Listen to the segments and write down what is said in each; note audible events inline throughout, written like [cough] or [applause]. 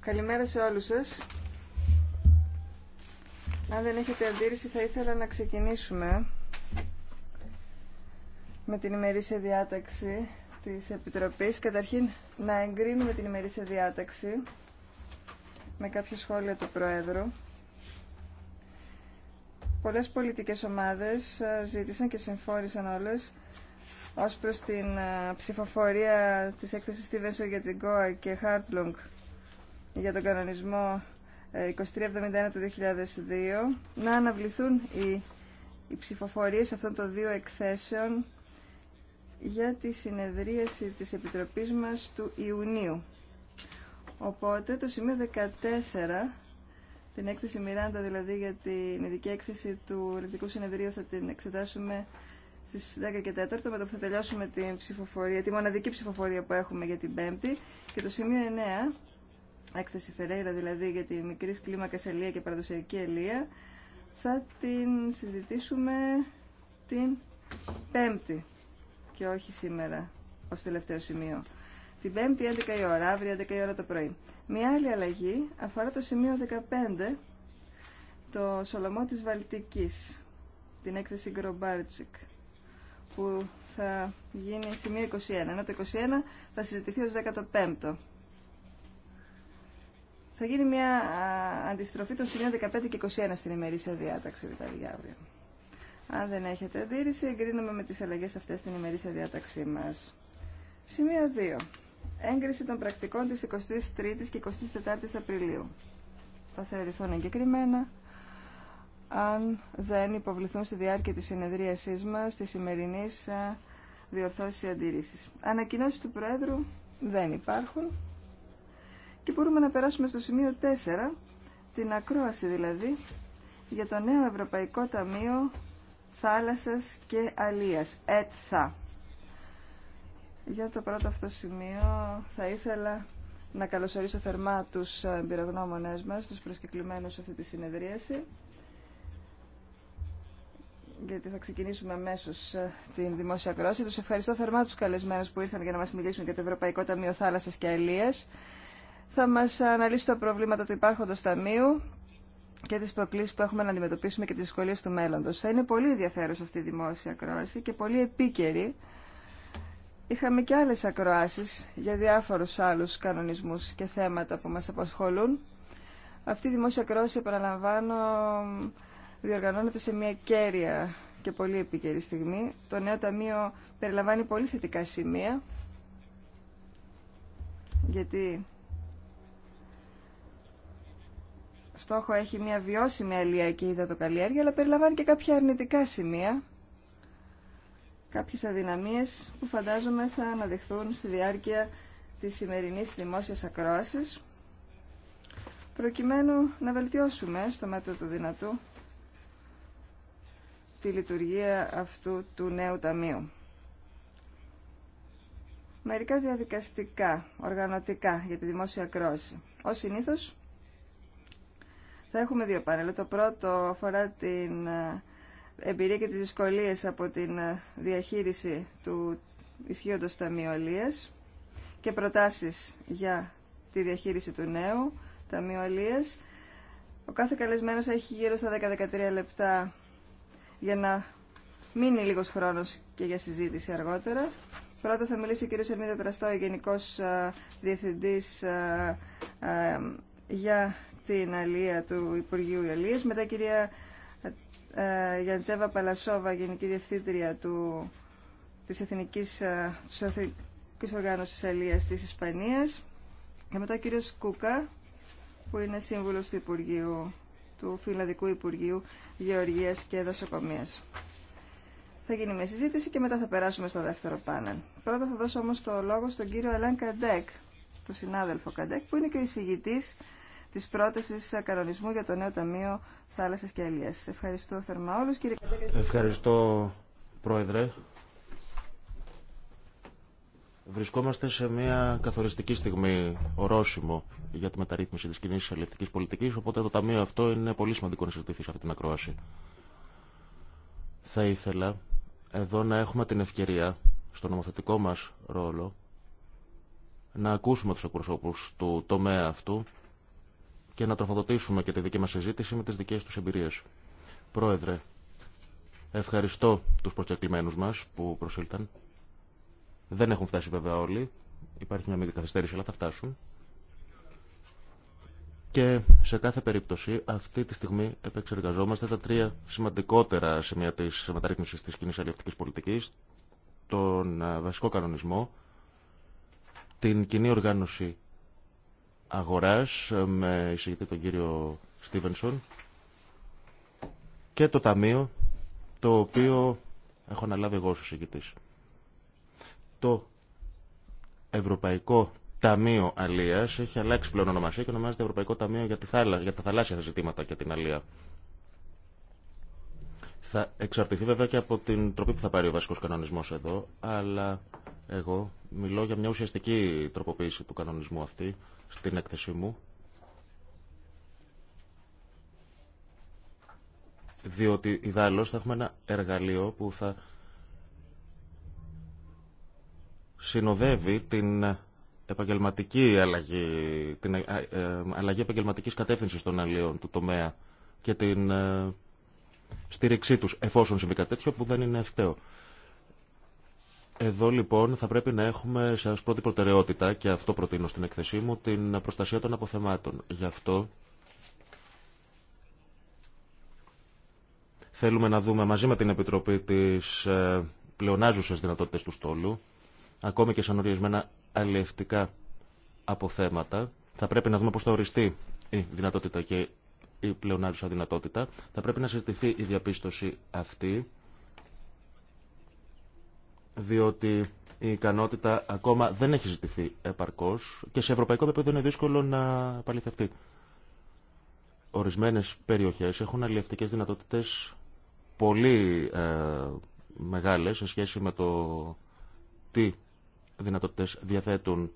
Καλημέρα σε όλους σας. Αν δεν έχετε αντίρρηση θα ήθελα να ξεκινήσουμε με την ημερήσια διάταξη της Επιτροπής. Καταρχήν να εγκρίνουμε την ημερήσια διάταξη με κάποια σχόλια του Προέδρου. Πολλές πολιτικές ομάδες ε, ζήτησαν και συμφώνησαν όλες ως προς την ε, ψηφοφορία της έκθεσης στη Βέσο για την ΚΟΑ και Χάρτλουγκ για τον κανονισμό 2371 ε, του 2002 να αναβληθούν οι, οι ψηφοφορίες αυτών των δύο εκθέσεων για τη συνεδρίαση της Επιτροπής μας του Ιουνίου. Οπότε το σημείο 14, την έκθεση Μιράντα δηλαδή για την ειδική έκθεση του Ελληνικού Συνεδρίου θα την εξετάσουμε Στι 10 και 4, με το που θα τελειώσουμε την ψηφοφορία, τη μοναδική ψηφοφορία που έχουμε για την Πέμπτη. Και το σημείο 9, έκθεση Φεραίρα δηλαδή για τη μικρή κλίμακα ελία και παραδοσιακή ελία θα την συζητήσουμε την Πέμπτη και όχι σήμερα ως τελευταίο σημείο. Την Πέμπτη 11 η ώρα, αύριο 11 η ώρα το πρωί. Μια άλλη αλλαγή αφορά το σημείο 15, το Σολομό της Βαλτικής, την έκθεση Γκρομπάρτσικ που θα γίνει σημείο 21. Ενώ το 21 θα συζητηθεί ως 15ο. Θα γίνει μια αντιστροφή των σημείων 15 και 21 στην ημερήσια διάταξη, δηλαδή για αύριο. Αν δεν έχετε αντίρρηση, εγκρίνουμε με τις αλλαγές αυτές στην ημερήσια διάταξή μας. Σημείο 2. Έγκριση των πρακτικών της 23ης και 24ης Απριλίου. Θα θεωρηθούν εγκεκριμένα αν δεν υποβληθούν στη διάρκεια της συνεδρίασής μας, της σημερινή ε, διορθώσει ή αντιρρήσεις. Ανακοινώσεις του Προέδρου δεν υπάρχουν και μπορούμε να περάσουμε στο σημείο 4, την ακρόαση δηλαδή, για το νέο Ευρωπαϊκό Ταμείο Θάλασσας και Αλίας, ΕΤΘΑ. Για το πρώτο αυτό σημείο θα ήθελα να καλωσορίσω θερμά τους ε, εμπειρογνώμονές μας, τους προσκεκλημένους σε αυτή τη συνεδρίαση γιατί θα ξεκινήσουμε αμέσω ε, την δημόσια κρόση. Του ευχαριστώ θερμά του καλεσμένου που ήρθαν για να μα μιλήσουν για το Ευρωπαϊκό Ταμείο Θάλασσας και Αιλίες. Θα μα αναλύσει τα προβλήματα του υπάρχοντο ταμείου και τι προκλήσει που έχουμε να αντιμετωπίσουμε και τι δυσκολίε του μέλλοντος. Θα είναι πολύ ενδιαφέρον αυτή η δημόσια κρόση και πολύ επίκαιρη. Είχαμε και άλλε ακρόασει για διάφορου άλλου κανονισμού και θέματα που μα απασχολούν. Αυτή η δημόσια κρόση, επαναλαμβάνω, διοργανώνεται σε μια κέρια και πολύ επίκαιρη στιγμή. Το νέο ταμείο περιλαμβάνει πολύ θετικά σημεία, γιατί στόχο έχει μια βιώσιμη αλληλιακή υδατοκαλλιέργεια, αλλά περιλαμβάνει και κάποια αρνητικά σημεία, κάποιες αδυναμίες που φαντάζομαι θα αναδειχθούν στη διάρκεια της σημερινής δημόσιας ακρόασης, προκειμένου να βελτιώσουμε στο μέτρο του δυνατού τη λειτουργία αυτού του νέου ταμείου. Μερικά διαδικαστικά, οργανωτικά για τη δημόσια κρόση. Ως συνήθω, θα έχουμε δύο πάνελ. Το πρώτο αφορά την ε, εμπειρία και τις δυσκολίες από την ε, διαχείριση του ισχύοντος Ταμείου Αλίας και προτάσεις για τη διαχείριση του νέου Ταμείου Αλίας. Ο κάθε καλεσμένος έχει γύρω στα 10-13 λεπτά για να μείνει λίγος χρόνος και για συζήτηση αργότερα. Πρώτα θα μιλήσει ο κ. Σερμίδα Τραστό, ο Γενικός ε, Διευθυντής ε, ε, για την Αλία του Υπουργείου Ιαλίας. Μετά η κυρία Γιαντζέβα Παλασόβα, Γενική Διευθύντρια του, της Εθνικής, της Εθνικής Οργάνωσης Αλίας της Ισπανίας. Και μετά ο κ. Κούκα, που είναι σύμβουλος του Υπουργείου του Φιλανδικού Υπουργείου Γεωργίας και Δασοκομείας. Θα γίνει μια συζήτηση και μετά θα περάσουμε στο δεύτερο πάνελ. Πρώτα θα δώσω όμως το λόγο στον κύριο Ελέν Καντέκ, τον συνάδελφο Καντέκ, που είναι και ο εισηγητής της πρότασης κανονισμού για το νέο Ταμείο Θάλασσας και Αλίας. Ευχαριστώ θερμά όλους. Κύριε Ευχαριστώ, Πρόεδρε. Βρισκόμαστε σε μια καθοριστική στιγμή, ορόσημο για τη μεταρρύθμιση τη κοινή αλληλευτική πολιτική, οπότε το ταμείο αυτό είναι πολύ σημαντικό να συζητηθεί σε αυτή την ακρόαση. Θα ήθελα εδώ να έχουμε την ευκαιρία, στο νομοθετικό μα ρόλο, να ακούσουμε του εκπροσώπου του τομέα αυτού και να τροφοδοτήσουμε και τη δική μα συζήτηση με τι δικέ του εμπειρίε. Πρόεδρε, ευχαριστώ του προσκεκλημένου μα που προσήλθαν. Δεν έχουν φτάσει βέβαια όλοι. Υπάρχει μια μικρή καθυστέρηση, αλλά θα φτάσουν. Και σε κάθε περίπτωση αυτή τη στιγμή επεξεργαζόμαστε τα τρία σημαντικότερα σημεία της μεταρρύθμιση τη κοινή αλληλευτική πολιτική, τον ε, βασικό κανονισμό, την κοινή οργάνωση αγοράς ε, με εισηγητή τον κύριο Στίβενσον και το ταμείο το οποίο έχω αναλάβει εγώ ως εισηγητής το Ευρωπαϊκό Ταμείο Αλία έχει αλλάξει πλέον ονομασία και ονομάζεται Ευρωπαϊκό Ταμείο για, τη θάλα, για τα θαλάσσια ζητήματα και την αλία. Θα εξαρτηθεί βέβαια και από την τροπή που θα πάρει ο βασικός κανονισμός εδώ, αλλά εγώ μιλώ για μια ουσιαστική τροποποίηση του κανονισμού αυτή στην έκθεσή μου. Διότι ιδάλλως θα έχουμε ένα εργαλείο που θα συνοδεύει την επαγγελματική αλλαγή, την ε, ε, αλλαγή επαγγελματικής κατεύθυνσης των αλλιών του τομέα και την ε, στήριξή τους εφόσον συμβεί κάτι τέτοιο που δεν είναι ευκταίο. Εδώ λοιπόν θα πρέπει να έχουμε σε πρώτη προτεραιότητα και αυτό προτείνω στην εκθεσή μου την προστασία των αποθεμάτων. Γι' αυτό θέλουμε να δούμε μαζί με την Επιτροπή τις πλεονάζουσες δυνατότητες του στόλου ακόμη και σαν ορισμένα αλληλευτικά αποθέματα. Θα πρέπει να δούμε πώς θα οριστεί η δυνατότητα και η πλεονάζουσα δυνατότητα. Θα πρέπει να συζητηθεί η διαπίστωση αυτή, διότι η ικανότητα ακόμα δεν έχει ζητηθεί επαρκώς και σε ευρωπαϊκό επίπεδο είναι δύσκολο να παληθευτεί. Ορισμένες περιοχές έχουν αλληλευτικές δυνατότητες πολύ ε, μεγάλες σε σχέση με το τι δυνατότητες διαθέτουν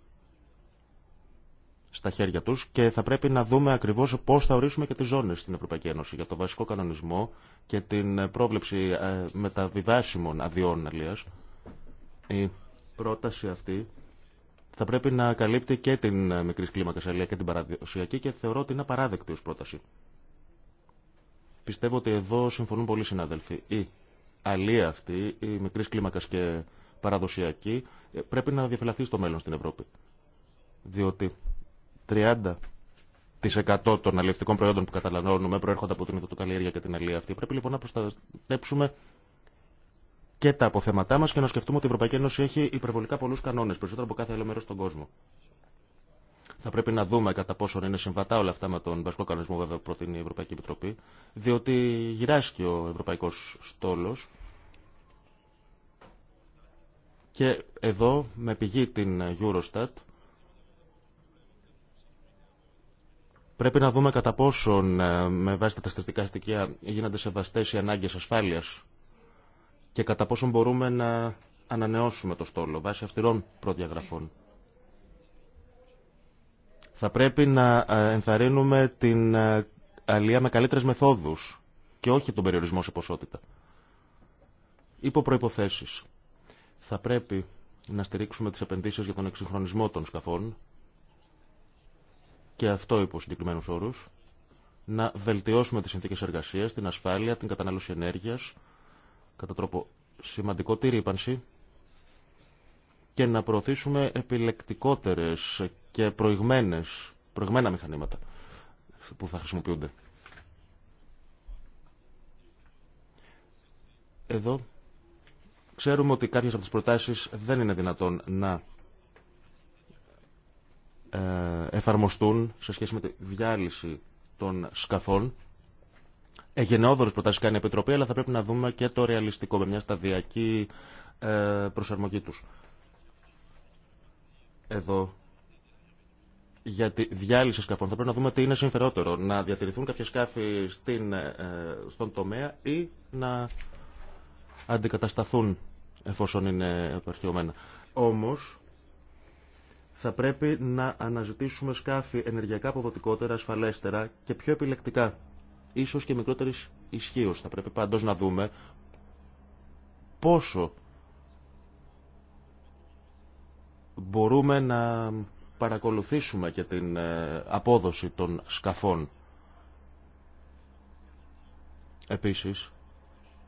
στα χέρια τους και θα πρέπει να δούμε ακριβώς πώς θα ορίσουμε και τις ζώνες στην Ευρωπαϊκή Ένωση για το βασικό κανονισμό και την πρόβλεψη ε, μεταβιβάσιμων αδειών αλίας. Η πρόταση αυτή θα πρέπει να καλύπτει και την ε, μικρή κλίμακα αλλία και την παραδοσιακή και θεωρώ ότι είναι απαράδεκτη ως πρόταση. Πιστεύω ότι εδώ συμφωνούν πολλοί συνάδελφοι. Η αλλία αυτή, η μικρή κλίμακα και παραδοσιακή ε, πρέπει να διαφυλαχθεί στο μέλλον στην Ευρώπη. Διότι 30% των αλληλευτικών προϊόντων που καταναλώνουμε προέρχονται από την Ιδωτοκαλλιέργεια και την αλληλεία αυτή. Πρέπει λοιπόν να προστατέψουμε και τα αποθέματά μα και να σκεφτούμε ότι η Ευρωπαϊκή Ένωση έχει υπερβολικά πολλού κανόνε, περισσότερο από κάθε άλλο μέρο στον κόσμο. Θα πρέπει να δούμε κατά πόσο είναι συμβατά όλα αυτά με τον βασικό κανονισμό βέβαια που προτείνει η Ευρωπαϊκή Επιτροπή, διότι γυράσκει ο Ευρωπαϊκό Στόλο και εδώ, με πηγή την Eurostat, πρέπει να δούμε κατά πόσον, ε, με βάση τα στατιστικά στοιχεία, γίνονται σεβαστές οι ανάγκες ασφάλειας και κατά πόσον μπορούμε να ανανεώσουμε το στόλο βάσει αυστηρών προδιαγραφών. Θα πρέπει να ε, ενθαρρύνουμε την ε, αλία με καλύτερες μεθόδους και όχι τον περιορισμό σε ποσότητα. Υπό προϋποθέσεις. Θα πρέπει να στηρίξουμε τις επενδύσεις για τον εξυγχρονισμό των σκαφών και αυτό υπό συγκεκριμένου όρου. Να βελτιώσουμε τις συνθήκες εργασίας, την ασφάλεια, την κατανάλωση ενέργειας κατά τρόπο σημαντικό τη ρήπανση και να προωθήσουμε επιλεκτικότερες και προηγμένες, προηγμένα μηχανήματα που θα χρησιμοποιούνται. Εδώ Ξέρουμε ότι κάποιες από τις προτάσεις δεν είναι δυνατόν να ε, εφαρμοστούν σε σχέση με τη διάλυση των σκαφών. Εγενεόδορες προτάσεις κάνει η Επιτροπή, αλλά θα πρέπει να δούμε και το ρεαλιστικό με μια σταδιακή ε, προσαρμογή τους. Εδώ για τη διάλυση σκαφών θα πρέπει να δούμε τι είναι συμφερότερο. Να διατηρηθούν κάποια σκάφη στην, ε, στον τομέα ή να αντικατασταθούν εφόσον είναι απαρχαιωμένα. Όμως, θα πρέπει να αναζητήσουμε σκάφη ενεργειακά αποδοτικότερα, ασφαλέστερα και πιο επιλεκτικά. Ίσως και μικρότερης ισχύω. Θα πρέπει πάντως να δούμε πόσο μπορούμε να παρακολουθήσουμε και την ε, απόδοση των σκαφών. Επίσης,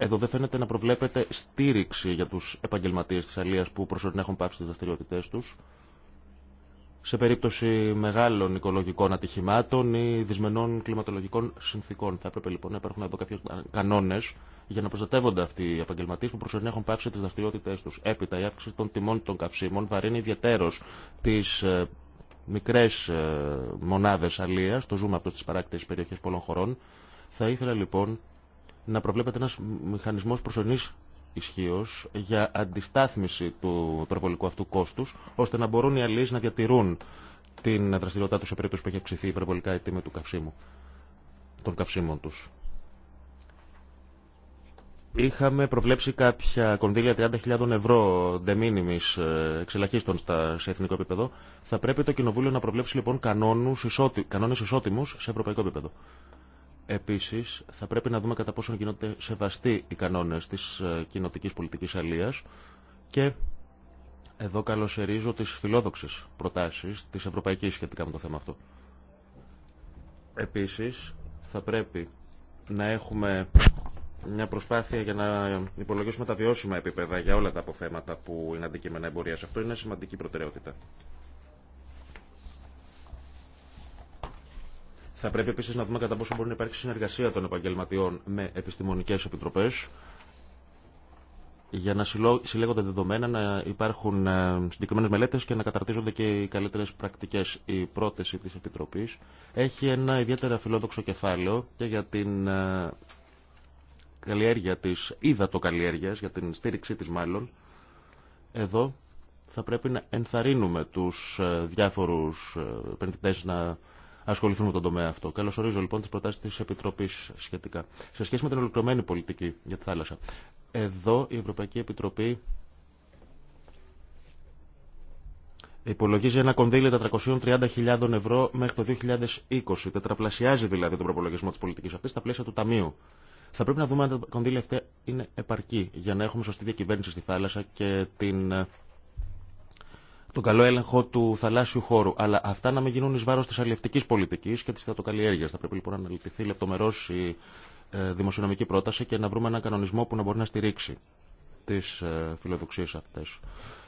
εδώ δεν φαίνεται να προβλέπεται στήριξη για τους επαγγελματίες της αλίας που προσωρινά έχουν πάψει τις δραστηριότητε τους σε περίπτωση μεγάλων οικολογικών ατυχημάτων ή δυσμενών κλιματολογικών συνθήκων. Θα έπρεπε λοιπόν να υπάρχουν εδώ κάποιοι κανόνε για να προστατεύονται αυτοί οι επαγγελματίε που προσωρινά έχουν πάψει τι δραστηριότητέ του. Έπειτα, η αύξηση των τιμών των καυσίμων βαρύνει ιδιαίτερω τι ε, μικρέ ε, μονάδε αλεία. Το ζούμε αυτό στι παράκτητε περιοχέ πολλών χωρών. Θα ήθελα λοιπόν να προβλέπεται ένας μηχανισμός προσωρινής ισχύω για αντιστάθμιση του υπερβολικού αυτού κόστου, ώστε να μπορούν οι αλλοί να διατηρούν την δραστηριότητά του σε περίπτωση που έχει αυξηθεί υπερβολικά η τιμή του καυσίμου, των καυσίμων του. Είχαμε προβλέψει κάποια κονδύλια 30.000 ευρώ ντεμίνιμη εξελαχίστων στα, σε εθνικό επίπεδο. Θα πρέπει το Κοινοβούλιο να προβλέψει λοιπόν κανόνε ισότι, κανόνες ισότιμους σε ευρωπαϊκό επίπεδο. Επίσης, θα πρέπει να δούμε κατά πόσο γίνονται σεβαστοί οι κανόνες της ε, κοινοτικής πολιτικής αλίας και εδώ καλωσερίζω τις φιλόδοξες προτάσεις της Ευρωπαϊκής σχετικά με το θέμα αυτό. Επίσης, θα πρέπει να έχουμε μια προσπάθεια για να υπολογίσουμε τα βιώσιμα επίπεδα για όλα τα αποθέματα που είναι αντικείμενα εμπορία. Αυτό είναι σημαντική προτεραιότητα. Θα πρέπει επίσης να δούμε κατά πόσο μπορεί να υπάρξει συνεργασία των επαγγελματιών με επιστημονικέ επιτροπέ, για να συλλέγονται δεδομένα, να υπάρχουν ε, συγκεκριμένε μελέτε και να καταρτίζονται και οι καλύτερε πρακτικέ. Η πρόταση τη Επιτροπή έχει ένα ιδιαίτερα φιλόδοξο κεφάλαιο και για την ε, καλλιέργεια τη υδατοκαλλιέργεια, για την στήριξή τη μάλλον. Εδώ θα πρέπει να ενθαρρύνουμε του ε, διάφορου επενδυτέ να ασχοληθούν με τον τομέα αυτό. Καλωσορίζω ορίζω λοιπόν τι προτάσει τη Επιτροπή σχετικά. Σε σχέση με την ολοκληρωμένη πολιτική για τη θάλασσα. Εδώ η Ευρωπαϊκή Επιτροπή Υπολογίζει ένα κονδύλι 430.000 ευρώ μέχρι το 2020. Τετραπλασιάζει δηλαδή τον προπολογισμό τη πολιτική αυτή στα πλαίσια του Ταμείου. Θα πρέπει να δούμε αν τα κονδύλια αυτά είναι επαρκή για να έχουμε σωστή διακυβέρνηση στη θάλασσα και την τον καλό έλεγχο του θαλάσσιου χώρου. Αλλά αυτά να μην γίνουν ει βάρο τη αλληλευτική πολιτική και τη θεατοκαλλιέργεια. Θα πρέπει λοιπόν να αναλυθεί λεπτομερώ η ε, δημοσιονομική πρόταση και να βρούμε έναν κανονισμό που να μπορεί να στηρίξει τι ε, φιλοδοξίε αυτέ.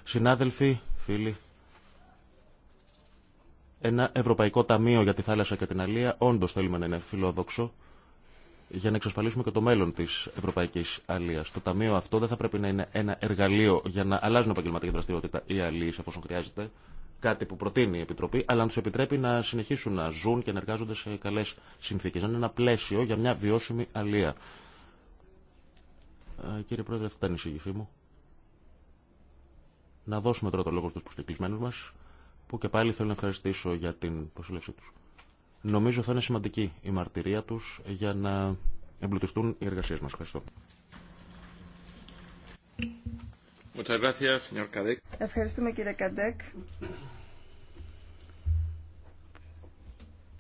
Συνάδελφοι, φίλοι, ένα Ευρωπαϊκό Ταμείο για τη Θάλασσα και την Αλία όντω θέλουμε να είναι φιλόδοξο για να εξασφαλίσουμε και το μέλλον τη Ευρωπαϊκή Αλία. Το Ταμείο αυτό δεν θα πρέπει να είναι ένα εργαλείο για να αλλάζουν επαγγελματική δραστηριότητα ή αλίε εφόσον χρειάζεται, κάτι που προτείνει η Επιτροπή, αλλά να του επιτρέπει να συνεχίσουν να ζουν και να εργάζονται σε καλέ συνθήκε. Να είναι ένα πλαίσιο για μια βιώσιμη αλία. Ε, κύριε Πρόεδρε, αυτή ήταν η εισήγησή μου. Να δώσουμε τώρα το λόγο στους προσκεκλισμένους μας, που και πάλι θέλω να ευχαριστήσω για την προσέλευσή Νομίζω θα είναι σημαντική η μαρτυρία τους για να εμπλουτιστούν οι εργασίες μας. Ευχαριστώ. Ευχαριστούμε κύριε Καντέκ.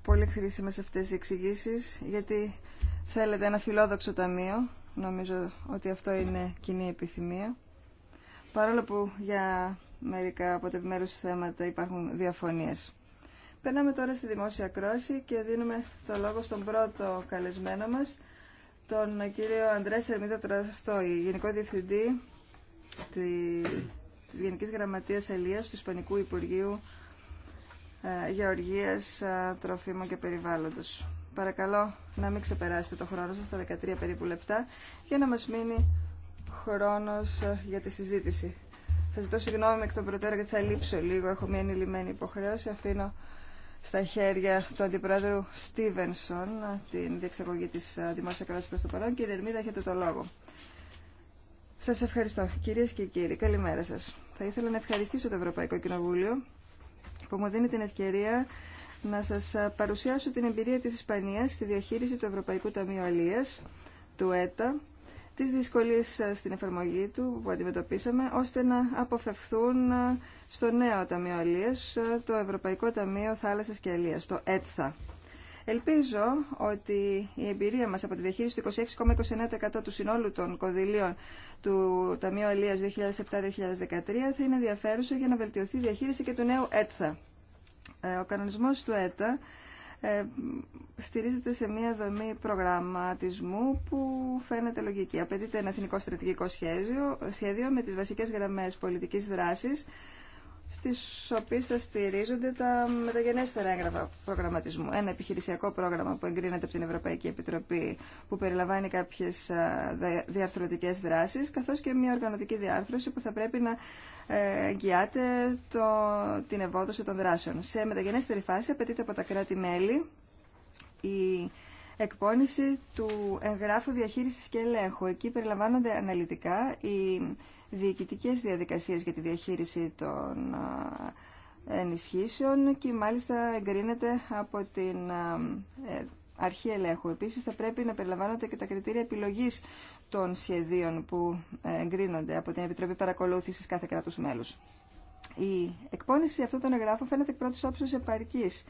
Πολύ χρήσιμες αυτές οι εξηγήσει, γιατί θέλετε ένα φιλόδοξο ταμείο. Νομίζω ότι αυτό είναι κοινή επιθυμία. Παρόλο που για μερικά από τα επιμέρους θέματα υπάρχουν διαφωνίες. Περνάμε τώρα στη δημόσια κρόση και δίνουμε το λόγο στον πρώτο καλεσμένο μας, τον κύριο Αντρέ Ερμίδα Τραστόη, Γενικό Διευθυντή της Γενικής Γραμματείας Ελίας του Ισπανικού Υπουργείου ε, Γεωργίας, ε, Τροφίμων και Περιβάλλοντος. Παρακαλώ να μην ξεπεράσετε το χρόνο σας, τα 13 περίπου λεπτά, για να μας μείνει χρόνος ε, για τη συζήτηση. Θα ζητώ συγγνώμη εκ των προτέρων γιατί θα λείψω λίγο, έχω μια ενηλυμένη υποχρέωση, αφήνω στα χέρια του Αντιπρόεδρου Στίβενσον την διεξαγωγή της ε, δημόσια κράτησης προς το παρόν. Κύριε Ερμίδα, έχετε το λόγο. Σας ευχαριστώ. Κυρίες και κύριοι, καλημέρα σας. Θα ήθελα να ευχαριστήσω το Ευρωπαϊκό Κοινοβούλιο που μου δίνει την ευκαιρία να σας ε, παρουσιάσω την εμπειρία της Ισπανίας στη διαχείριση του Ευρωπαϊκού Ταμείου Αλίας, του ΕΤΑ, τις δυσκολίες ε, στην εφαρμογή του που αντιμετωπίσαμε, ώστε να αποφευθούν ε, στο νέο Ταμείο Αλίας, ε, το Ευρωπαϊκό Ταμείο Θάλασσας και Αλίας, το ΕΤΘΑ. Ελπίζω ότι η εμπειρία μας από τη διαχείριση του 26,29% του συνόλου των κονδυλίων του Ταμείου Αλίας 2007-2013 θα είναι ενδιαφέρουσα για να βελτιωθεί η διαχείριση και του νέου ΕΤΘΑ. Ο κανονισμός του ΕΤΑ ε, στηρίζεται σε μια δομή προγραμματισμού που φαίνεται λογική. Απαιτείται ένα εθνικό στρατηγικό σχέδιο, σχέδιο με τις βασικές γραμμές πολιτικής δράσης στις οποίες θα στηρίζονται τα μεταγενέστερα έγγραφα προγραμματισμού. Ένα επιχειρησιακό πρόγραμμα που εγκρίνεται από την Ευρωπαϊκή Επιτροπή που περιλαμβάνει κάποιες διαρθρωτικές δράσεις καθώς και μια οργανωτική διάρθρωση που θα πρέπει να ε, εγγυάται το, την ευόδοση των δράσεων. Σε μεταγενέστερη φάση απαιτείται από τα κράτη-μέλη η εκπόνηση του εγγράφου διαχείρισης και ελέγχου. Εκεί περιλαμβάνονται αναλυτικά οι διοικητικές διαδικασίες για τη διαχείριση των ενισχύσεων και μάλιστα εγκρίνεται από την ε, αρχή ελέγχου. Επίσης θα πρέπει να περιλαμβάνονται και τα κριτήρια επιλογής των σχεδίων που ε, εγκρίνονται από την Επιτροπή Παρακολούθησης κάθε κράτους μέλους. Η εκπόνηση αυτών των εγγράφων φαίνεται εκ πρώτης όψης επαρκής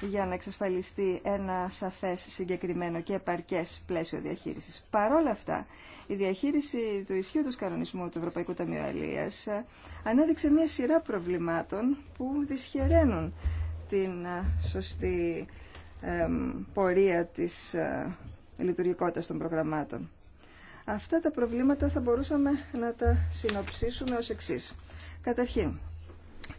για να εξασφαλιστεί ένα σαφές, συγκεκριμένο και επαρκές πλαίσιο διαχείρισης. Παρόλα αυτά, η διαχείριση του ισχύου του κανονισμού του Ευρωπαϊκού Ταμείου Αλίας ε, ανέδειξε μια σειρά προβλημάτων που δυσχεραίνουν την ε, σωστή πορεία της ε, λειτουργικότητας των προγραμμάτων. Αυτά τα προβλήματα θα μπορούσαμε να τα συνοψίσουμε ως εξής. Καταρχήν,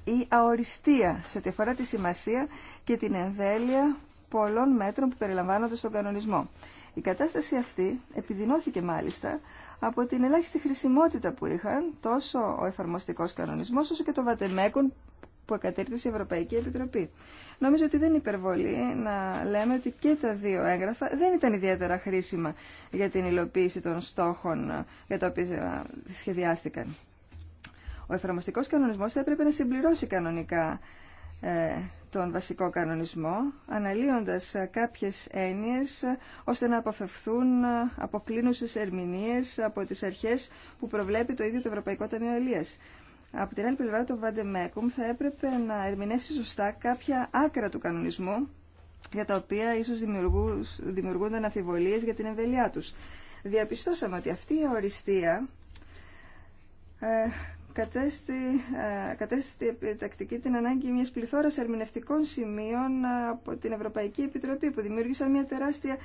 η αοριστία σε ό,τι αφορά τη σημασία και την εμβέλεια πολλών μέτρων που περιλαμβάνονται στον κανονισμό. Η κατάσταση αυτή επιδεινώθηκε μάλιστα από την ελάχιστη χρησιμότητα που είχαν τόσο ο εφαρμοστικός κανονισμός όσο και το βατεμέκον που εκατέρτησε η Ευρωπαϊκή Επιτροπή. Νομίζω ότι δεν υπερβολεί υπερβολή να λέμε ότι και τα δύο έγγραφα δεν ήταν ιδιαίτερα χρήσιμα για την υλοποίηση των στόχων ε, για τα οποία ε, σχεδιάστηκαν. Ο εφαρμοστικό κανονισμό θα έπρεπε να συμπληρώσει κανονικά ε, τον βασικό κανονισμό, αναλύοντα ε, κάποιε έννοιε ώστε να αποφευθούν ε, αποκλίνουσε ερμηνείε από τι αρχέ που προβλέπει το ίδιο το Ευρωπαϊκό Ταμείο Ελίας. Από την άλλη πλευρά, το Βαντεμέκουμ θα έπρεπε να ερμηνεύσει σωστά κάποια άκρα του κανονισμού, για τα οποία ίσω δημιουργούνταν αφιβολίε για την εμβελιά του. Διαπιστώσαμε ότι αυτή η οριστία κατέστη, ε, κατέστη επιτακτική την ανάγκη μιας πληθώρας ερμηνευτικών σημείων ε, από την Ευρωπαϊκή Επιτροπή που δημιούργησαν μια τεράστια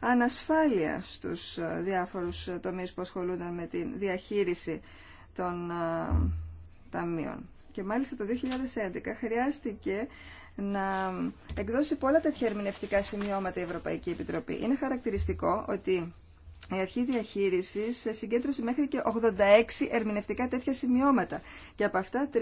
ανασφάλεια στους ε, διάφορους τομείς που ασχολούνταν με τη διαχείριση των ταμείων. Και μάλιστα το 2011 χρειάστηκε να εκδώσει πολλά τέτοια ερμηνευτικά σημειώματα η Ευρωπαϊκή Επιτροπή. Είναι χαρακτηριστικό ότι η αρχή διαχείρισης συγκέντρωσε μέχρι και 86 ερμηνευτικά τέτοια σημειώματα και από αυτά 30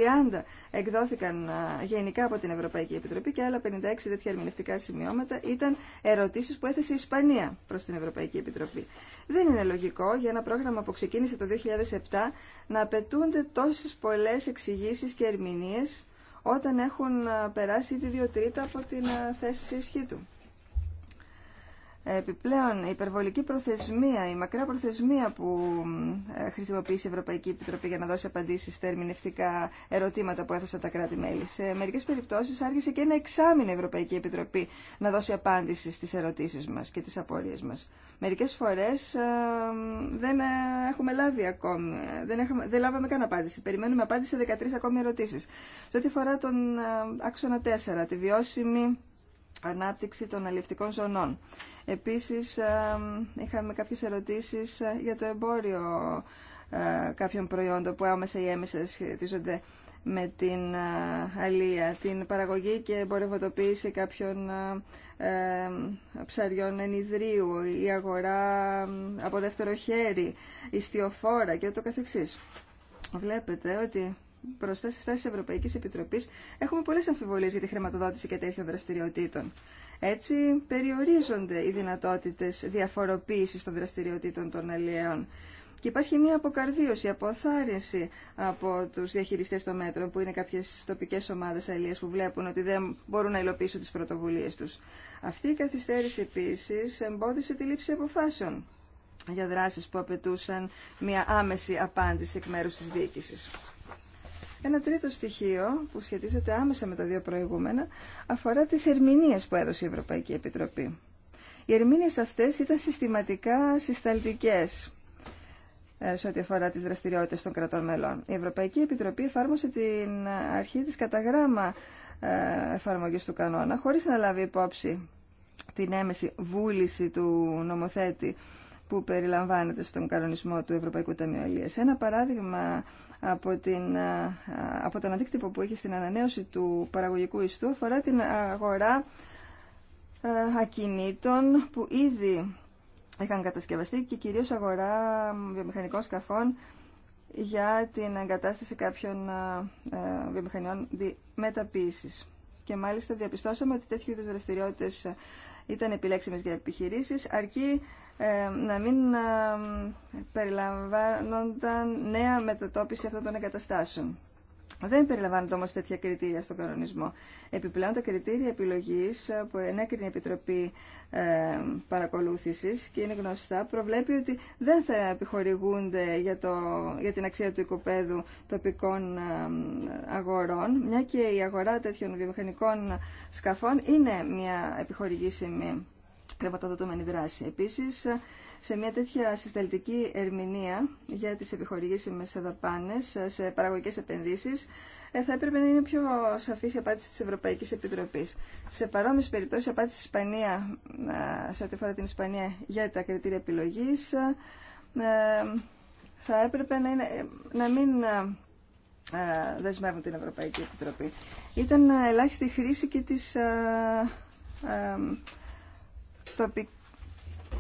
εκδόθηκαν γενικά από την Ευρωπαϊκή Επιτροπή και άλλα 56 τέτοια ερμηνευτικά σημειώματα ήταν ερωτήσεις που έθεσε η Ισπανία προς την Ευρωπαϊκή Επιτροπή. Δεν είναι λογικό για ένα πρόγραμμα που ξεκίνησε το 2007 να απαιτούνται τόσε πολλέ εξηγήσει και ερμηνείε όταν έχουν περάσει ήδη δύο τρίτα από την θέση σε ισχύ του. Επιπλέον, η υπερβολική προθεσμία, η μακρά προθεσμία που ε, χρησιμοποιεί η Ευρωπαϊκή Επιτροπή για να δώσει απαντήσει στα ερμηνευτικά ερωτήματα που έθεσαν τα κράτη-μέλη. Σε μερικέ περιπτώσει άργησε και ένα εξάμεινο η Ευρωπαϊκή Επιτροπή να δώσει απάντηση στι ερωτήσει μα και τι απορίε μα. Μερικέ φορέ ε, δεν ε, έχουμε λάβει ακόμη, δεν, έχουμε, δεν λάβαμε καν απάντηση. Περιμένουμε απάντηση σε 13 ακόμη ερωτήσει. Σε ό,τι αφορά τον άξονα 4, τη βιώσιμη ανάπτυξη των αλληλευτικών ζωνών. Επίσης, ε, είχαμε κάποιες ερωτήσεις ε, για το εμπόριο ε, κάποιων προϊόντων που άμεσα ή έμεσα σχετίζονται με την αλία, την παραγωγή και εμπορευματοποίηση κάποιων ψαριών ενιδρίου, η αγορά από δεύτερο χέρι, η στιοφόρα και ούτω καθεξής. Βλέπετε ότι μπροστά στι θέσει Ευρωπαϊκή Επιτροπή, έχουμε πολλέ αμφιβολίε για τη χρηματοδότηση και τέτοιων δραστηριοτήτων. Έτσι, περιορίζονται οι δυνατότητε διαφοροποίηση των δραστηριοτήτων των αλλιέων. Και υπάρχει μια αποκαρδίωση, αποθάρρυνση από του διαχειριστέ των μέτρων, που είναι κάποιε τοπικέ ομάδε αλλιέ που βλέπουν ότι δεν μπορούν να υλοποιήσουν τι πρωτοβουλίε του. Αυτή η καθυστέρηση επίση εμπόδισε τη λήψη αποφάσεων για δράσεις που απαιτούσαν μια άμεση απάντηση εκ μέρου τη διοίκησης. Ένα τρίτο στοιχείο που σχετίζεται άμεσα με τα δύο προηγούμενα αφορά τι ερμηνείε που έδωσε η Ευρωπαϊκή Επιτροπή. Οι ερμηνείε αυτέ ήταν συστηματικά συσταλτικέ ε, σε ό,τι αφορά τις δραστηριότητες των κρατών μελών. Η Ευρωπαϊκή Επιτροπή εφάρμοσε την αρχή της καταγράμμα ε, εφαρμογής του κανόνα χωρίς να λάβει υπόψη την έμεση βούληση του νομοθέτη που περιλαμβάνεται στον κανονισμό του Ευρωπαϊκού Ταμείου Ένα παράδειγμα από, την, από τον αντίκτυπο που είχε στην ανανέωση του παραγωγικού ιστού αφορά την αγορά ακινήτων που ήδη είχαν κατασκευαστεί και κυρίως αγορά βιομηχανικών σκαφών για την εγκατάσταση κάποιων βιομηχανιών μεταποίησης. Και μάλιστα διαπιστώσαμε ότι τέτοιου είδους δραστηριότητες ήταν επιλέξιμες για επιχειρήσεις, αρκεί ε, να μην ε, περιλαμβάνονταν νέα μετατόπιση αυτών των εγκαταστάσεων. Δεν περιλαμβάνονται όμω τέτοια κριτήρια στον κανονισμό. Επιπλέον, τα κριτήρια επιλογή ε, που ενέκρινε η Επιτροπή ε, Παρακολούθηση και είναι γνωστά προβλέπει ότι δεν θα επιχορηγούνται για, το, για την αξία του οικοπαίδου τοπικών αγορών, μια και η αγορά τέτοιων βιομηχανικών σκαφών είναι μια επιχορηγήσιμη χρηματοδοτούμενη δράση. Επίσης, σε μια τέτοια συσταλτική ερμηνεία για τις με δαπάνε σε παραγωγικές επενδύσεις, ε, θα έπρεπε να είναι πιο σαφής η απάντηση τη Ευρωπαϊκή Επιτροπή. Σε παρόμοιες περιπτώσεις, η απάντηση της Ισπανία, ε, σε ό,τι αφορά την Ισπανία για τα κριτήρια επιλογή, ε, θα έπρεπε να, είναι, να μην δεσμεύουν την Ευρωπαϊκή Επιτροπή. Ήταν ελάχιστη χρήση και της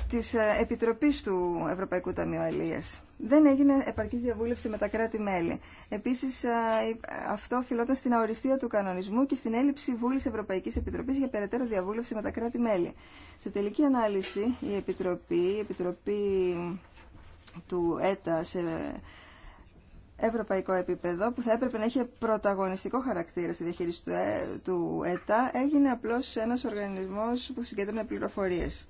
της ε, Επιτροπής του Ευρωπαϊκού Ταμείου Αλίας. Δεν έγινε επαρκής διαβούλευση με τα κράτη-μέλη. Επίσης, ε, αυτό οφειλόταν στην αοριστία του κανονισμού και στην έλλειψη βούλης Ευρωπαϊκής Επιτροπής για περαιτέρω διαβούλευση με τα κράτη-μέλη. Σε τελική ανάλυση, η Επιτροπή, η Επιτροπή του ΕΤΑ σε ευρωπαϊκό επίπεδο που θα έπρεπε να είχε πρωταγωνιστικό χαρακτήρα στη διαχείριση ε, του ΕΤΑ έγινε απλώς ένας οργανισμός που συγκέντρωνε πληροφορίες.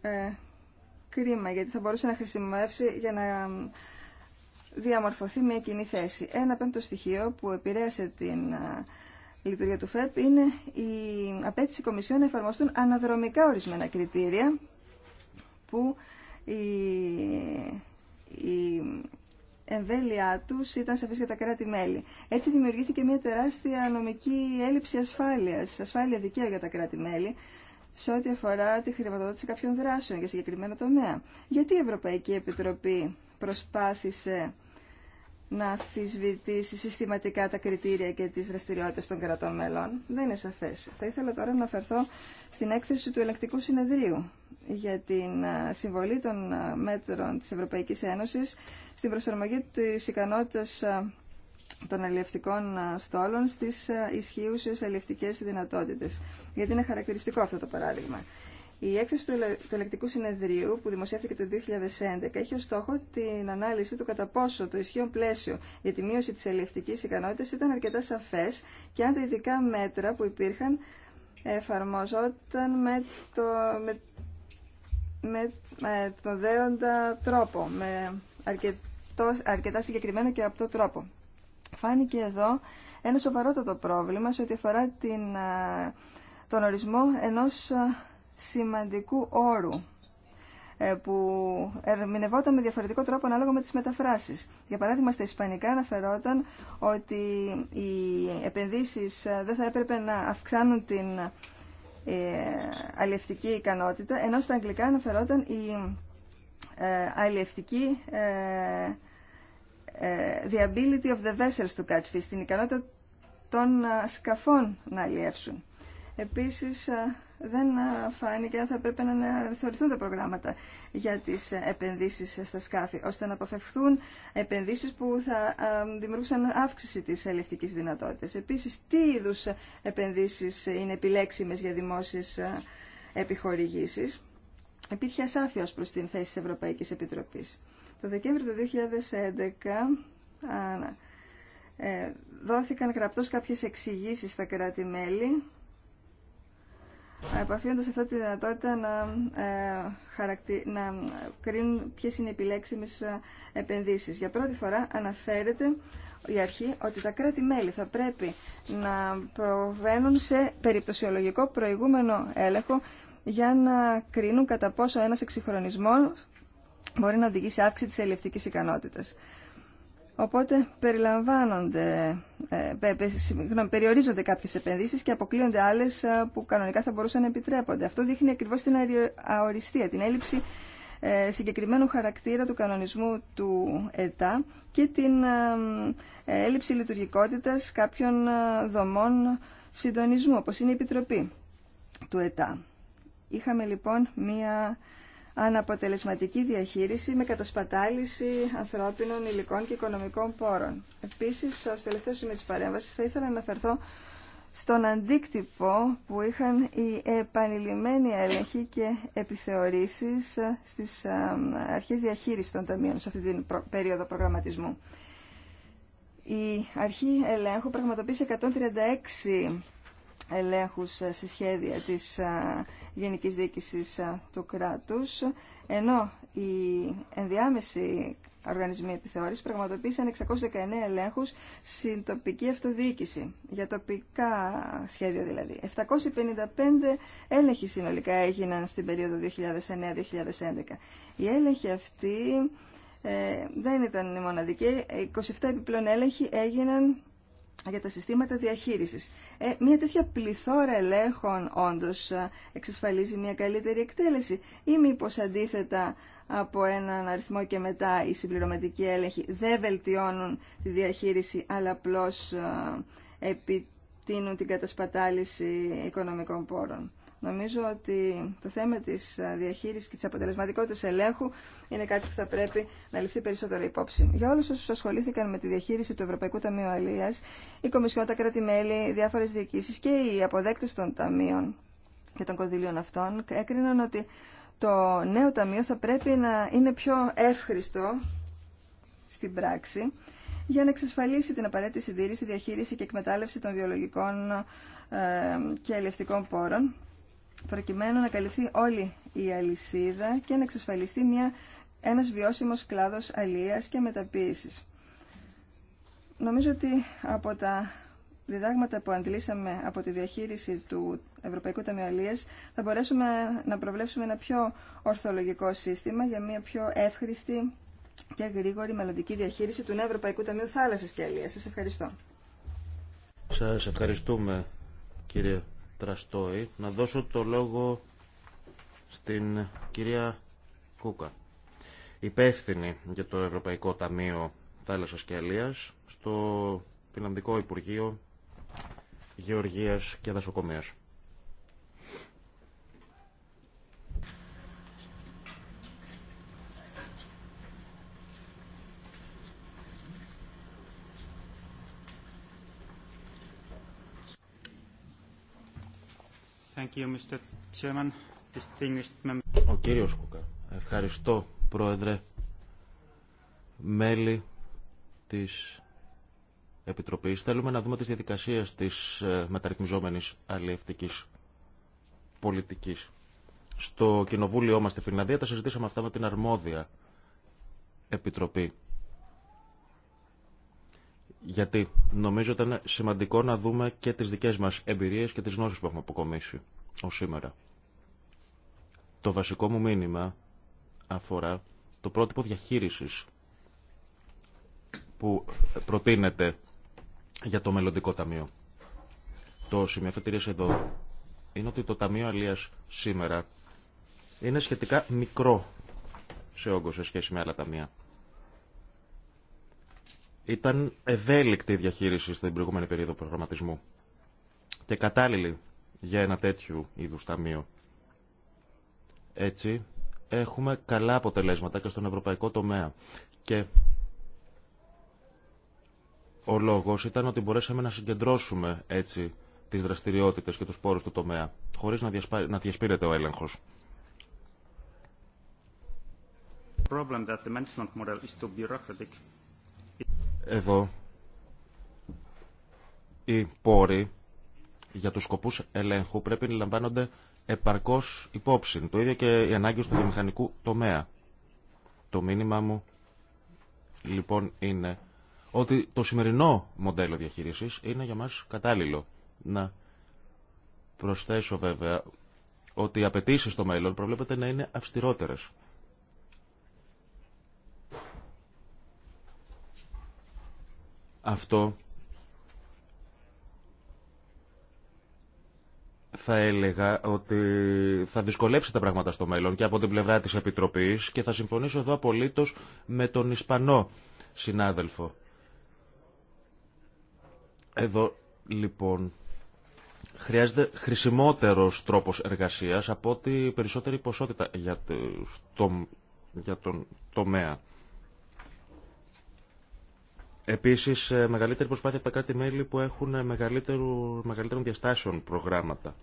Ε, κρίμα, γιατί θα μπορούσε να χρησιμοποιήσει για να διαμορφωθεί μια κοινή θέση. Ένα πέμπτο στοιχείο που επηρέασε την λειτουργία του ΦΕΠ είναι η απέτηση κομισιών να εφαρμοστούν αναδρομικά ορισμένα κριτήρια που η, η εμβέλειά του ήταν σε για τα κράτη-μέλη. Έτσι δημιουργήθηκε μια τεράστια νομική έλλειψη ασφάλειας, ασφάλεια δικαίου για τα κράτη-μέλη, σε ό,τι αφορά τη χρηματοδότηση κάποιων δράσεων για συγκεκριμένο τομέα. Γιατί η Ευρωπαϊκή Επιτροπή προσπάθησε να αφισβητήσει συστηματικά τα κριτήρια και τις δραστηριότητες των κρατών μελών. Δεν είναι σαφές. Θα ήθελα τώρα να αναφερθώ στην έκθεση του Ελεκτικού Συνεδρίου για την συμβολή των μέτρων της Ευρωπαϊκής Ένωσης στην προσαρμογή της ικανότητας των αλληλευτικών στόλων στις ισχύουσες αλληλευτικές δυνατότητες. Γιατί είναι χαρακτηριστικό αυτό το παράδειγμα. Η έκθεση του Ελεκτικού Συνεδρίου που δημοσιεύθηκε το 2011 έχει ως στόχο την ανάλυση του κατά πόσο το ισχύον πλαίσιο για τη μείωση της ελληνική ικανότητας ήταν αρκετά σαφές και αν τα ειδικά μέτρα που υπήρχαν εφαρμόζονταν με το, με, με, ε, δέοντα τρόπο, με αρκετά συγκεκριμένο και απτό τρόπο. Φάνηκε εδώ ένα σοβαρότατο πρόβλημα σε ό,τι αφορά την, ε, τον ορισμό ενός ε, σημαντικού όρου ε, που ερμηνευόταν με διαφορετικό τρόπο ανάλογα με τις μεταφράσεις. Για παράδειγμα, στα Ισπανικά αναφερόταν ότι οι επενδύσεις ε, δεν θα έπρεπε να αυξάνουν την ε, αλλιευτική ικανότητα, ενώ στα Αγγλικά αναφερόταν η αλληλευτική the ability of the vessels to catch fish, την ικανότητα των σκαφών να αλλιεύσουν. Επίσης, δεν φάνηκε αν θα έπρεπε να αναθεωρηθούν τα προγράμματα για τις επενδύσεις στα σκάφη, ώστε να αποφευχθούν επενδύσεις που θα δημιουργούσαν αύξηση της ελευτικής δυνατότητας. Επίσης, τι είδου επενδύσεις είναι επιλέξιμες για δημόσιες επιχορηγήσεις. Υπήρχε ασάφεια προς την θέση της Ευρωπαϊκής Επιτροπής. Το Δεκέμβριο του 2011 ε, δόθηκαν γραπτώς κάποιες εξηγήσεις στα κράτη-μέλη επαφίοντας τη δυνατότητα να, ε, να κρίνουν ποιες είναι οι επιλέξιμες ε, επενδύσεις. Για πρώτη φορά αναφέρεται η αρχή ότι τα κράτη-μέλη θα πρέπει να προβαίνουν σε περιπτωσιολογικό προηγούμενο έλεγχο για να κρίνουν κατά πόσο ένας εξυγχρονισμός μπορεί να οδηγήσει αύξηση της ελευτικής ικανότητας. Οπότε περιλαμβάνονται, ε, περιορίζονται κάποιες επενδύσεις και αποκλείονται άλλες ε, που κανονικά θα μπορούσαν να επιτρέπονται. Αυτό δείχνει ακριβώς την αοριστία, την έλλειψη ε, συγκεκριμένου χαρακτήρα του κανονισμού του ΕΤΑ και την έλλειψη λειτουργικότητας κάποιων δομών συντονισμού, όπως είναι η Επιτροπή του ΕΤΑ. Είχαμε λοιπόν μία αναποτελεσματική διαχείριση με κατασπατάληση ανθρώπινων, υλικών και οικονομικών πόρων. Επίσης, στο τελευταίο σημείο τη παρέμβασης θα ήθελα να αναφερθώ στον αντίκτυπο που είχαν οι επανειλημμένοι έλεγχοι και επιθεωρήσεις ε, στις ε, αρχές διαχείρισης των ταμείων σε αυτή την περίοδο προγραμματισμού. Η αρχή ελέγχου πραγματοποίησε 136 ελέγχους ε, σε σχέδια της ε, Γενικής Διοίκησης ε, του κράτους, ενώ οι ενδιάμεση οργανισμοί επιθεώρησης πραγματοποίησαν 619 ελέγχους στην τοπική αυτοδιοίκηση, για τοπικά σχέδια δηλαδή. 755 έλεγχοι συνολικά έγιναν στην περίοδο 2009-2011. Οι έλεγχοι αυτοί δεν ήταν οι μοναδικοί. 27 επιπλέον έλεγχοι έγιναν για τα συστήματα διαχείρισης. Ε, μια τέτοια πληθώρα ελέγχων όντως ε, εξασφαλίζει μια καλύτερη εκτέλεση ή μήπω αντίθετα από έναν αριθμό και μετά οι συμπληρωματικοί έλεγχοι δεν βελτιώνουν τη διαχείριση αλλά απλώ ε, επιτείνουν την κατασπατάληση οικονομικών πόρων. Νομίζω ότι το θέμα τη ε, διαχείριση και της αποτελεσματικότητας ελέγχου είναι κάτι που θα πρέπει να ληφθεί περισσότερο υπόψη. Για όλου όσου ασχολήθηκαν με τη διαχείριση του Ευρωπαϊκού Ταμείου Αλία, η Κομισιόν, τα κράτη-μέλη, διάφορες διοικήσει και οι αποδέκτε των ταμείων και των κονδυλίων αυτών έκριναν ότι το νέο ταμείο θα πρέπει να είναι πιο εύχριστο στην πράξη για να εξασφαλίσει την απαραίτητη συντήρηση, διαχείριση και εκμετάλλευση των βιολογικών ε, και ελευτικών πόρων προκειμένου να καλυφθεί όλη η αλυσίδα και να εξασφαλιστεί μια, ένας βιώσιμος κλάδος αλίας και μεταποίησης. Νομίζω ότι από τα διδάγματα που αντλήσαμε από τη διαχείριση του Ευρωπαϊκού Ταμείου Αλίας θα μπορέσουμε να προβλέψουμε ένα πιο ορθολογικό σύστημα για μια πιο εύχρηστη και γρήγορη μελλοντική διαχείριση του Ευρωπαϊκού Ταμείου Θάλασσας και Αλίας. Σας ευχαριστώ. Τραστόη να δώσω το λόγο στην κυρία Κούκα, υπεύθυνη για το Ευρωπαϊκό Ταμείο Θάλασσας και Αλίας στο Φιλανδικό Υπουργείο Γεωργίας και Δασοκομείας. Ο κύριος Κούκα. Ευχαριστώ, Πρόεδρε, μέλη της Επιτροπής. Θέλουμε να δούμε τις διαδικασίες της ε, μεταρρυθμιζόμενης αλληλευτικής πολιτικής. Στο κοινοβούλιο μας στη Φιλανδία τα συζητήσαμε αυτά με την αρμόδια Επιτροπή γιατί νομίζω είναι σημαντικό να δούμε και τις δικές μας εμπειρίες και τις γνώσεις που έχουμε αποκομίσει ως σήμερα. Το βασικό μου μήνυμα αφορά το πρότυπο διαχείρισης που προτείνεται για το μελλοντικό ταμείο. Το σημείο αφετηρίας εδώ είναι ότι το Ταμείο Αλίας σήμερα είναι σχετικά μικρό σε όγκο σε σχέση με άλλα ταμεία. Ήταν ευέλικτη η διαχείριση στην προηγούμενη περίοδο προγραμματισμού και κατάλληλη για ένα τέτοιο είδους ταμείο. Έτσι, έχουμε καλά αποτελέσματα και στον ευρωπαϊκό τομέα. Και ο λόγος ήταν ότι μπορέσαμε να συγκεντρώσουμε έτσι τις δραστηριότητες και τους πόρους του τομέα, χωρίς να, διασπά... να διασπείρεται ο έλεγχος. Problem εδώ οι πόροι για τους σκοπούς ελέγχου πρέπει να λαμβάνονται επαρκώς υπόψη. Το ίδιο και οι ανάγκες του βιομηχανικού τομέα. Το μήνυμά μου λοιπόν είναι ότι το σημερινό μοντέλο διαχείρισης είναι για μας κατάλληλο. Να προσθέσω βέβαια ότι οι απαιτήσει στο μέλλον προβλέπεται να είναι αυστηρότερες. Αυτό θα έλεγα ότι θα δυσκολέψει τα πράγματα στο μέλλον και από την πλευρά της Επιτροπής και θα συμφωνήσω εδώ απολύτως με τον Ισπανό συνάδελφο. Εδώ λοιπόν χρειάζεται χρησιμότερος τρόπος εργασίας από ότι περισσότερη ποσότητα για, το, για τον τομέα Επίσης, ε, μεγαλύτερη προσπάθεια από τα κράτη-μέλη που έχουν ε, μεγαλύτερων διαστάσεων προγράμματα.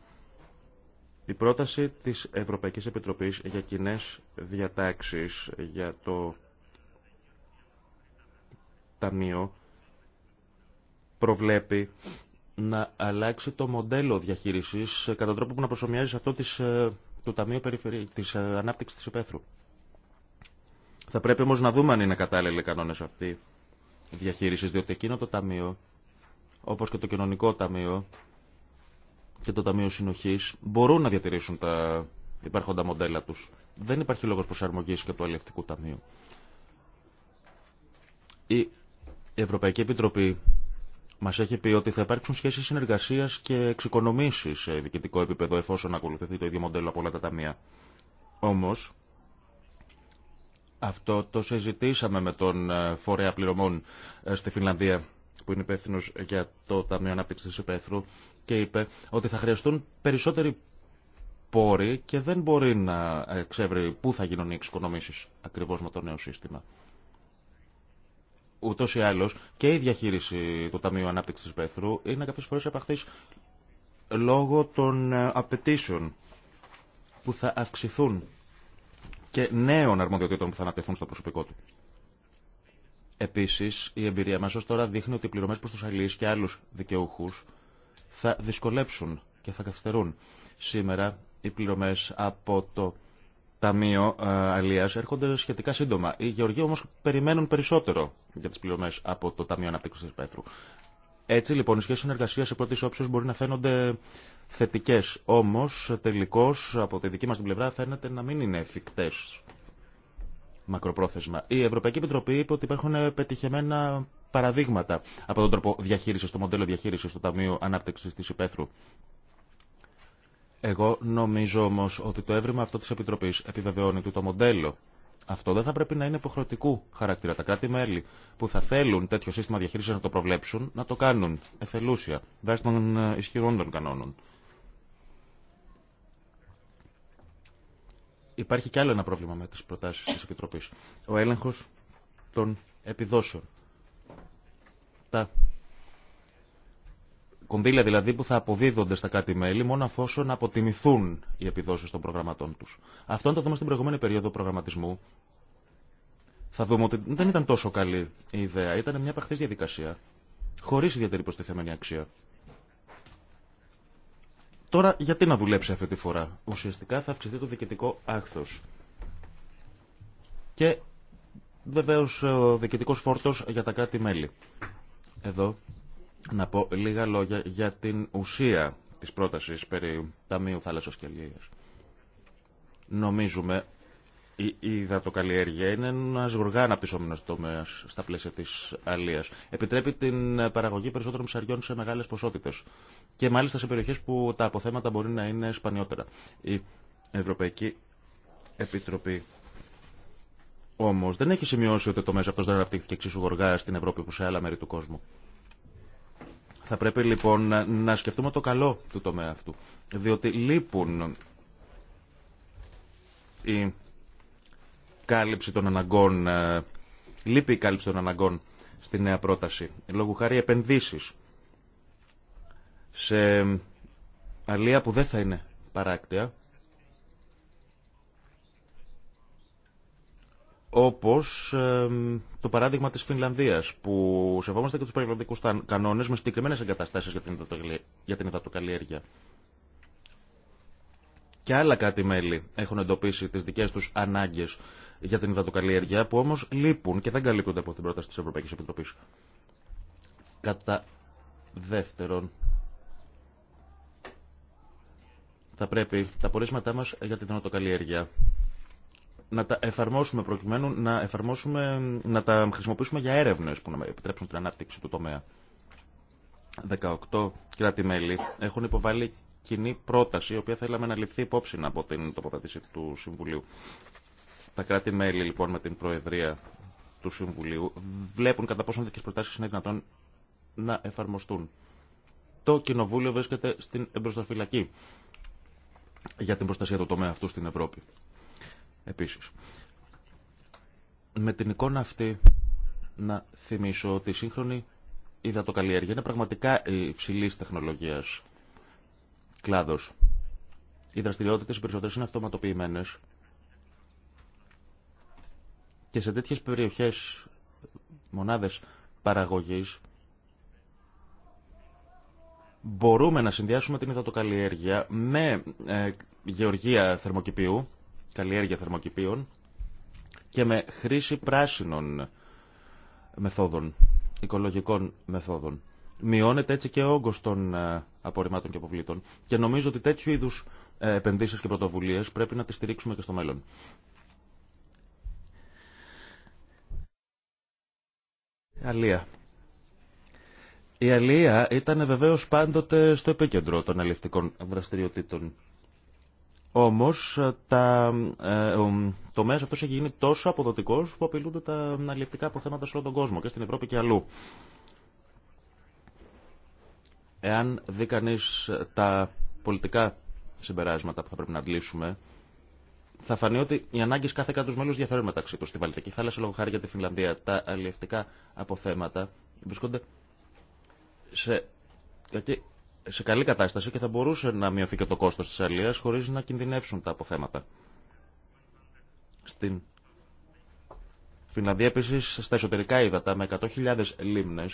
Η πρόταση της Ευρωπαϊκής Επιτροπής για κοινέ διατάξεις για το Ταμείο προβλέπει να αλλάξει το μοντέλο διαχείρισης ε, κατά τρόπο που να προσωμιάζει αυτό της, το Ταμείου Περιφερει... της Ανάπτυξης της Υπέθρου. Θα πρέπει όμως να δούμε αν είναι κατάλληλοι οι κανόνες αυτοί διαχείρισης, διότι εκείνο το ταμείο, όπως και το κοινωνικό ταμείο και το ταμείο συνοχής, μπορούν να διατηρήσουν τα υπάρχοντα μοντέλα τους. Δεν υπάρχει λόγος προσαρμογής και του αλληλευτικού ταμείου. Η Ευρωπαϊκή Επιτροπή μας έχει πει ότι θα υπάρξουν σχέσει συνεργασία και εξοικονομήσεις σε διοικητικό επίπεδο εφόσον ακολουθεί το ίδιο μοντέλο από όλα τα ταμεία. Όμω, αυτό το συζητήσαμε με τον ε, φορέα πληρωμών ε, στη Φινλανδία που είναι υπεύθυνο για το Ταμείο Ανάπτυξη τη και είπε ότι θα χρειαστούν περισσότεροι πόροι και δεν μπορεί να ε, ξέρει που θα γινουν οι εξοικονομησει ακριβω με το νεο συστημα ουτω η αλλω και η διαχειριση του ταμειου αναπτυξη τη επεθρου ειναι καποιε φορε επαχθη λογω των απαιτησεων που θα αυξηθουν και νέων αρμοδιοτήτων που θα ανατεθούν στο προσωπικό του. Επίση, η εμπειρία μα ω τώρα δείχνει ότι οι πληρωμέ προ του αλληλεί και άλλου δικαιούχου θα δυσκολέψουν και θα καθυστερούν. Σήμερα, οι πληρωμέ από το Ταμείο ε, Αλία έρχονται σχετικά σύντομα. Οι Γεωργοί όμω περιμένουν περισσότερο για τι πληρωμέ από το Ταμείο Αναπτύξη τη Πέθρου. Έτσι λοιπόν οι σχέσει συνεργασία σε πρώτη όψεω μπορεί να φαίνονται θετικέ. Όμω τελικώ από τη δική μα την πλευρά φαίνεται να μην είναι εφικτέ μακροπρόθεσμα. Η Ευρωπαϊκή Επιτροπή είπε ότι υπάρχουν πετυχεμένα παραδείγματα από τον τρόπο διαχείριση, το μοντέλο διαχείριση του Ταμείου Ανάπτυξη τη Υπέθρου. Εγώ νομίζω όμω ότι το έβριμα αυτό τη Επιτροπή επιβεβαιώνει ότι το μοντέλο αυτό δεν θα πρέπει να είναι υποχρεωτικού χαρακτήρα. Τα κράτη-μέλη που θα θέλουν τέτοιο σύστημα διαχείριση να το προβλέψουν, να το κάνουν εθελούσια, βάσει των ε, ισχυρών των κανόνων. Υπάρχει κι άλλο ένα πρόβλημα με τις προτάσει τη Επιτροπής. Ο έλεγχο των επιδόσεων. Τα κονδύλια δηλαδή που θα αποδίδονται στα κράτη-μέλη μόνο να αποτιμηθούν οι επιδόσεις των προγραμματών τους. Αυτό αν το δούμε στην προηγούμενη περίοδο προγραμματισμού θα δούμε ότι δεν ήταν τόσο καλή η ιδέα. Ήταν μια παχθής διαδικασία, χωρίς ιδιαίτερη προστιθεμένη αξία. Τώρα γιατί να δουλέψει αυτή τη φορά. Ουσιαστικά θα αυξηθεί το διοικητικό άχθος. Και βεβαίως ο διοικητικός φόρτος για τα κράτη-μέλη. Εδώ να πω λίγα λόγια για την ουσία της πρότασης περί Ταμείου Θάλασσας και Λίας. Νομίζουμε η υδατοκαλλιέργεια είναι ένα γοργά αναπτυσσόμενο τομέα στα πλαίσια τη Αλλίας. Επιτρέπει την παραγωγή περισσότερων ψαριών σε μεγάλε ποσότητε. Και μάλιστα σε περιοχέ που τα αποθέματα μπορεί να είναι σπανιότερα. Η Ευρωπαϊκή Επιτροπή όμω δεν έχει σημειώσει ότι το μέσο αυτό δεν αναπτύχθηκε εξίσου γοργά στην Ευρώπη που σε άλλα μέρη του κόσμου. Θα πρέπει λοιπόν να σκεφτούμε το καλό του τομέα αυτού, διότι λείπουν η κάλυψη των αναγκών, ε, λείπει η κάλυψη των αναγκών στη νέα πρόταση. Λόγω χάρη επενδύσεις σε αλία που δεν θα είναι παράκτεια. όπως το παράδειγμα της Φινλανδίας που σεβόμαστε και τους περιβαλλοντικούς κανόνες με συγκεκριμένες εγκαταστάσεις για την, υδατοκαλλιέργεια. Και αλλα κάτι κράτη-μέλη έχουν εντοπίσει τις δικές τους ανάγκες για την υδατοκαλλιέργεια που όμως λείπουν και δεν καλύπτονται από την πρόταση της Ευρωπαϊκής Επιτροπής. Κατά δεύτερον, θα πρέπει τα πορίσματά μας για την υδατοκαλλιέργεια να τα εφαρμόσουμε προκειμένου να, εφαρμόσουμε, να τα χρησιμοποιήσουμε για έρευνε που να επιτρέψουν την ανάπτυξη του τομέα. 18 κράτη-μέλη έχουν υποβάλει κοινή πρόταση, η οποία θέλαμε να ληφθεί υπόψη από την τοποθέτηση του Συμβουλίου. Τα κράτη-μέλη λοιπόν με την Προεδρία του Συμβουλίου βλέπουν κατά πόσο δικέ προτάσει είναι δυνατόν να εφαρμοστούν. Το Κοινοβούλιο βρίσκεται στην εμπροστοφυλακή για την προστασία του τομέα αυτού στην Ευρώπη επίσης. Με την εικόνα αυτή να θυμίσω ότι η σύγχρονη υδατοκαλλιέργεια είναι πραγματικά υψηλή τεχνολογία κλάδο. Οι δραστηριότητε οι περισσότερε είναι αυτοματοποιημένε και σε τέτοιε περιοχέ, μονάδε παραγωγή, μπορούμε να συνδυάσουμε την υδατοκαλλιέργεια με ε, γεωργία θερμοκηπίου καλλιέργεια θερμοκηπίων και με χρήση πράσινων μεθόδων, οικολογικών μεθόδων. Μειώνεται έτσι και ο όγκος των ε, απορριμμάτων και αποβλήτων και νομίζω ότι τέτοιου είδους ε, επενδύσεις και πρωτοβουλίες πρέπει να τις στηρίξουμε και στο μέλλον. Αλία. Η αλία ήταν βεβαίως πάντοτε στο επίκεντρο των αλληλευτικών δραστηριοτήτων όμως ε, ε, το μέσο αυτό έχει γίνει τόσο αποδοτικός που απειλούνται τα αλληλευτικά αποθέματα σε όλο τον κόσμο και στην Ευρώπη και αλλού. Εάν δει κανεί ε, τα πολιτικά συμπεράσματα που θα πρέπει να αντλήσουμε, θα φανεί ότι οι ανάγκε κάθε κράτου μέλου διαφέρουν μεταξύ του. Στην Βαλτική θάλασσα, λόγω χάρη για τη Φινλανδία, τα αλληλευτικά αποθέματα βρίσκονται σε σε καλή κατάσταση και θα μπορούσε να μειωθεί και το κόστο τη αλεία χωρί να κινδυνεύσουν τα αποθέματα. Στην Φιλανδία, επίση στα εσωτερικά ύδατα με 100.000 λίμνε,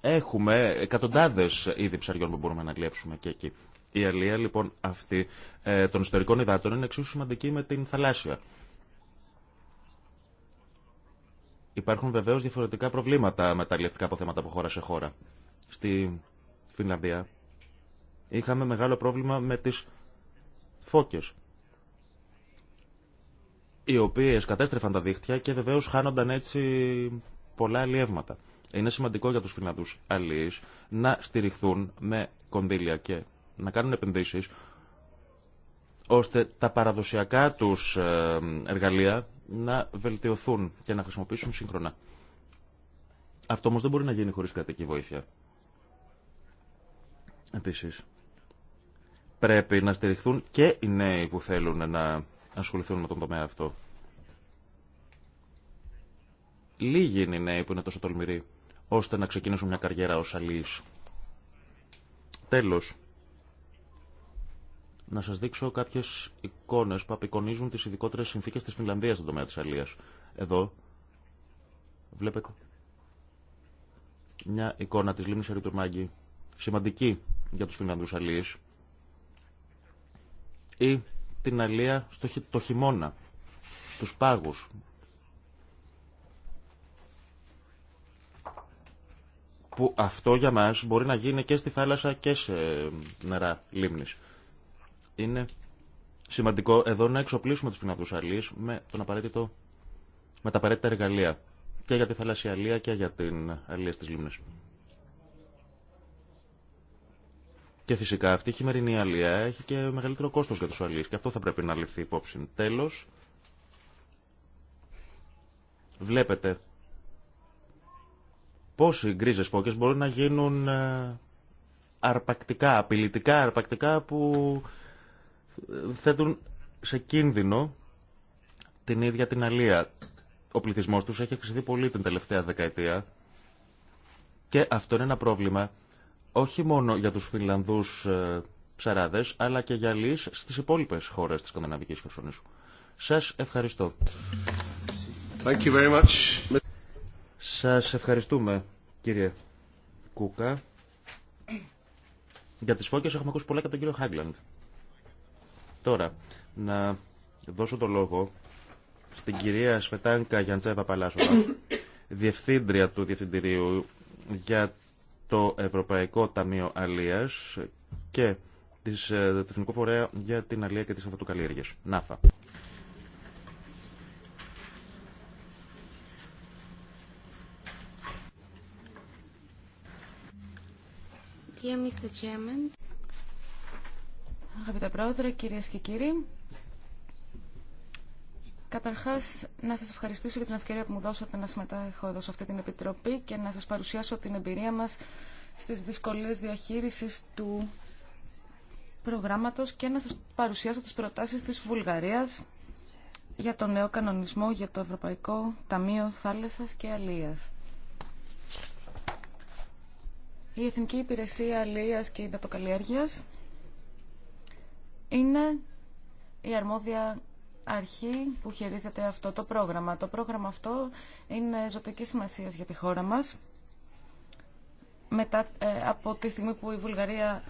έχουμε εκατοντάδε είδη ψαριών που μπορούμε να αλλιεύσουμε και εκεί. Η αλεία λοιπόν αυτή ε, των ιστορικών υδάτων είναι εξίσου σημαντική με την θαλάσσια. Υπάρχουν βεβαίω διαφορετικά προβλήματα με τα αλλιευτικά αποθέματα από χώρα σε χώρα. Στη Φινλανδία είχαμε μεγάλο πρόβλημα με τις φώκες οι οποίες κατέστρεφαν τα δίχτυα και βεβαίως χάνονταν έτσι πολλά αλλιεύματα. Είναι σημαντικό για τους Φινλανδούς αλλιείς να στηριχθούν με κονδύλια και να κάνουν επενδύσεις ώστε τα παραδοσιακά τους ε, εργαλεία να βελτιωθούν και να χρησιμοποιήσουν σύγχρονα. Αυτό όμως δεν μπορεί να γίνει χωρίς κρατική βοήθεια. Επίση. πρέπει να στηριχθούν και οι νέοι που θέλουν να ασχοληθούν με τον τομέα αυτό. Λίγοι είναι οι νέοι που είναι τόσο τολμηροί, ώστε να ξεκινήσουν μια καριέρα ως αλληλείς. Τέλος, να σας δείξω κάποιες εικόνες που απεικονίζουν τις ειδικότερε συνθήκες της Φινλανδίας στον τομέα της αλίας. Εδώ βλέπετε μια εικόνα της λίμνης Αριτουρμάγκη, σημαντική για τους Φινλανδούς αλλοίες ή την αλία στο, το χειμώνα, στους πάγους. Που αυτό για μας μπορεί να γίνει και στη θάλασσα και σε νερά λίμνης. Είναι σημαντικό εδώ να εξοπλίσουμε τους Φινλανδούς με, τον απαραίτητο, με τα απαραίτητα εργαλεία και για τη θαλασσιαλία και για την αλία στις λίμνες. Και φυσικά αυτή η χειμερινή αλία έχει και μεγαλύτερο κόστος για του αλίες και αυτό θα πρέπει να ληφθεί υπόψη. Τέλος, βλέπετε πόσοι οι γκρίζε φώκες μπορούν να γίνουν ε, αρπακτικά, απειλητικά αρπακτικά που ε, θέτουν σε κίνδυνο την ίδια την αλία. Ο πληθυσμός τους έχει αυξηθεί πολύ την τελευταία δεκαετία και αυτό είναι ένα πρόβλημα όχι μόνο για τους Φινλανδούς ε, ψαράδες, αλλά και για λύσεις στις υπόλοιπες χώρες της Σκανδιναβικής Χερσονήσου. Σας ευχαριστώ. Thank you very much. Σας ευχαριστούμε, κύριε Κούκα. Για τις φώκες έχουμε ακούσει πολλά και από τον κύριο Χάγκλαντ. Τώρα, να δώσω το λόγο στην κυρία Σφετάνκα Γιαντζέβα Παλάσοβα, [coughs] διευθύντρια του Διευθυντηρίου για το Ευρωπαϊκό Ταμείο Αλίας και της, ε, Εθνικό Φορέα για την Αλία και τις Αυτοκαλλιέργειες. ΝΑΦΑ. Dear Mr. Chairman. Αγαπητέ Πρόεδρε, κυρίες και κύριοι, Καταρχάς, να σας ευχαριστήσω για την ευκαιρία που μου δώσατε να συμμετάχω εδώ σε αυτή την Επιτροπή και να σας παρουσιάσω την εμπειρία μας στις δυσκολίε διαχείριση του προγράμματος και να σας παρουσιάσω τις προτάσεις της Βουλγαρίας για το νέο κανονισμό για το Ευρωπαϊκό Ταμείο Θάλασσα και Αλίας. Η Εθνική Υπηρεσία Αλίας και Ιδατοκαλλιέργειας είναι η αρμόδια αρχή που χειρίζεται αυτό το πρόγραμμα. Το πρόγραμμα αυτό είναι ζωτική σημασία για τη χώρα μας. Μετά, ε, από τη στιγμή που η Βουλγαρία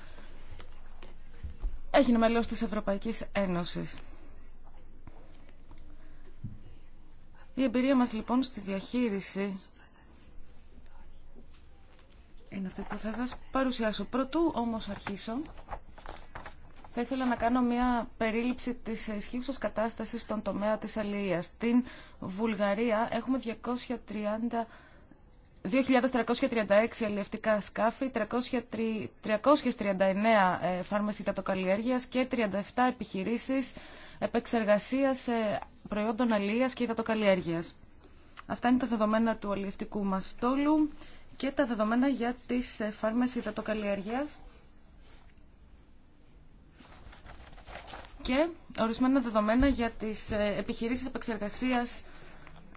έγινε μέλος της Ευρωπαϊκής Ένωσης. Η εμπειρία μας λοιπόν στη διαχείριση είναι αυτή που θα σας παρουσιάσω. Πρωτού όμως αρχίσω, θα ήθελα να κάνω μια περίληψη της ισχύουσα κατάστασης στον τομέα της αλληλεία. Στην Βουλγαρία έχουμε 230 2.336 αλληλευτικά σκάφη, 339 φάρμες υδατοκαλλιέργεια και 37 επιχειρήσεις επεξεργασίας ε, προϊόντων αλληλεία και υδατοκαλλιέργεια. Αυτά είναι τα δεδομένα του αλληλευτικού μαστόλου στόλου και τα δεδομένα για τι ε, φάρμες υδατοκαλλιέργεια. και ορισμένα δεδομένα για τις ε, επιχειρήσεις επεξεργασίας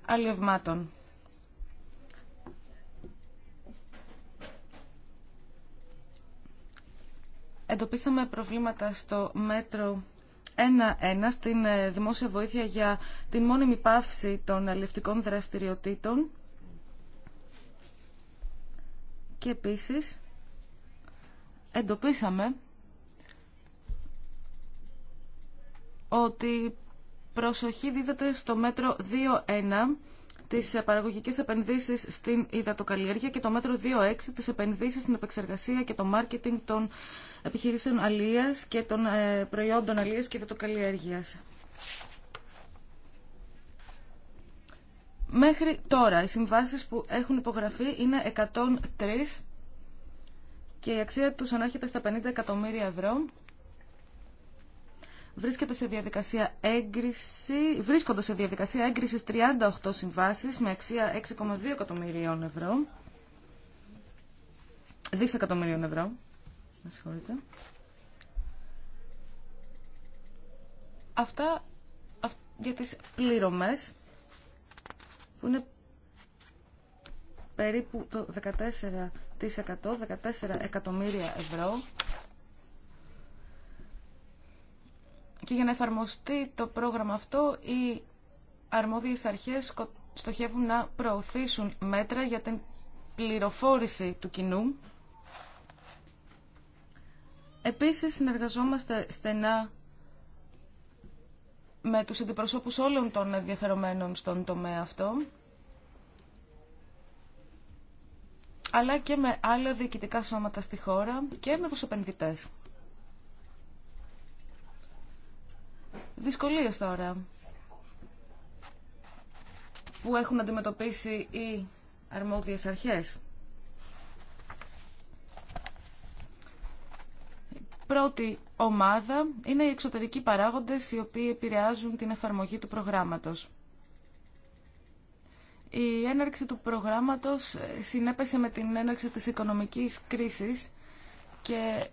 αλλιευμάτων. Εντοπίσαμε προβλήματα στο μέτρο 1-1 στην ε, δημόσια βοήθεια για την μόνιμη πάυση των αλληλευτικών δραστηριοτήτων και επίσης εντοπίσαμε ότι προσοχή δίδεται στο μέτρο 2.1 τις παραγωγικές επενδύσεις στην υδατοκαλλιέργεια και το μέτρο 2.6 τις επενδύσεις στην επεξεργασία και το μάρκετινγκ των επιχειρήσεων αλίας και των ε, προϊόντων αλίας και υδατοκαλλιέργειας. Μέχρι τώρα οι συμβάσεις που έχουν υπογραφεί είναι 103 και η αξία τους ανάρχεται στα 50 εκατομμύρια ευρώ βρίσκεται σε διαδικασία έγκριση, βρίσκονται σε διαδικασία έγκρισης 38 συμβάσεις με αξία 6,2 εκατομμυρίων ευρώ. Δισεκατομμυρίων ευρώ. Αυτά για τις πλήρωμες που είναι περίπου το 14%, 14 εκατομμύρια ευρώ Και για να εφαρμοστεί το πρόγραμμα αυτό, οι αρμόδιες αρχές στοχεύουν να προωθήσουν μέτρα για την πληροφόρηση του κοινού. Επίσης, συνεργαζόμαστε στενά με τους αντιπροσώπους όλων των ενδιαφερομένων στον τομέα αυτό, αλλά και με άλλα διοικητικά σώματα στη χώρα και με τους επενδυτές. δυσκολίες τώρα που έχουν αντιμετωπίσει οι αρμόδιες αρχές. πρώτη ομάδα είναι οι εξωτερικοί παράγοντες οι οποίοι επηρεάζουν την εφαρμογή του προγράμματος. Η έναρξη του προγράμματος συνέπεσε με την έναρξη της οικονομικής κρίσης και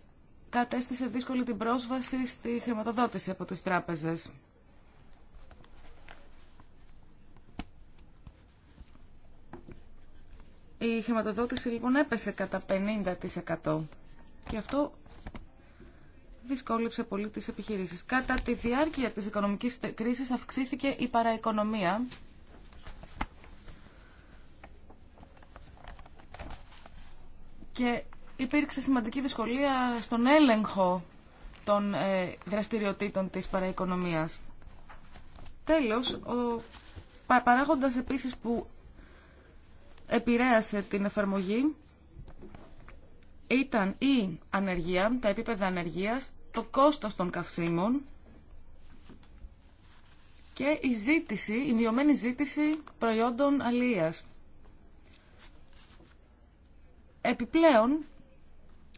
κατέστησε δύσκολη την πρόσβαση στη χρηματοδότηση από τις τράπεζες. Η χρηματοδότηση λοιπόν έπεσε κατά 50% και αυτό δυσκόλεψε πολύ τις επιχειρήσεις. Κατά τη διάρκεια της οικονομικής κρίσης αυξήθηκε η παραοικονομία και υπήρξε σημαντική δυσκολία στον έλεγχο των ε, δραστηριοτήτων της παραοικονομίας. Τέλος, ο παράγοντας επίσης που επηρέασε την εφαρμογή ήταν η ανεργία, τα επίπεδα ανεργίας, το κόστος των καυσίμων και η ζήτηση, η μειωμένη ζήτηση προϊόντων αλίας. Επιπλέον,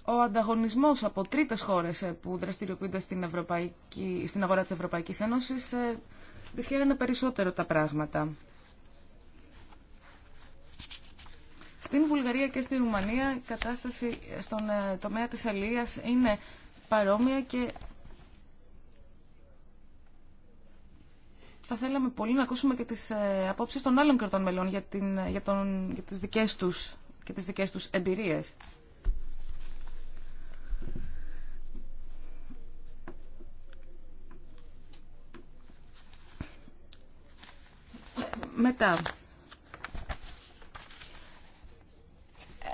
ο ανταγωνισμός από τρίτες χώρες ε, που δραστηριοποιούνται στην, Ευρωπαϊκή, στην αγορά της Ευρωπαϊκής Ένωσης ε, δυσχέρανε περισσότερο τα πράγματα. Στην Βουλγαρία και στην Ρουμανία η κατάσταση στον ε, τομέα της αλίας είναι παρόμοια και θα θέλαμε πολύ να ακούσουμε και τις απόψεις των άλλων κρατών μελών για, την, για, τον, για τις δικές και τις δικές τους εμπειρίες. Μετά,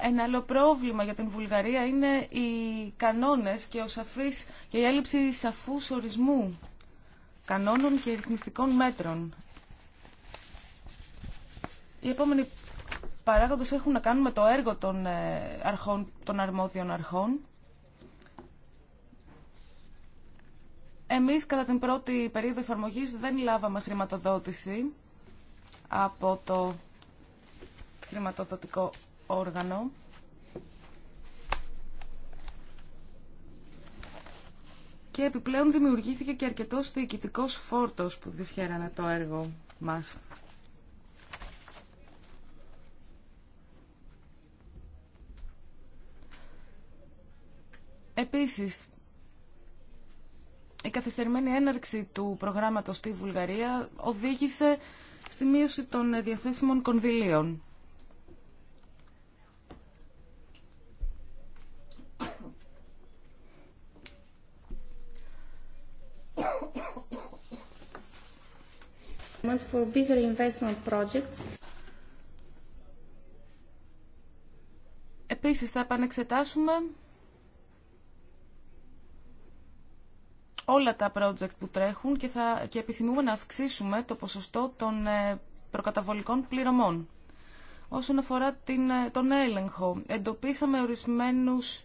ένα άλλο πρόβλημα για την Βουλγαρία είναι οι κανόνες και, ο σαφής, και η έλλειψη σαφούς ορισμού κανόνων και ρυθμιστικών μέτρων. Οι επόμενοι παράγοντες έχουν να κάνουν με το έργο των, ε, αρχών, των αρμόδιων αρχών. Εμείς κατά την πρώτη περίοδο εφαρμογής δεν λάβαμε χρηματοδότηση από το χρηματοδοτικό όργανο. Και επιπλέον δημιουργήθηκε και αρκετός διοικητικός φόρτος που δυσχέρανε το έργο μας. Επίσης, η καθυστερημένη έναρξη του προγράμματος στη Βουλγαρία οδήγησε στη μείωση των διαθέσιμων κονδυλίων. For bigger investment projects. Επίσης θα επανεξετάσουμε όλα τα project που τρέχουν και, θα, και επιθυμούμε να αυξήσουμε το ποσοστό των ε, προκαταβολικών πληρωμών. Όσον αφορά την, ε, τον έλεγχο, εντοπίσαμε ορισμένους,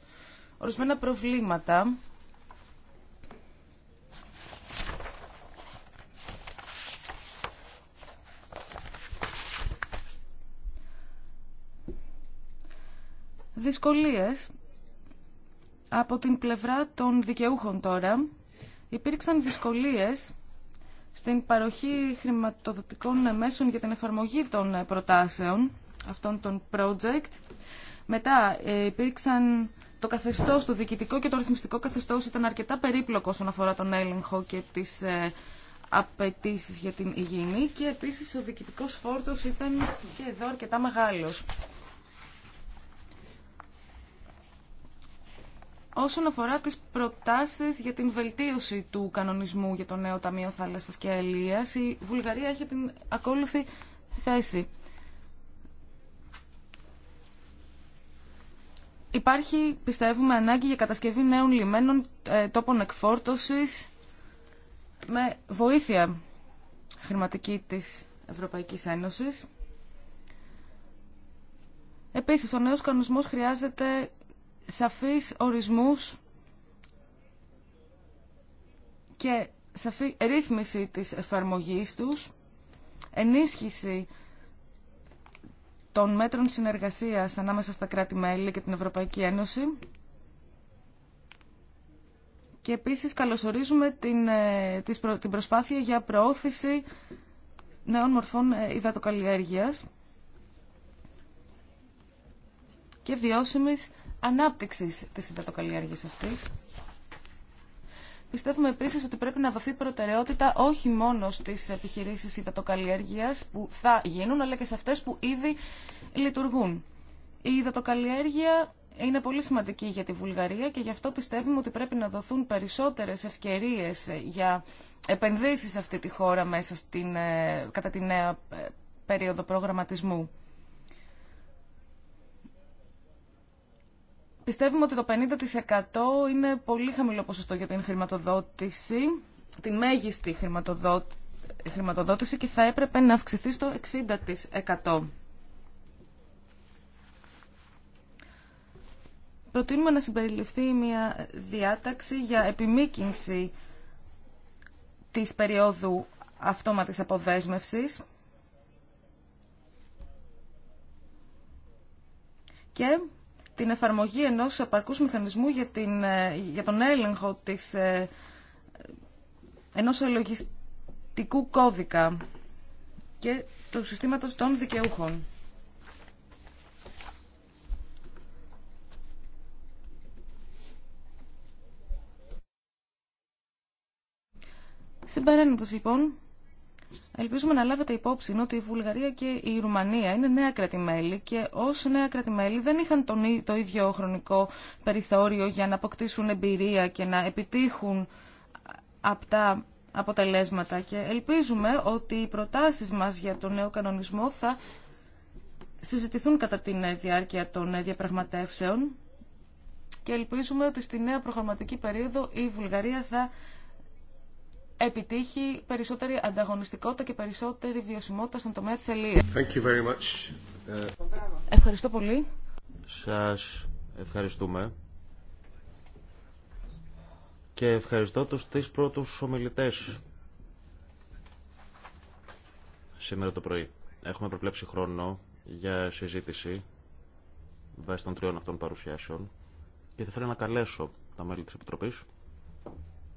ορισμένα προβλήματα δυσκολίες από την πλευρά των δικαιούχων τώρα υπήρξαν δυσκολίες στην παροχή χρηματοδοτικών μέσων για την εφαρμογή των προτάσεων αυτών των project. Μετά ε, υπήρξαν το καθεστώς, το διοικητικό και το ρυθμιστικό καθεστώς ήταν αρκετά περίπλοκο όσον αφορά τον έλεγχο και τις ε, απαιτήσει για την υγιεινή και επίσης ο διοικητικός φόρτος ήταν και εδώ αρκετά μεγάλος. όσον αφορά τις προτάσεις για την βελτίωση του κανονισμού για το νέο Ταμείο Θάλασσας και Αλίας, η Βουλγαρία έχει την ακόλουθη θέση. Υπάρχει, πιστεύουμε, ανάγκη για κατασκευή νέων λιμένων ε, τόπων εκφόρτωσης με βοήθεια χρηματική της Ευρωπαϊκής Ένωσης. Επίσης, ο νέος κανονισμός χρειάζεται σαφείς ορισμούς και σαφή ρύθμιση της εφαρμογής τους, ενίσχυση των μέτρων συνεργασίας ανάμεσα στα κράτη-μέλη και την Ευρωπαϊκή Ένωση και επίσης καλωσορίζουμε την, ε, την προσπάθεια για προώθηση νέων μορφών ε, υδατοκαλλιέργειας και βιώσιμης ανάπτυξης της υδατοκαλλιέργειας αυτής. Πιστεύουμε επίσης ότι πρέπει να δοθεί προτεραιότητα όχι μόνο στις επιχειρήσεις υδατοκαλλιέργειας που θα γίνουν, αλλά και σε αυτές που ήδη λειτουργούν. Η υδατοκαλλιέργεια είναι πολύ σημαντική για τη Βουλγαρία και γι' αυτό πιστεύουμε ότι πρέπει να δοθούν περισσότερες ευκαιρίες για επενδύσεις σε αυτή τη χώρα μέσα στην, ε, κατά τη νέα ε, περίοδο προγραμματισμού. Πιστεύουμε ότι το 50% είναι πολύ χαμηλό ποσοστό για την χρηματοδότηση, τη μέγιστη χρηματοδότηση και θα έπρεπε να αυξηθεί στο 60%. Προτείνουμε να συμπεριληφθεί μια διάταξη για επιμήκυνση της περίοδου αυτόματης αποδέσμευσης και την εφαρμογή ενός επαρκούς μηχανισμού για, την, ε, για τον έλεγχο της, ε, ενός λογιστικού κώδικα και του συστήματος των δικαιούχων. Συμπεραίνοντας λοιπόν, Ελπίζουμε να λάβετε υπόψη ότι η Βουλγαρία και η Ρουμανία είναι νέα κρατημέλη και ω νέα κρατημέλη δεν είχαν τον, το ίδιο χρονικό περιθώριο για να αποκτήσουν εμπειρία και να επιτύχουν αυτά αποτελέσματα και ελπίζουμε ότι οι προτάσεις μας για τον νέο κανονισμό θα συζητηθούν κατά τη διάρκεια των διαπραγματεύσεων και ελπίζουμε ότι στη νέα προγραμματική περίοδο η Βουλγαρία θα επιτύχει περισσότερη ανταγωνιστικότητα και περισσότερη βιωσιμότητα στον τομέα της Ελίας. Ευχαριστώ πολύ. Σας ευχαριστούμε. Και ευχαριστώ τους τρεις πρώτους ομιλητές σήμερα το πρωί. Έχουμε προπλέψει χρόνο για συζήτηση βάσει των τριών αυτών παρουσιάσεων και θα ήθελα να καλέσω τα μέλη της Επιτροπής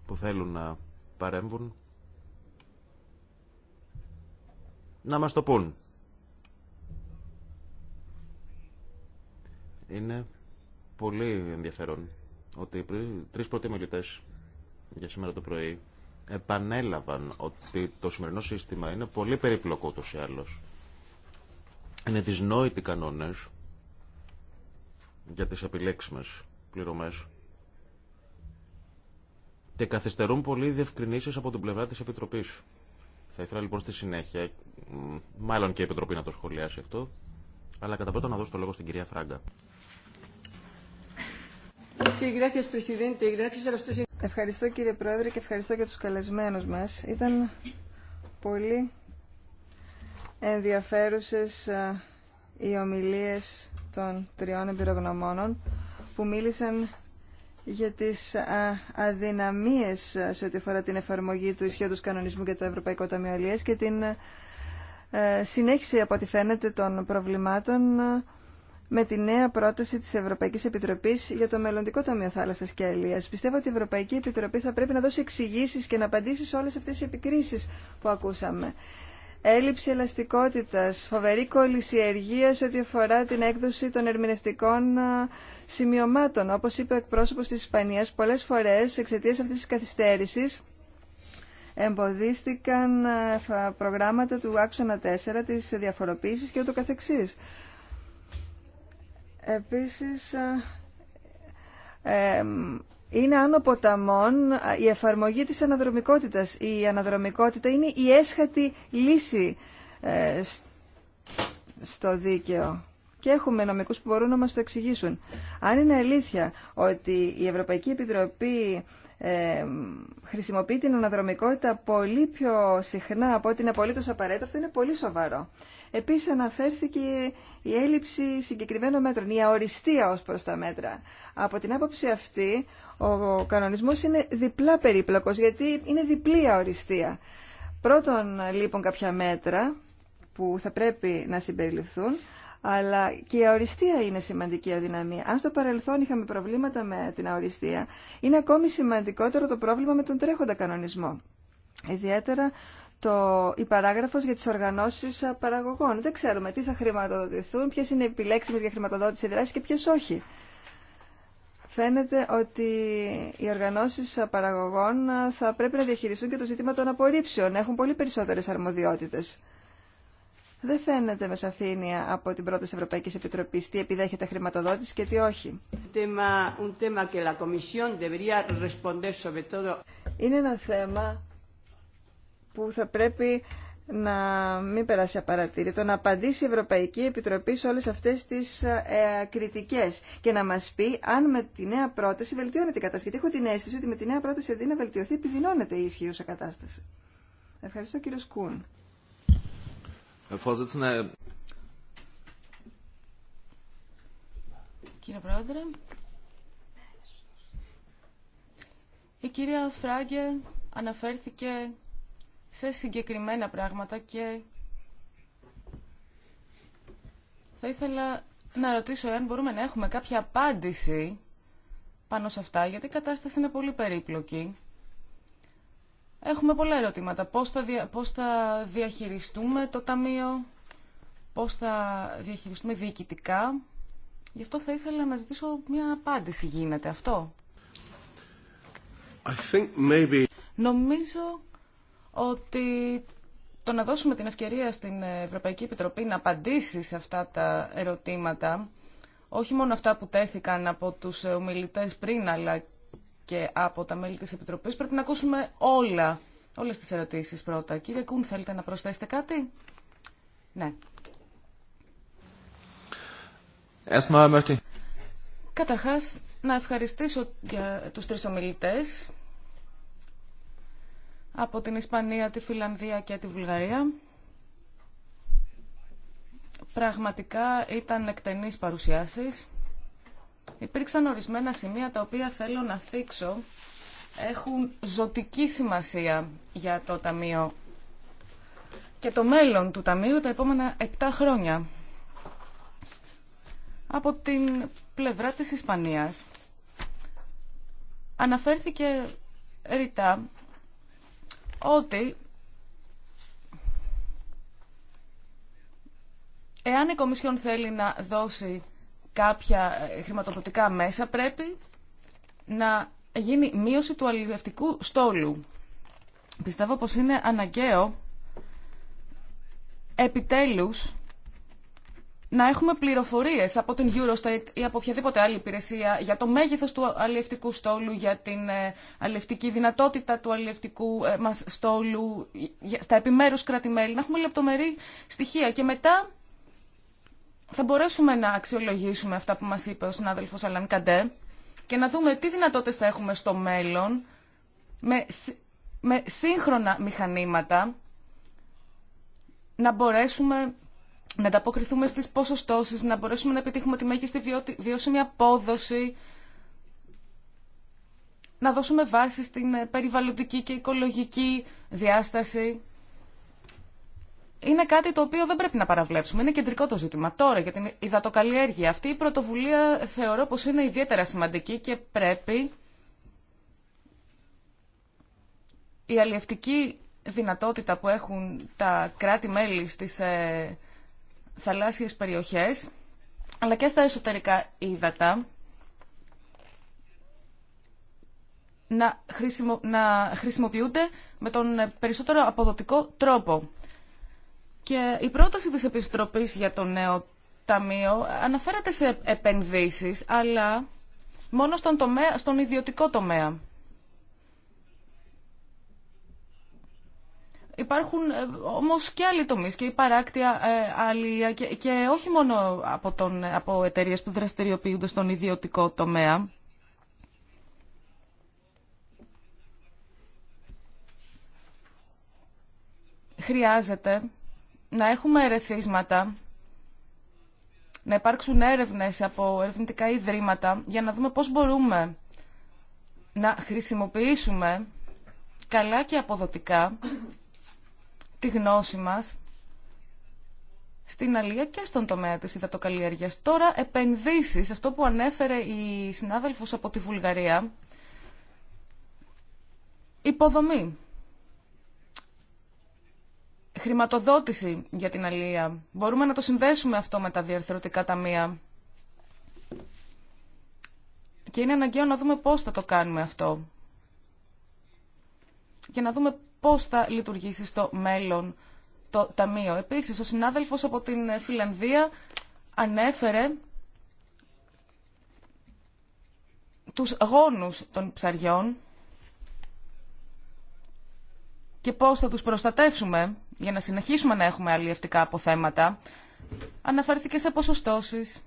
που θέλουν να παρέμβουν να μας το πούν. Είναι πολύ ενδιαφέρον ότι οι τρεις πρώτοι μιλητές για σήμερα το πρωί επανέλαβαν ότι το σημερινό σύστημα είναι πολύ περίπλοκο ούτως ή άλλως. Είναι δυσνόητοι κανόνες για τις επιλέξιμες πληρωμές και καθυστερούν πολύ οι διευκρινήσεις από την πλευρά της Επιτροπής. Θα ήθελα λοιπόν στη συνέχεια, μάλλον και η Επιτροπή να το σχολιάσει αυτό, αλλά κατά πρώτα να δώσω το λόγο στην κυρία Φράγκα. Ευχαριστώ κύριε Πρόεδρε και ευχαριστώ και τους καλεσμένους μας. Ήταν πολύ ενδιαφέρουσες ε, οι ομιλίες των τριών εμπειρογνωμόνων που μίλησαν για τις αδυναμίες σε ό,τι αφορά την εφαρμογή του ισχύοντος κανονισμού για το Ευρωπαϊκό Ταμείο Αλίας και την ε, συνέχιση, από ό,τι φαίνεται, των προβλημάτων ε, με τη νέα πρόταση της Ευρωπαϊκής Επιτροπής για το Μελλοντικό Ταμείο Θάλασσας και Αλίας. Πιστεύω ότι η Ευρωπαϊκή Επιτροπή θα πρέπει να δώσει εξηγήσει και να απαντήσει σε όλες αυτές τις επικρίσεις που ακούσαμε έλλειψη ελαστικότητας, φοβερή κολλησιεργία σε ό,τι αφορά την έκδοση των ερμηνευτικών σημειωμάτων. Όπως είπε ο εκπρόσωπος της Ισπανίας, πολλές φορές εξαιτίας αυτής της καθυστέρησης εμποδίστηκαν προγράμματα του άξονα 4, της διαφοροποίησης και ούτω καθεξής. Επίσης, ε, είναι άνω ποταμών η εφαρμογή της αναδρομικότητας. Η αναδρομικότητα είναι η έσχατη λύση ε, στο δίκαιο. Και έχουμε νομικούς που μπορούν να μας το εξηγήσουν. Αν είναι αλήθεια ότι η Ευρωπαϊκή Επιτροπή ε, χρησιμοποιεί την αναδρομικότητα πολύ πιο συχνά από ό,τι είναι απολύτω απαραίτητο, αυτό είναι πολύ σοβαρό. Επίση, αναφέρθηκε η έλλειψη συγκεκριμένων μέτρων, η αοριστία ω προ τα μέτρα. Από την άποψη αυτή, ο κανονισμό είναι διπλά περίπλοκο, γιατί είναι διπλή αοριστία. Πρώτον, λείπουν κάποια μέτρα που θα πρέπει να συμπεριληφθούν, αλλά και η αοριστία είναι σημαντική αδυναμία. Αν στο παρελθόν είχαμε προβλήματα με την αοριστία, είναι ακόμη σημαντικότερο το πρόβλημα με τον τρέχοντα κανονισμό. Ιδιαίτερα το, η παράγραφος για τι οργανώσει παραγωγών. Δεν ξέρουμε τι θα χρηματοδοτηθούν, ποιε είναι οι επιλέξιμες για χρηματοδότηση δράση και ποιε όχι. Φαίνεται ότι οι οργανώσει παραγωγών θα πρέπει να διαχειριστούν και το ζήτημα των απορρίψεων. Έχουν πολύ περισσότερε αρμοδιότητε δεν φαίνεται με σαφήνεια από την πρόταση Ευρωπαϊκή Επιτροπή τι επιδέχεται χρηματοδότηση και τι όχι. Είναι ένα θέμα που θα πρέπει να μην περάσει απαρατήρητο, να απαντήσει η Ευρωπαϊκή Επιτροπή σε όλες αυτές τις ε, κριτικές και να μας πει αν με τη νέα πρόταση βελτιώνεται η κατάσταση. Γιατί έχω την αίσθηση ότι με τη νέα πρόταση αντί να βελτιωθεί επιδεινώνεται η ισχύουσα κατάσταση. Ευχαριστώ κύριο Σκούν. Κύριε Πρόεδρε, η κυρία Φράγκε αναφέρθηκε σε συγκεκριμένα πράγματα και θα ήθελα να ρωτήσω εάν μπορούμε να έχουμε κάποια απάντηση πάνω σε αυτά, γιατί η κατάσταση είναι πολύ περίπλοκη. Έχουμε πολλά ερωτήματα. Πώς θα, πώς θα διαχειριστούμε το Ταμείο, πώς θα διαχειριστούμε διοικητικά. Γι' αυτό θα ήθελα να ζητήσω μια απάντηση. Γίνεται αυτό. I think maybe... Νομίζω ότι το να δώσουμε την ευκαιρία στην Ευρωπαϊκή Επιτροπή να απαντήσει σε αυτά τα ερωτήματα, όχι μόνο αυτά που τέθηκαν από τους ομιλητές πριν, αλλά και από τα μέλη της Επιτροπής. Πρέπει να ακούσουμε όλα, όλες τις ερωτήσεις πρώτα. Κύριε Κούν, θέλετε να προσθέσετε κάτι? Ναι. Καταρχάς, να ευχαριστήσω για τους τρεις ομιλητές από την Ισπανία, τη Φιλανδία και τη Βουλγαρία. Πραγματικά ήταν εκτενείς παρουσιάσεις. Υπήρξαν ορισμένα σημεία τα οποία θέλω να θίξω έχουν ζωτική σημασία για το Ταμείο και το μέλλον του Ταμείου τα επόμενα 7 χρόνια. Από την πλευρά της Ισπανίας αναφέρθηκε ρητά ότι εάν η Κομισιόν θέλει να δώσει κάποια ε, χρηματοδοτικά μέσα, πρέπει να γίνει μείωση του αλληλευτικού στόλου. Πιστεύω πως είναι αναγκαίο επιτέλους να έχουμε πληροφορίες από την Eurostat ή από οποιαδήποτε άλλη υπηρεσία για το μέγεθος του αλληλευτικού στόλου, για την ε, αλληλευτική δυνατότητα του αλληλευτικού ε, μας στόλου, στα επιμέρους κράτη-μέλη να έχουμε λεπτομερή στοιχεία και μετά θα μπορέσουμε να αξιολογήσουμε αυτά που μας είπε ο συνάδελφος Αλάν Καντέ και να δούμε τι δυνατότητες θα έχουμε στο μέλλον με, με σύγχρονα μηχανήματα να μπορέσουμε να ανταποκριθούμε στις ποσοστώσεις, να μπορέσουμε να επιτύχουμε τη μέγιστη βιώσιμη απόδοση, να δώσουμε βάση στην περιβαλλοντική και οικολογική διάσταση είναι κάτι το οποίο δεν πρέπει να παραβλέψουμε. Είναι κεντρικό το ζήτημα. Τώρα για την υδατοκαλλιέργεια. Αυτή η πρωτοβουλία θεωρώ πως είναι ιδιαίτερα σημαντική και πρέπει η αλλιευτική δυνατότητα που έχουν τα κράτη-μέλη στις ε, θαλάσσιες περιοχές αλλά και στα εσωτερικά ύδατα να, να χρησιμοποιούνται με τον ε, περισσότερο αποδοτικό τρόπο. Και η πρόταση της Επιστροπής για το νέο ταμείο αναφέρεται σε επενδύσεις, αλλά μόνο στον, τομέα, στον ιδιωτικό τομέα. Υπάρχουν ε, όμως και άλλοι τομείς και η παράκτια ε, και, και, όχι μόνο από, τον, από εταιρείες που δραστηριοποιούνται στον ιδιωτικό τομέα. Χρειάζεται να έχουμε ερεθίσματα, να υπάρξουν έρευνες από ερευνητικά ιδρύματα για να δούμε πώς μπορούμε να χρησιμοποιήσουμε καλά και αποδοτικά τη γνώση μας στην Αλία και στον τομέα της υδατοκαλλιέργειας. Τώρα επενδύσεις, αυτό που ανέφερε η συνάδελφος από τη Βουλγαρία, υποδομή χρηματοδότηση για την αλληλεία. Μπορούμε να το συνδέσουμε αυτό με τα διαρθρωτικά ταμεία. Και είναι αναγκαίο να δούμε πώς θα το κάνουμε αυτό. Και να δούμε πώς θα λειτουργήσει στο μέλλον το ταμείο. Επίσης, ο συνάδελφος από την Φιλανδία ανέφερε τους γόνους των ψαριών και πώς θα τους προστατεύσουμε για να συνεχίσουμε να έχουμε αλλιευτικά αποθέματα, αναφέρθηκε σε ποσοστώσεις,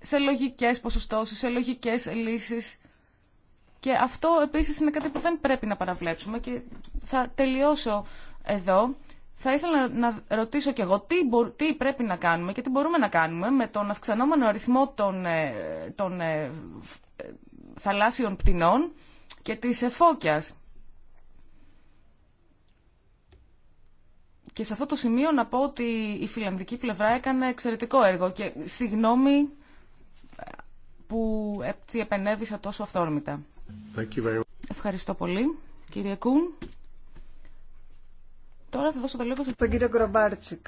σε λογικές ποσοστώσεις, σε λογικές λύσεις. Και αυτό επίσης είναι κάτι που δεν πρέπει να παραβλέψουμε και θα τελειώσω εδώ. Θα ήθελα να ρωτήσω και εγώ τι, πρέπει να κάνουμε και τι μπορούμε να κάνουμε με τον αυξανόμενο αριθμό των, ε, των ε, ε, θαλάσσιων πτηνών και της εφόκιας. Και σε αυτό το σημείο να πω ότι η φιλανδική πλευρά έκανε εξαιρετικό έργο και συγγνώμη ε, που έτσι επενέβησα τόσο αυθόρμητα. Ευχαριστώ πολύ, κύριε Κούν. Τώρα θα δώσω το λόγο στον κύριο Γκρομπάρτσικ.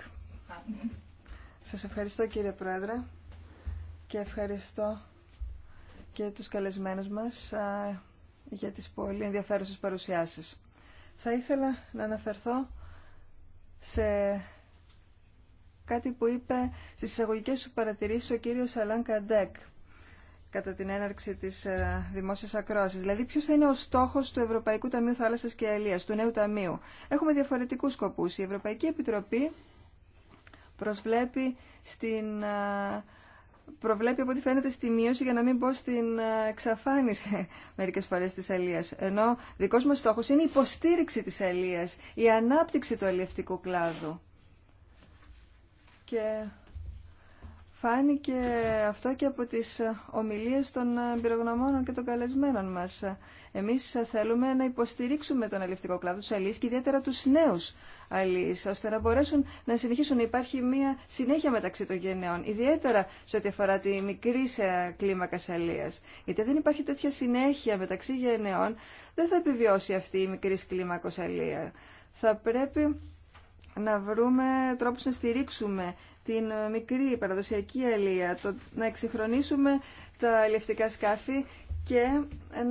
Σας ευχαριστώ κύριε Πρόεδρε και ευχαριστώ και τους καλεσμένους μας για τις πολύ ενδιαφέρουσες παρουσιάσεις. Θα ήθελα να αναφερθώ σε κάτι που είπε στις εισαγωγικές σου παρατηρήσεις ο κύριος Αλάν Καντέκ κατά την έναρξη της ε, δημόσιας ακρόασης. Δηλαδή, ποιος θα είναι ο στόχος του Ευρωπαϊκού Ταμείου Θάλασσας και Αιλίας, του νέου ταμείου. Έχουμε διαφορετικούς σκοπούς. Η Ευρωπαϊκή Επιτροπή προσβλέπει στην ε, προβλέπει από ό,τι φαίνεται στη μείωση για να μην πω στην ε, εξαφάνιση [laughs] μερικές φορές της αλίας. Ενώ δικός μας στόχος είναι η υποστήριξη της αλίας, η ανάπτυξη του αλλιευτικού κλάδου. Και Φάνηκε αυτό και από τις ομιλίες των πυρογνωμόνων και των καλεσμένων μας. Εμείς θέλουμε να υποστηρίξουμε τον αλληλευτικό κλάδο της αλληλείς και ιδιαίτερα τους νέους αλληλείς, ώστε να μπορέσουν να συνεχίσουν να υπάρχει μια συνέχεια μεταξύ των γενναιών, ιδιαίτερα σε ό,τι αφορά τη μικρή κλίμακα αλληλείας. Γιατί δεν υπάρχει τέτοια συνέχεια μεταξύ γενναιών, δεν θα επιβιώσει αυτή η μικρή κλίμακος αλληλεία. Θα πρέπει να βρούμε τρόπους να στηρίξουμε την ε, μικρή παραδοσιακή αλία, το να εξυγχρονίσουμε τα ελευτικά σκάφη και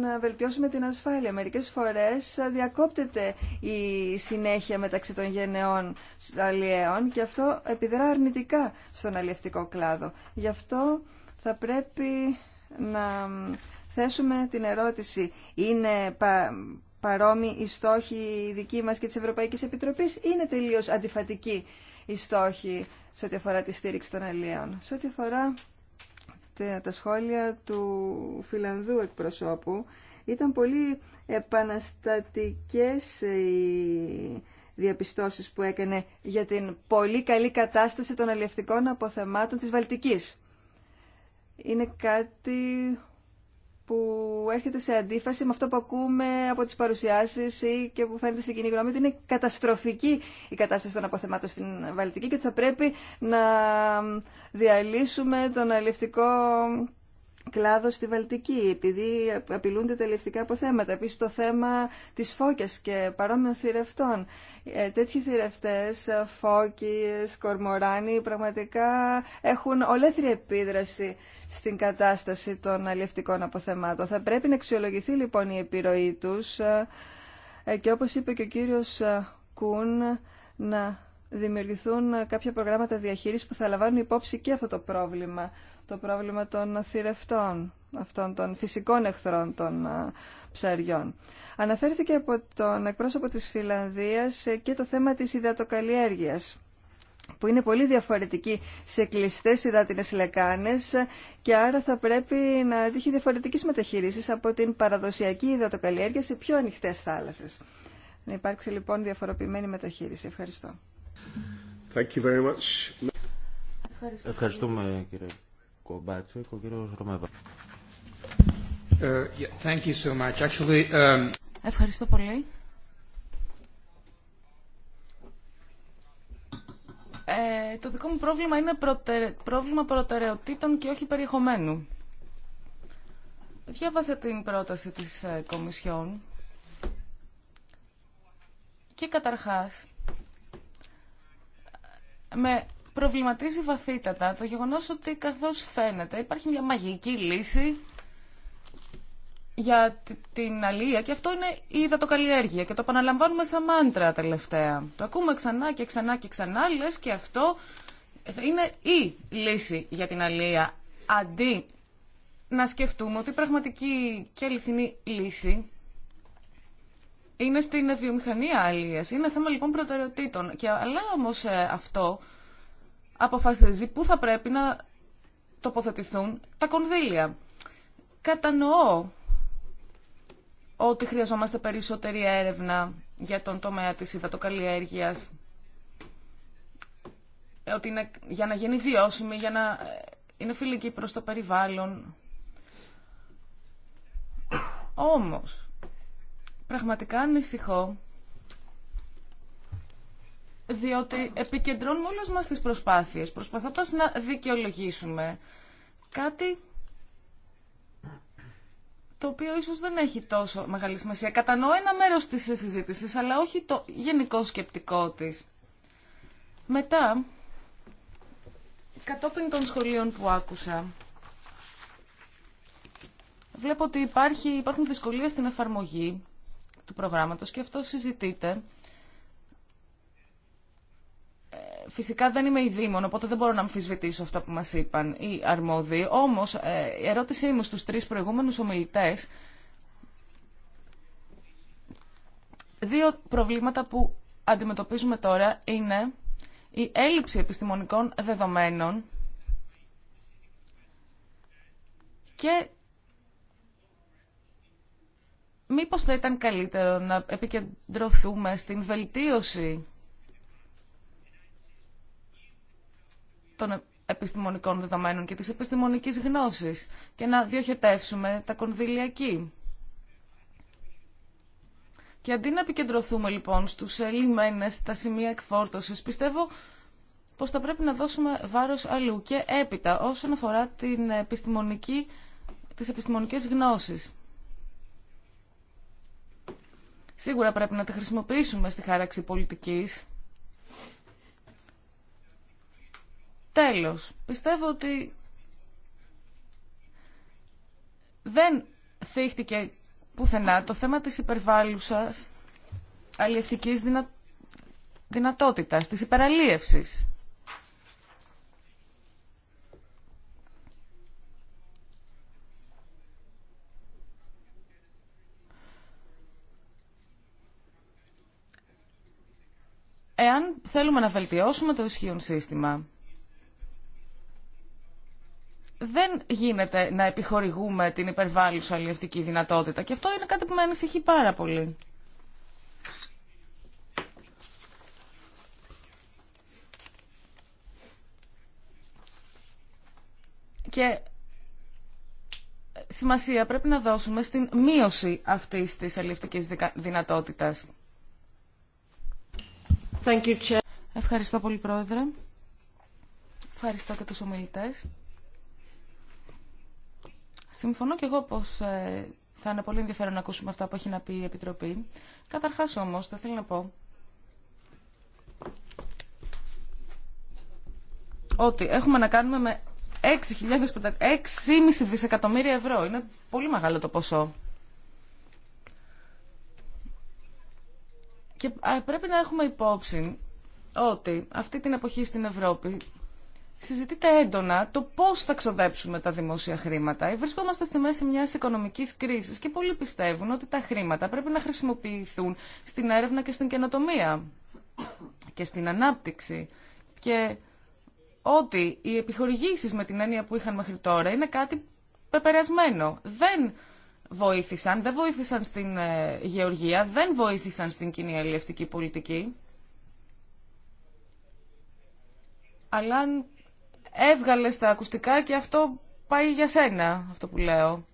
να βελτιώσουμε την ασφάλεια. Μερικές φορές ε, διακόπτεται η συνέχεια μεταξύ των γενεών αλλιέων και αυτό επιδρά αρνητικά στον αλιευτικό κλάδο. Γι' αυτό θα πρέπει να θέσουμε την ερώτηση είναι πα, παρόμοιοι οι στόχοι δικοί μας και της Ευρωπαϊκής Επιτροπής ή είναι τελείως αντιφατικοί οι στόχοι σε ό,τι αφορά τη στήριξη των Σε ό,τι αφορά τα σχόλια του Φιλανδού εκπροσώπου, ήταν πολύ επαναστατικές οι διαπιστώσεις που έκανε για την πολύ καλή κατάσταση των αλλιευτικών αποθεμάτων της Βαλτικής. Είναι κάτι που έρχεται σε αντίφαση με αυτό που ακούμε από τις παρουσιάσεις ή και που φαίνεται στην κοινή γνώμη ότι είναι καταστροφική η κατάσταση των αποθεμάτων στην Βαλτική και ότι θα πρέπει να διαλύσουμε τον αλληλευτικό κλάδο στη Βαλτική, επειδή απειλούνται τα λευτικά αποθέματα. Επίση το θέμα τη φώκια και παρόμοιων θηρευτών. Ε, τέτοιοι θηρευτέ, φώκιε, κορμοράνοι, πραγματικά έχουν ολέθρια επίδραση στην κατάσταση των αλληλευτικών αποθεμάτων. Θα πρέπει να αξιολογηθεί λοιπόν η επιρροή του ε, ε, και όπως είπε και ο κύριο Κούν να δημιουργηθούν κάποια προγράμματα διαχείρισης που θα λαμβάνουν υπόψη και αυτό το πρόβλημα, το πρόβλημα των θηρευτών, αυτών των φυσικών εχθρών των ψαριών. Αναφέρθηκε από τον εκπρόσωπο της Φιλανδίας ε, και το θέμα της υδατοκαλλιέργειας που είναι πολύ διαφορετική σε κλειστέ υδάτινε λεκάνε ε, και άρα θα πρέπει να τύχει διαφορετική μεταχείριση από την παραδοσιακή υδατοκαλλιέργεια σε πιο ανοιχτέ θάλασσε. Να υπάρξει λοιπόν διαφοροποιημένη μεταχείριση. Ευχαριστώ. Ευχαριστούμε, Ευχαριστούμε κύριε Κομπάτσο. Ο κύριο Ρωμέβα. Uh, um, Ευχαριστώ πολύ. Ε, το δικό μου πρόβλημα είναι πρόβλημα προτεραιοτήτων και όχι περιεχομένου. Διάβασα την πρόταση της ε, Κομισιόν και καταρχάς με προβληματίζει βαθύτατα το γεγονός ότι καθώς φαίνεται υπάρχει μια μαγική λύση για την αλία και αυτό είναι η υδατοκαλλιέργεια και το επαναλαμβάνουμε σαν μάντρα τελευταία. Το ακούμε ξανά και ξανά και ξανά, λες και αυτό είναι η λύση για την αλία αντί να σκεφτούμε ότι η πραγματική και αληθινή λύση είναι στην βιομηχανία αλληλεία. Είναι θέμα λοιπόν προτεραιοτήτων. Και, αλλά όμω ε, αυτό αποφασίζει πού θα πρέπει να τοποθετηθούν τα κονδύλια. Κατανοώ ότι χρειαζόμαστε περισσότερη έρευνα για τον τομέα της υδατοκαλλιέργειας, ε, ότι είναι για να γίνει βιώσιμη, για να ε, είναι φιλική προς το περιβάλλον. Όμως, Πραγματικά ανησυχώ, διότι επικεντρώνουμε όλες μας τις προσπάθειες, προσπαθώντας να δικαιολογήσουμε κάτι το οποίο ίσως δεν έχει τόσο μεγάλη σημασία. Κατανοώ ένα μέρος της συζήτησης, αλλά όχι το γενικό σκεπτικό της. Μετά, κατόπιν των σχολείων που άκουσα, βλέπω ότι υπάρχει, υπάρχουν δυσκολίες στην εφαρμογή του προγράμματος και αυτό συζητείται. Ε, φυσικά δεν είμαι η Δήμον, οπότε δεν μπορώ να αμφισβητήσω αυτά που μας είπαν οι αρμόδιοι. Όμως, ε, η ερώτησή μου στους τρεις προηγούμενους ομιλητές, δύο προβλήματα που αντιμετωπίζουμε τώρα είναι η έλλειψη επιστημονικών δεδομένων και μήπως θα ήταν καλύτερο να επικεντρωθούμε στην βελτίωση των επιστημονικών δεδομένων και της επιστημονικής γνώσης και να διοχετεύσουμε τα κονδύλια εκεί. Και αντί να επικεντρωθούμε λοιπόν στους λιμένες, τα σημεία εκφόρτωσης, πιστεύω πως θα πρέπει να δώσουμε βάρος αλλού και έπειτα όσον αφορά την επιστημονική, τις επιστημονικές γνώσεις. Σίγουρα πρέπει να τη χρησιμοποιήσουμε στη χάραξη πολιτικής. Τέλος, πιστεύω ότι δεν θύχτηκε πουθενά το θέμα της υπερβάλλουσας αλληλευτικής δυνα... δυνατότητας, της υπεραλίευσης. εάν θέλουμε να βελτιώσουμε το ισχύον σύστημα. Δεν γίνεται να επιχορηγούμε την υπερβάλλουσα αλληλευτική δυνατότητα και αυτό είναι κάτι που με ανησυχεί πάρα πολύ. Και σημασία πρέπει να δώσουμε στην μείωση αυτής της αλληλευτικής δυνατότητας. Ευχαριστώ πολύ, Πρόεδρε. Ευχαριστώ και τους ομιλητές. Συμφωνώ και εγώ πως ε, θα είναι πολύ ενδιαφέρον να ακούσουμε αυτά που έχει να πει η Επιτροπή. Καταρχάς όμως, θα θέλω να πω ότι έχουμε να κάνουμε με 6.500 δισεκατομμύρια ευρώ. Είναι πολύ μεγάλο το ποσό. Και πρέπει να έχουμε υπόψη ότι αυτή την εποχή στην Ευρώπη συζητείται έντονα το πώς θα ξοδέψουμε τα δημόσια χρήματα. Ε, βρισκόμαστε στη μέση μιας οικονομικής κρίσης και πολλοί πιστεύουν ότι τα χρήματα πρέπει να χρησιμοποιηθούν στην έρευνα και στην καινοτομία και στην ανάπτυξη. Και ότι οι επιχορηγήσεις με την έννοια που είχαν μέχρι τώρα είναι κάτι πεπερασμένο. Δεν βοήθησαν. Δεν βοήθησαν στην ε, γεωργία, δεν βοήθησαν στην κοινή αλληλευτική πολιτική. Αλλά αν έβγαλε τα ακουστικά και αυτό πάει για σένα, αυτό που λέω.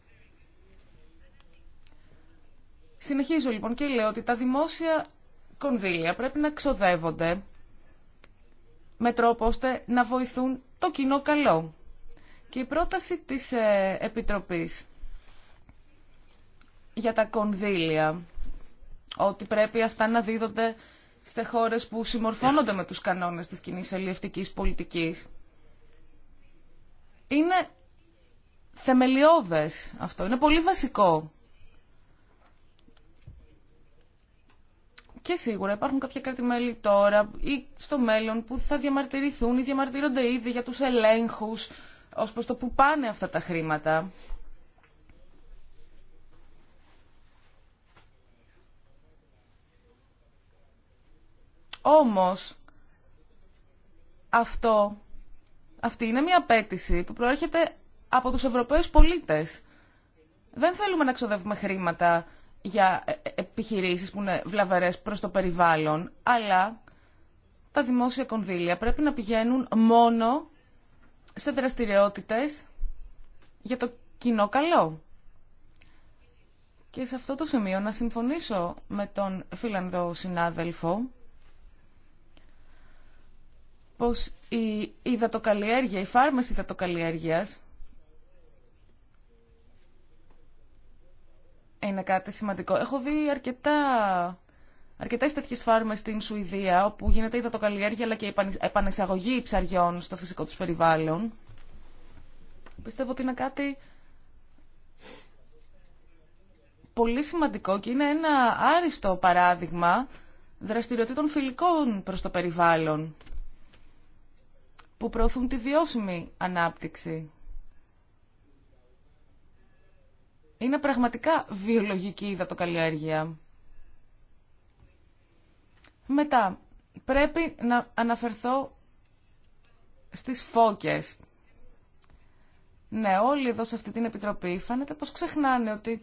Συνεχίζω λοιπόν και λέω ότι τα δημόσια κονδύλια πρέπει να ξοδεύονται με τρόπο ώστε να βοηθούν το κοινό καλό. Και η πρόταση της ε, Επιτροπής για τα κονδύλια, ότι πρέπει αυτά να δίδονται σε χώρες που συμμορφώνονται με τους κανόνες της κοινή πολιτικής. Είναι θεμελιώδες αυτό, είναι πολύ βασικό. Και σίγουρα υπάρχουν κάποια κράτη-μέλη τώρα ή στο μέλλον που θα διαμαρτυρηθούν ή διαμαρτύρονται ήδη για τους ελέγχους ως προς το που πάνε αυτά τα χρήματα. Όμως, αυτό, αυτή είναι μια απέτηση που προέρχεται από τους Ευρωπαίους πολίτες. Δεν θέλουμε να ξοδεύουμε χρήματα για ε, ε, επιχειρήσεις που είναι βλαβερές προς το περιβάλλον, αλλά τα δημόσια κονδύλια πρέπει να πηγαίνουν μόνο σε δραστηριότητες για το κοινό καλό. Και σε αυτό το σημείο να συμφωνήσω με τον Φιλανδό συνάδελφο πως η υδατοκαλλιέργεια, η φάρμες υδατοκαλλιέργειας είναι κάτι σημαντικό. Έχω δει αρκετά, αρκετές τέτοιες φάρμες στην Σουηδία όπου γίνεται η υδατοκαλλιέργεια αλλά και η επανεξαγωγή ψαριών στο φυσικό τους περιβάλλον. Πιστεύω ότι είναι κάτι πολύ σημαντικό και είναι ένα άριστο παράδειγμα δραστηριοτήτων φιλικών προς το περιβάλλον που προωθούν τη βιώσιμη ανάπτυξη. Είναι πραγματικά βιολογική υδατοκαλλιέργεια. Μετά, πρέπει να αναφερθώ στις φώκες. Ναι, όλοι εδώ σε αυτή την επιτροπή φαίνεται πως ξεχνάνε ότι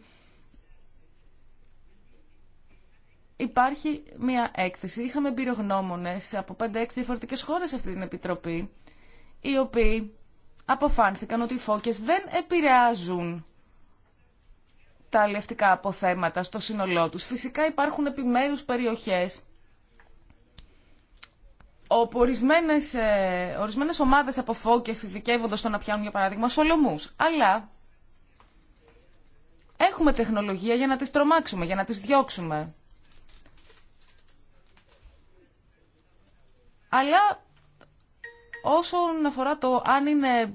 υπάρχει μια έκθεση. Είχαμε εμπειρογνώμονες από 5-6 διαφορετικές χώρες σε αυτή την επιτροπή οι οποίοι αποφάνθηκαν ότι οι φώκες δεν επηρεάζουν τα αλληλευτικά αποθέματα στο σύνολό τους. Φυσικά υπάρχουν επιμέρους περιοχές όπου ορισμένες, ε, ομάδες από φώκες ειδικεύονται στο να πιάνουν για παράδειγμα σολομούς. Αλλά έχουμε τεχνολογία για να τις τρομάξουμε, για να τις διώξουμε. Αλλά Όσον αφορά το αν είναι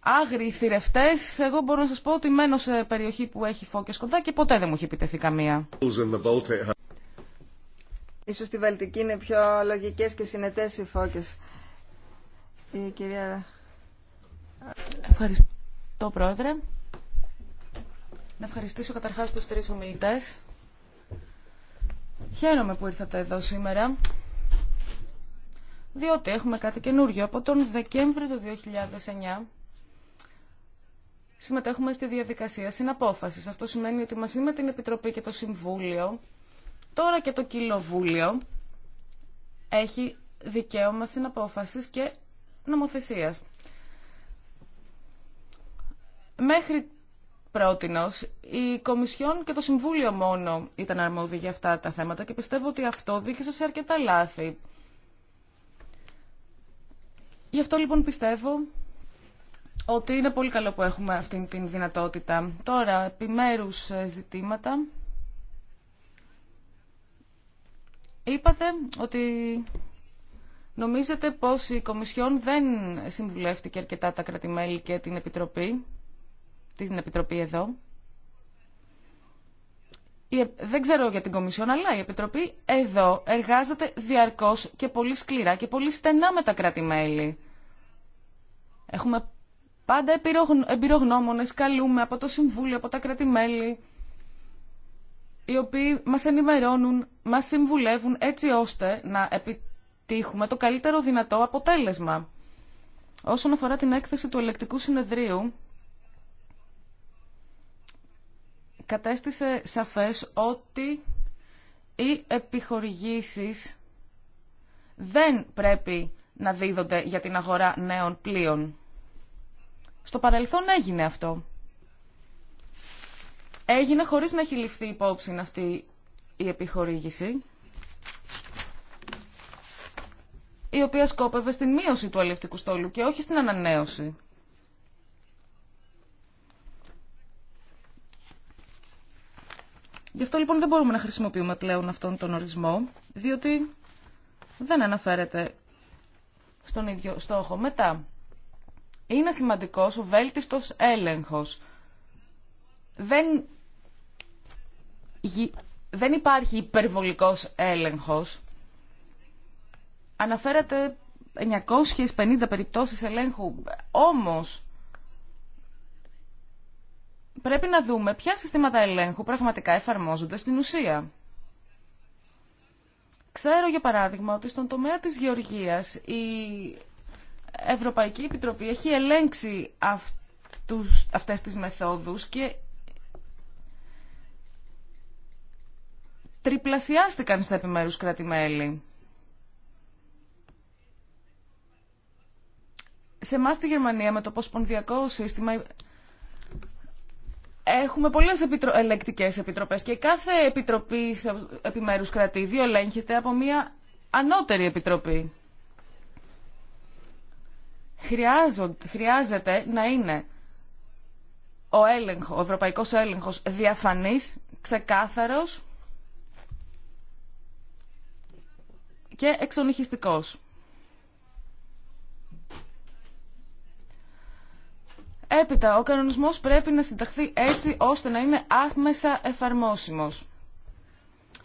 άγριοι θηρευτέ, εγώ μπορώ να σα πω ότι μένω σε περιοχή που έχει φώκε κοντά και ποτέ δεν μου έχει επιτεθεί καμία. Ίσως στη Βαλτική είναι πιο λογικές και συνετές οι φώκε. κυρία... Ευχαριστώ, Πρόεδρε. Να ευχαριστήσω καταρχάς τους τρεις ομιλητές. Χαίρομαι που ήρθατε εδώ σήμερα διότι έχουμε κάτι καινούργιο. Από τον Δεκέμβρη του 2009 συμμετέχουμε στη διαδικασία συναπόφασης. Αυτό σημαίνει ότι μαζί με την Επιτροπή και το Συμβούλιο, τώρα και το Κοινοβούλιο, έχει δικαίωμα συναπόφασης και νομοθεσίας. Μέχρι πρότινος, η Κομισιόν και το Συμβούλιο μόνο ήταν αρμόδιοι για αυτά τα θέματα και πιστεύω ότι αυτό δίκησε σε αρκετά λάθη. Γι' αυτό λοιπόν πιστεύω ότι είναι πολύ καλό που έχουμε αυτή την δυνατότητα. Τώρα, επιμέρους ε, ζητήματα. Είπατε ότι νομίζετε πως η Κομισιόν δεν συμβουλεύτηκε αρκετά τα κρατημέλη και την Επιτροπή, την Επιτροπή εδώ. Ε, δεν ξέρω για την Κομισιόν, αλλά η Επιτροπή εδώ εργάζεται διαρκώς και πολύ σκληρά και πολύ στενά με τα κράτη-μέλη. Έχουμε πάντα εμπειρογνώμονες, καλούμε από το Συμβούλιο, από τα κράτη-μέλη, οι οποίοι μας ενημερώνουν, μας συμβουλεύουν έτσι ώστε να επιτύχουμε το καλύτερο δυνατό αποτέλεσμα. Όσον αφορά την έκθεση του ελεκτικού συνεδρίου, κατέστησε σαφές ότι οι επιχορηγήσεις δεν πρέπει να δίδονται για την αγορά νέων πλοίων. Στο παρελθόν έγινε αυτό. Έγινε χωρίς να έχει ληφθεί υπόψη αυτή η επιχορήγηση, η οποία σκόπευε στην μείωση του αλληλευτικού στόλου και όχι στην ανανέωση. Γι' αυτό λοιπόν δεν μπορούμε να χρησιμοποιούμε πλέον αυτόν τον ορισμό, διότι δεν αναφέρεται στον ίδιο στόχο. Μετά, είναι σημαντικός ο βέλτιστος έλεγχος. Δεν, δεν υπάρχει υπερβολικός έλεγχος. Αναφέρατε 950 περιπτώσεις ελέγχου, όμως πρέπει να δούμε ποια συστήματα ελέγχου πραγματικά εφαρμόζονται στην ουσία. Ξέρω για παράδειγμα ότι στον τομέα της γεωργίας η Ευρωπαϊκή Επιτροπή έχει ελέγξει αυτούς, αυτές τις μεθόδους και τριπλασιάστηκαν στα επιμέρους κράτη-μέλη. Σε εμά στη Γερμανία με το ποσπονδιακό σύστημα έχουμε πολλές επιτρο... επιτροπές και κάθε επιτροπή επιμέρου κρατήδιο ελέγχεται από μια ανώτερη επιτροπή. χρειάζεται να είναι ο έλεγχο, ο ευρωπαϊκός έλεγχος διαφανής, ξεκάθαρος και εξονυχιστικός. Έπειτα, ο κανονισμός πρέπει να συνταχθεί έτσι ώστε να είναι άμεσα εφαρμόσιμος.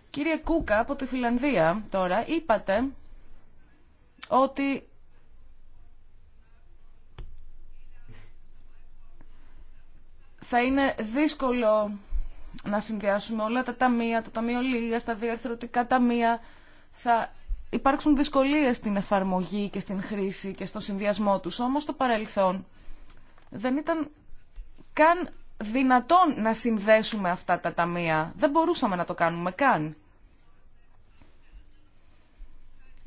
Κύριε Κούκα από τη Φιλανδία τώρα, είπατε ότι θα είναι δύσκολο να συνδυάσουμε όλα τα ταμεία, το Ταμείο Λίγια, τα διαρθρωτικά ταμεία. Θα υπάρξουν δυσκολίες στην εφαρμογή και στην χρήση και στο συνδυασμό τους. Όμως το παρελθόν δεν ήταν καν δυνατόν να συνδέσουμε αυτά τα ταμεία. Δεν μπορούσαμε να το κάνουμε καν.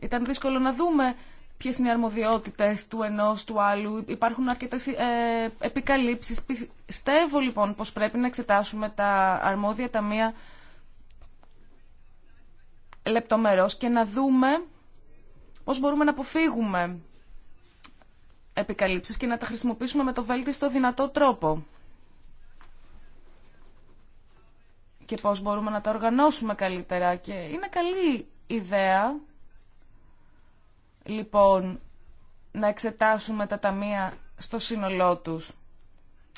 Ήταν δύσκολο να δούμε ποιες είναι οι αρμοδιότητες του ενός, του άλλου. Υπάρχουν αρκετές ε, επικαλύψεις. Πιστεύω λοιπόν πως πρέπει να εξετάσουμε τα αρμόδια ταμεία λεπτομερώς και να δούμε πώς μπορούμε να αποφύγουμε επικαλύψεις και να τα χρησιμοποιήσουμε με το βέλτιστο δυνατό τρόπο. Και πώς μπορούμε να τα οργανώσουμε καλύτερα. Και είναι καλή ιδέα, λοιπόν, να εξετάσουμε τα ταμεία στο σύνολό τους.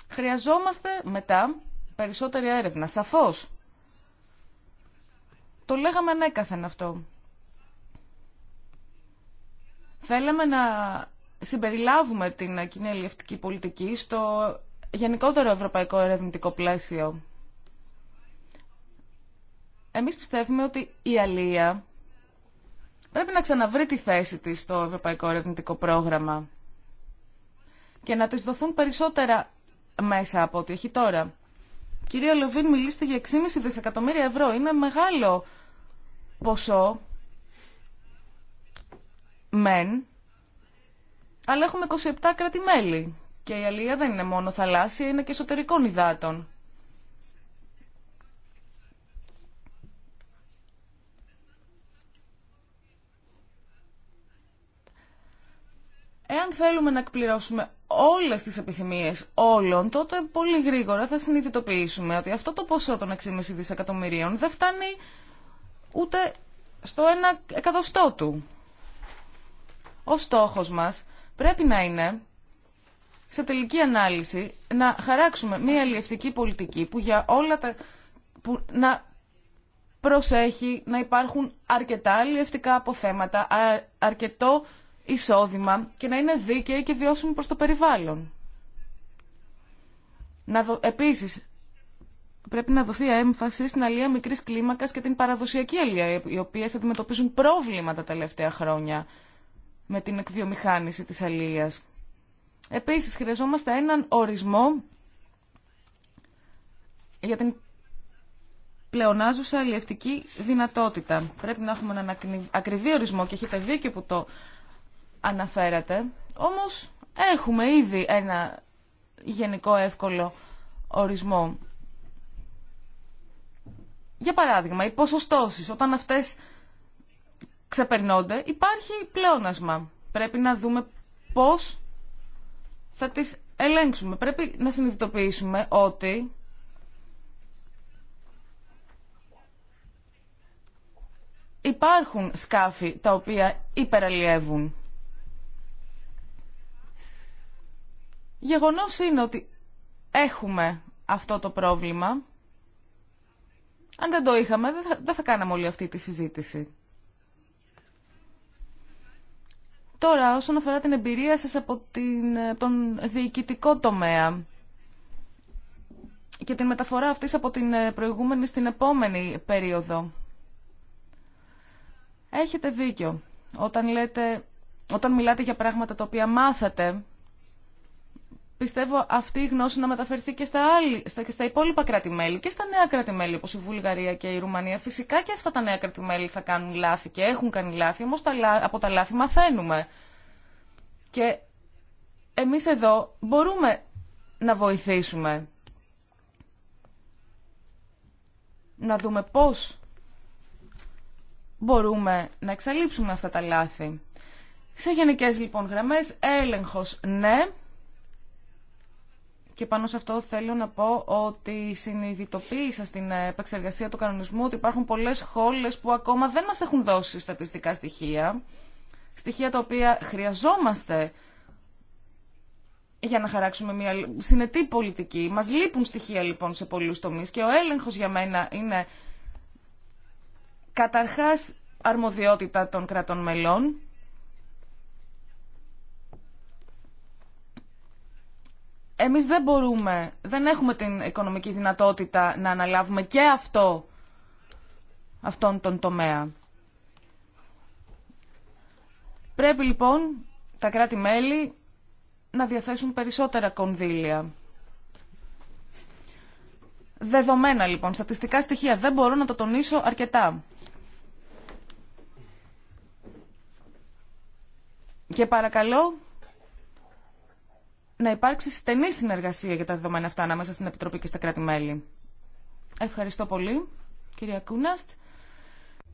Χρειαζόμαστε μετά περισσότερη έρευνα, σαφώς. Το λέγαμε ανέκαθεν αυτό. Θέλαμε να συμπεριλάβουμε την κοινή αλληλευτική πολιτική στο γενικότερο ευρωπαϊκό ερευνητικό πλαίσιο. Εμείς πιστεύουμε ότι η αλία πρέπει να ξαναβρει τη θέση της στο ευρωπαϊκό ερευνητικό πρόγραμμα και να της δοθούν περισσότερα μέσα από ό,τι έχει τώρα. Κυρία Λοβίν, μιλήστε για 6,5 δισεκατομμύρια ευρώ. Είναι μεγάλο ποσό. Μεν, αλλά έχουμε 27 κράτη-μέλη και η αλία δεν είναι μόνο θαλάσσια, είναι και εσωτερικών υδάτων. Εάν θέλουμε να εκπληρώσουμε όλες τις επιθυμίες όλων, τότε πολύ γρήγορα θα συνειδητοποιήσουμε ότι αυτό το ποσό των 6,5 δισεκατομμυρίων δεν φτάνει ούτε στο ένα εκατοστό του. Ο στόχος μας πρέπει να είναι, σε τελική ανάλυση, να χαράξουμε μια αλλιευτική πολιτική που για όλα τα... Που να προσέχει να υπάρχουν αρκετά αλληλευτικά αποθέματα, αρκετό εισόδημα και να είναι δίκαιοι και βιώσιμοι προς το περιβάλλον. Να Επίσης, πρέπει να δοθεί έμφαση στην αλληλεία μικρής κλίμακας και την παραδοσιακή αλληλεία, οι οποίες αντιμετωπίζουν πρόβλημα τα τελευταία χρόνια με την εκβιομηχάνηση της αλληλείας. Επίσης, χρειαζόμαστε έναν ορισμό για την πλεονάζουσα αλληλευτική δυνατότητα. Πρέπει να έχουμε έναν ακριβή ορισμό και έχετε δίκιο που το αναφέρατε. Όμως, έχουμε ήδη ένα γενικό εύκολο ορισμό. Για παράδειγμα, οι ποσοστώσεις, όταν αυτές ξεπερνώνται, υπάρχει πλεόνασμα. Πρέπει να δούμε πώς θα τις ελέγξουμε. Πρέπει να συνειδητοποιήσουμε ότι υπάρχουν σκάφη τα οποία υπεραλλιεύουν. Γεγονός είναι ότι έχουμε αυτό το πρόβλημα. Αν δεν το είχαμε, δεν θα, δεν θα κάναμε όλη αυτή τη συζήτηση. Τώρα, όσον αφορά την εμπειρία σας από την, τον διοικητικό τομέα και την μεταφορά αυτής από την ε, προηγούμενη στην επόμενη περίοδο. Έχετε δίκιο. Όταν, λέτε, όταν μιλάτε για πράγματα τα οποία μάθατε, πιστεύω αυτή η γνώση να μεταφερθεί και στα, άλλη, στα, και στα υπόλοιπα κράτη-μέλη και στα νέα κράτη-μέλη όπως η Βουλγαρία και η Ρουμανία. Φυσικά και αυτά τα νέα κράτη-μέλη θα κάνουν λάθη και έχουν κάνει λάθη, όμως από τα λάθη μαθαίνουμε. Και εμείς εδώ μπορούμε να βοηθήσουμε. Να δούμε πώς μπορούμε να εξαλείψουμε αυτά τα λάθη. Σε γενικές λοιπόν γραμμές, έλεγχος ναι, και πάνω σε αυτό θέλω να πω ότι συνειδητοποίησα στην επεξεργασία του κανονισμού ότι υπάρχουν πολλές χώλες που ακόμα δεν μας έχουν δώσει στατιστικά στοιχεία, στοιχεία τα οποία χρειαζόμαστε για να χαράξουμε μια συνετή πολιτική. Μας λείπουν στοιχεία λοιπόν σε πολλούς τομείς και ο έλεγχος για μένα είναι καταρχάς αρμοδιότητα των κρατών μελών, εμείς δεν μπορούμε, δεν έχουμε την οικονομική δυνατότητα να αναλάβουμε και αυτό, αυτόν τον τομέα. Πρέπει λοιπόν τα κράτη-μέλη να διαθέσουν περισσότερα κονδύλια. Δεδομένα λοιπόν, στατιστικά στοιχεία, δεν μπορώ να το τονίσω αρκετά. Και παρακαλώ να υπάρξει στενή συνεργασία για τα δεδομένα αυτά ανάμεσα στην Επιτροπή και στα κράτη-μέλη. Ευχαριστώ πολύ, κυρία Κούναστ.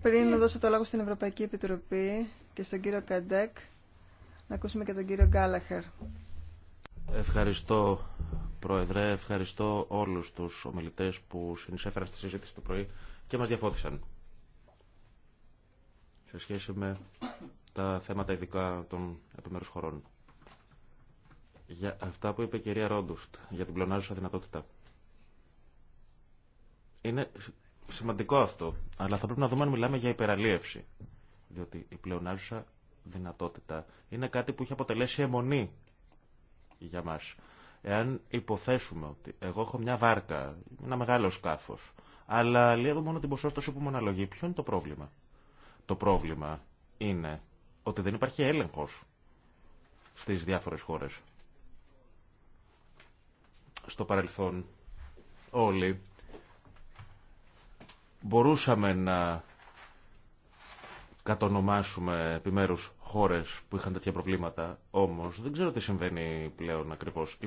Πριν δώσω το λόγο στην Ευρωπαϊκή Επιτροπή και στον κύριο Καντέκ, να ακούσουμε και τον κύριο Γκάλαχερ. Ευχαριστώ, Πρόεδρε. Ευχαριστώ όλους τους ομιλητές που συνεισέφεραν στη συζήτηση το πρωί και μας διαφώτισαν σε σχέση με τα θέματα ειδικά των επιμέρους χωρών για αυτά που είπε η κυρία Ρόντουστ για την πλεονάζουσα δυνατότητα. Είναι σημαντικό αυτό, αλλά θα πρέπει να δούμε αν μιλάμε για υπεραλίευση. Διότι η πλεονάζουσα δυνατότητα είναι κάτι που έχει αποτελέσει αιμονή για μας. Εάν υποθέσουμε ότι εγώ έχω μια βάρκα, ένα μεγάλο σκάφος, αλλά λίγο μόνο την ποσόστοση που μου αναλογεί, ποιο είναι το πρόβλημα. Το πρόβλημα είναι ότι δεν υπάρχει έλεγχος στις διάφορες χώρες στο παρελθόν όλοι μπορούσαμε να κατονομάσουμε επιμέρους χώρες που είχαν τέτοια προβλήματα, όμως δεν ξέρω τι συμβαίνει πλέον ακριβώς.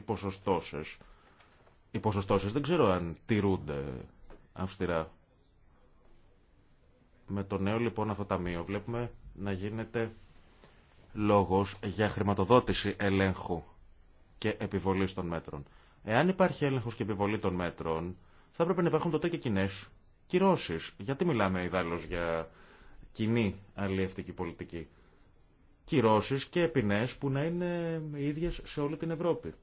Οι ποσοστώσεις, δεν ξέρω αν τηρούνται αυστηρά. Με το νέο λοιπόν αυτό ταμείο βλέπουμε να γίνεται λόγος για χρηματοδότηση ελέγχου και επιβολής των μέτρων. Εάν υπάρχει έλεγχο και επιβολή των μέτρων, θα έπρεπε να υπάρχουν τότε και κοινέ κυρώσει. Γιατί μιλάμε ιδάλω για κοινή αλλιευτική πολιτική. Κυρώσει και ποινέ που να είναι ίδιε σε όλη την Ευρώπη.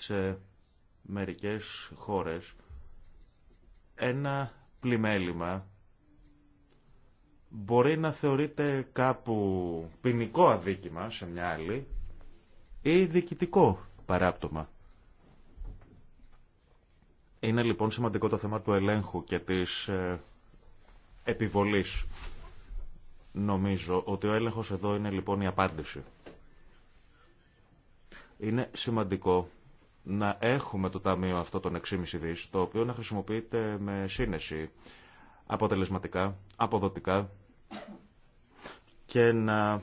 Σε μερικέ χώρες ένα πλημέλημα μπορεί να θεωρείται κάπου ποινικό αδίκημα σε μια άλλη ή ε, διοικητικό παράπτωμα. Είναι λοιπόν σημαντικό το θέμα του ελέγχου και της ε, επιβολής. Νομίζω ότι ο έλεγχος εδώ είναι λοιπόν η απάντηση. Είναι σημαντικό να έχουμε το ταμείο αυτό των 6,5 δις, το οποίο να χρησιμοποιείται με σύνεση, αποτελεσματικά, αποδοτικά και να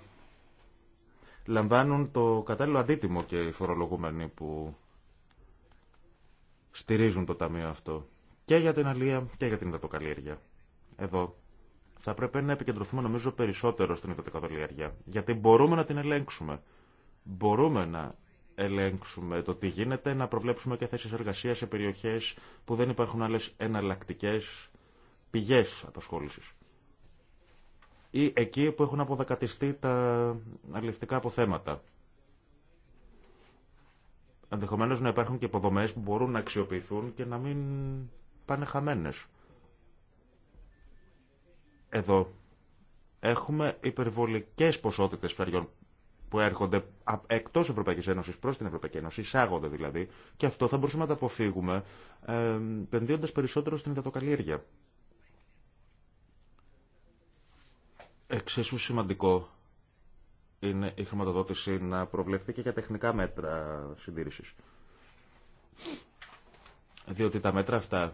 λαμβάνουν το κατάλληλο αντίτιμο και οι φορολογούμενοι που στηρίζουν το ταμείο αυτό. Και για την αλία και για την υδατοκαλλιέργεια. Εδώ θα πρέπει να επικεντρωθούμε νομίζω περισσότερο στην υδατοκαλλιέργεια. Γιατί μπορούμε να την ελέγξουμε. Μπορούμε να ελέγξουμε το τι γίνεται, να προβλέψουμε και θέσεις εργασίας σε περιοχές που δεν υπάρχουν άλλες εναλλακτικές πηγές απασχόλησης ή εκεί που έχουν αποδακατιστεί τα αλληλευτικά αποθέματα. Ενδεχομένω να υπάρχουν και υποδομέ που μπορούν να αξιοποιηθούν και να μην πάνε χαμένες. Εδώ έχουμε υπερβολικές ποσότητες φαριών που έρχονται εκτός Ευρωπαϊκής Ένωσης προς την Ευρωπαϊκή Ένωση, εισάγονται δηλαδή, και αυτό θα μπορούσαμε να τα αποφύγουμε ε, περισσότερο στην υδατοκαλλιέργεια. Εξίσου σημαντικό είναι η χρηματοδότηση να προβλεφθεί και για τεχνικά μέτρα συντήρησης. Διότι τα μέτρα αυτά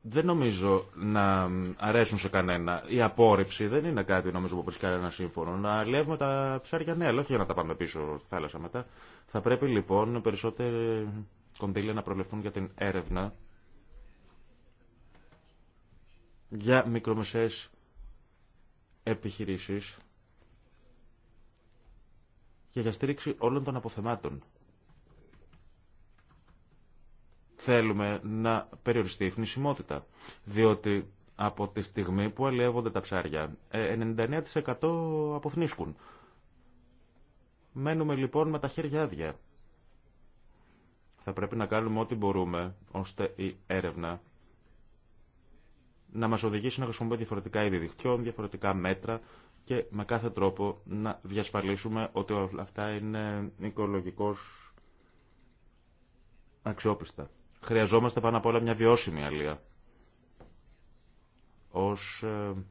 δεν νομίζω να αρέσουν σε κανένα. Η απόρριψη δεν είναι κάτι νομίζω που βρίσκει κανένα σύμφωνο. Να λέμε τα ψάρια νέα, αλλά όχι για να τα πάμε πίσω στη θάλασσα μετά. Θα πρέπει λοιπόν περισσότερο κονδύλια να προβλεφθούν για την έρευνα για μικρομεσαίες επιχειρήσεις και για στήριξη όλων των αποθεμάτων. Θέλουμε να περιοριστεί η θνησιμότητα, διότι από τη στιγμή που αλλιεύονται τα ψάρια, 99% ε, αποθνίσκουν. Μένουμε λοιπόν με τα χέρια άδεια. Θα πρέπει να κάνουμε ό,τι μπορούμε, ώστε η έρευνα να μας οδηγήσει να χρησιμοποιούμε διαφορετικά είδη δικτυών, διαφορετικά μέτρα και με κάθε τρόπο να διασφαλίσουμε ότι όλα αυτά είναι οικολογικώς αξιόπιστα. Χρειαζόμαστε πάνω απ' όλα μια βιώσιμη αλία ως ε,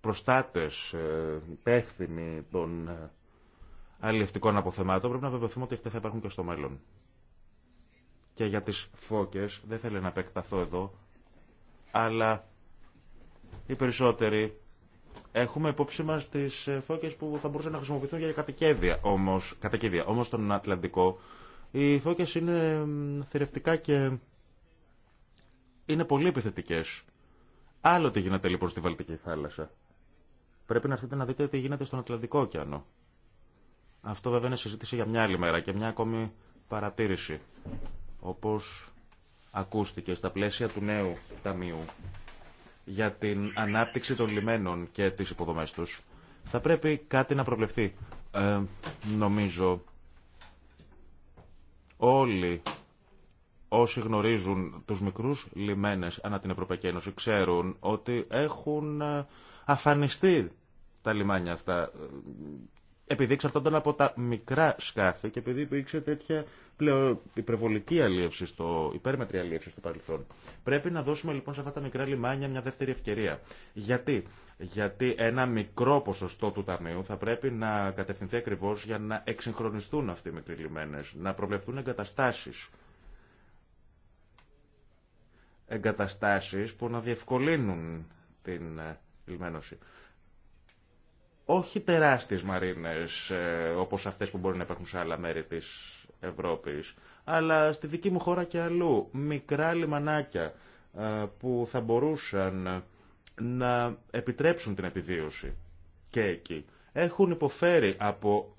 προστάτες ε, υπεύθυνοι των ε, αλληλευτικών αποθεμάτων πρέπει να βεβαιωθούμε ότι αυτά θα υπάρχουν και στο μέλλον και για τις φώκες, δεν θέλω να επεκταθώ εδώ, αλλά οι περισσότεροι έχουμε υπόψη μας τις ε, φώκες που θα μπορούσαν να χρησιμοποιηθούν για κατοικίδια. Όμως, κατοικέδια, Όμως στον Ατλαντικό οι φώκες είναι θηρευτικά και είναι πολύ επιθετικές. Άλλο τι γίνεται λοιπόν στη Βαλτική θάλασσα. Πρέπει να έρθετε να δείτε τι γίνεται στον Ατλαντικό ωκεανό. Αυτό βέβαια είναι συζήτηση για μια άλλη μέρα και μια ακόμη παρατήρηση όπως ακούστηκε στα πλαίσια του νέου ταμείου για την ανάπτυξη των λιμένων και τις υποδομές τους, θα πρέπει κάτι να προβλεφθεί. Ε, νομίζω όλοι όσοι γνωρίζουν τους μικρούς λιμένες ανά την Ευρωπαϊκή Ένωση ξέρουν ότι έχουν ε, αφανιστεί τα λιμάνια αυτά επειδή εξαρτώνταν από τα μικρά σκάφη και επειδή υπήρξε τέτοια πλέον υπερβολική αλίευση, στο, υπέρμετρη αλίευση στο παρελθόν. Πρέπει να δώσουμε λοιπόν σε αυτά τα μικρά λιμάνια μια δεύτερη ευκαιρία. Γιατί, Γιατί ένα μικρό ποσοστό του ταμείου θα πρέπει να κατευθυνθεί ακριβώ για να εξυγχρονιστούν αυτοί οι μικροί λιμένε, να προβλεφθούν εγκαταστάσει. Εγκαταστάσει που να διευκολύνουν την ε, λιμένωση όχι τεράστιες μαρίνες ε, όπως αυτές που μπορεί να υπάρχουν σε άλλα μέρη της Ευρώπης, αλλά στη δική μου χώρα και αλλού, μικρά λιμανάκια ε, που θα μπορούσαν να επιτρέψουν την επιβίωση και εκεί. Έχουν υποφέρει από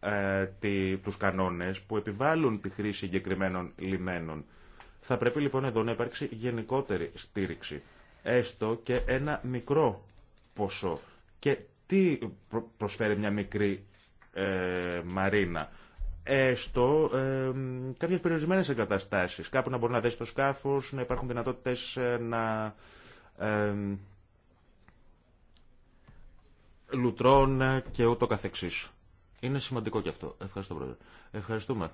ε, τη, τους κανόνες που επιβάλλουν τη χρήση συγκεκριμένων λιμένων. Θα πρέπει λοιπόν εδώ να υπάρξει γενικότερη στήριξη, έστω και ένα μικρό ποσό, και τι προσφέρει μια μικρή ε, μαρίνα. Έστω ε, ε, κάποιες περιορισμένες εγκαταστάσεις. Κάπου να μπορεί να δέσει το σκάφος, να υπάρχουν δυνατότητες ε, να... Ε, λουτρών και ούτω καθεξής. Είναι σημαντικό και αυτό. Ευχαριστώ, Πρόεδρε. Ευχαριστούμε.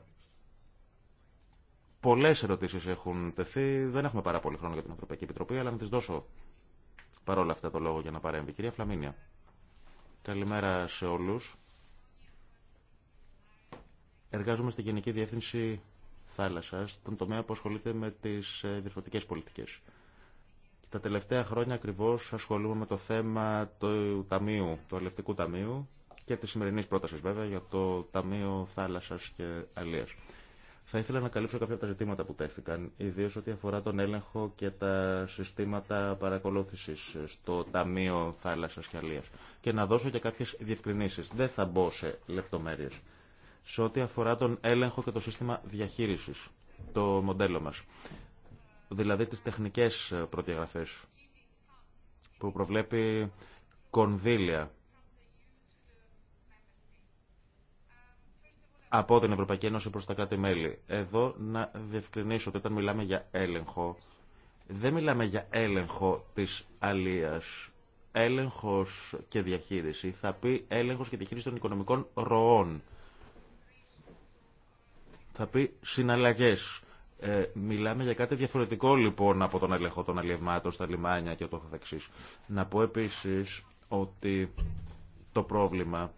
Πολλές ερωτήσεις έχουν τεθεί. Δεν έχουμε πάρα πολύ χρόνο για την Ευρωπαϊκή Επιτροπή, αλλά να τις δώσω παρόλα αυτά το λόγο για να παρέμβει. Κυρία Φλαμίνια. Καλημέρα σε όλους. Εργάζομαι στη Γενική Διεύθυνση Θάλασσας, τον τομέα που ασχολείται με τις ε, διευθυντικές πολιτικές. Τα τελευταία χρόνια ακριβώς ασχολούμαι με το θέμα του ταμείου, του αλληλευτικού ταμείου και της σημερινής πρότασης βέβαια για το Ταμείο Θάλασσας και Αλίας. Θα ήθελα να καλύψω κάποια από τα ζητήματα που τέθηκαν, ιδίω ό,τι αφορά τον έλεγχο και τα συστήματα παρακολούθηση στο Ταμείο Θάλασσα και Αλίας. Και να δώσω και κάποιε διευκρινήσει. Δεν θα μπω σε λεπτομέρειε. Σε ό,τι αφορά τον έλεγχο και το σύστημα διαχείριση, το μοντέλο μα. Δηλαδή τι τεχνικέ προδιαγραφέ που προβλέπει κονδύλια από την Ευρωπαϊκή Ένωση προς τα κράτη-μέλη. Εδώ να διευκρινίσω ότι όταν μιλάμε για έλεγχο, δεν μιλάμε για έλεγχο της αλίας. Έλεγχος και διαχείριση θα πει έλεγχος και διαχείριση των οικονομικών ροών. Θα πει συναλλαγές. Ε, μιλάμε για κάτι διαφορετικό λοιπόν από τον έλεγχο των αλλιευμάτων στα λιμάνια και το καθεξής. Να πω επίσης ότι το πρόβλημα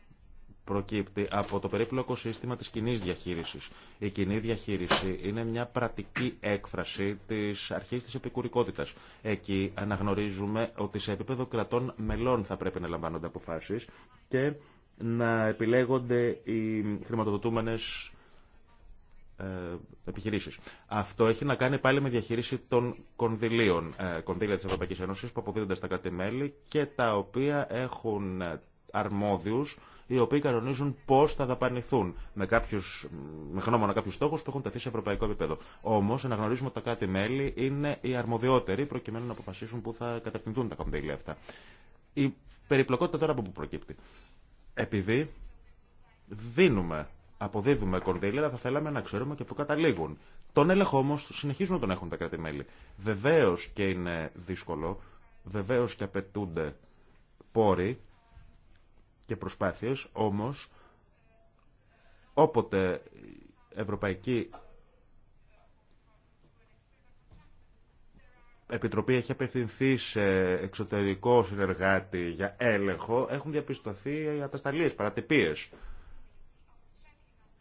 προκύπτει από το περίπλοκο σύστημα της κοινή διαχείρισης. Η κοινή διαχείριση είναι μια πρακτική έκφραση της αρχής της επικουρικότητας. Εκεί αναγνωρίζουμε ότι σε επίπεδο κρατών μελών θα πρέπει να λαμβάνονται αποφάσεις και να επιλέγονται οι χρηματοδοτούμενες ε, επιχειρήσεις. Αυτό έχει να κάνει πάλι με διαχείριση των κονδυλίων, ε, κονδύλια της Ευρωπαϊκής Ένωσης που αποδίδονται στα κράτη-μέλη και τα οποία έχουν ε, αρμόδιους οι οποίοι κανονίζουν πώ θα δαπανηθούν με, κάποιους, με γνώμονα κάποιου στόχου που έχουν τεθεί σε ευρωπαϊκό επίπεδο. Όμω, αναγνωρίζουμε ότι τα κράτη-μέλη είναι οι αρμοδιότεροι προκειμένου να αποφασίσουν πού θα κατευθυνθούν τα κονδύλια αυτά. Η περιπλοκότητα τώρα από πού προκύπτει. Επειδή δίνουμε αποδίδουμε κονδύλια, αλλά θα θέλαμε να ξέρουμε και πού καταλήγουν. Τον έλεγχο όμω συνεχίζουν να τον έχουν τα κράτη-μέλη. Βεβαίω και είναι δύσκολο, βεβαίω και απαιτούνται πόροι, και προσπάθειες, όμως όποτε Ευρωπαϊκή Επιτροπή έχει απευθυνθεί σε εξωτερικό συνεργάτη για έλεγχο, έχουν διαπιστωθεί ατασταλίες, παρατυπίες.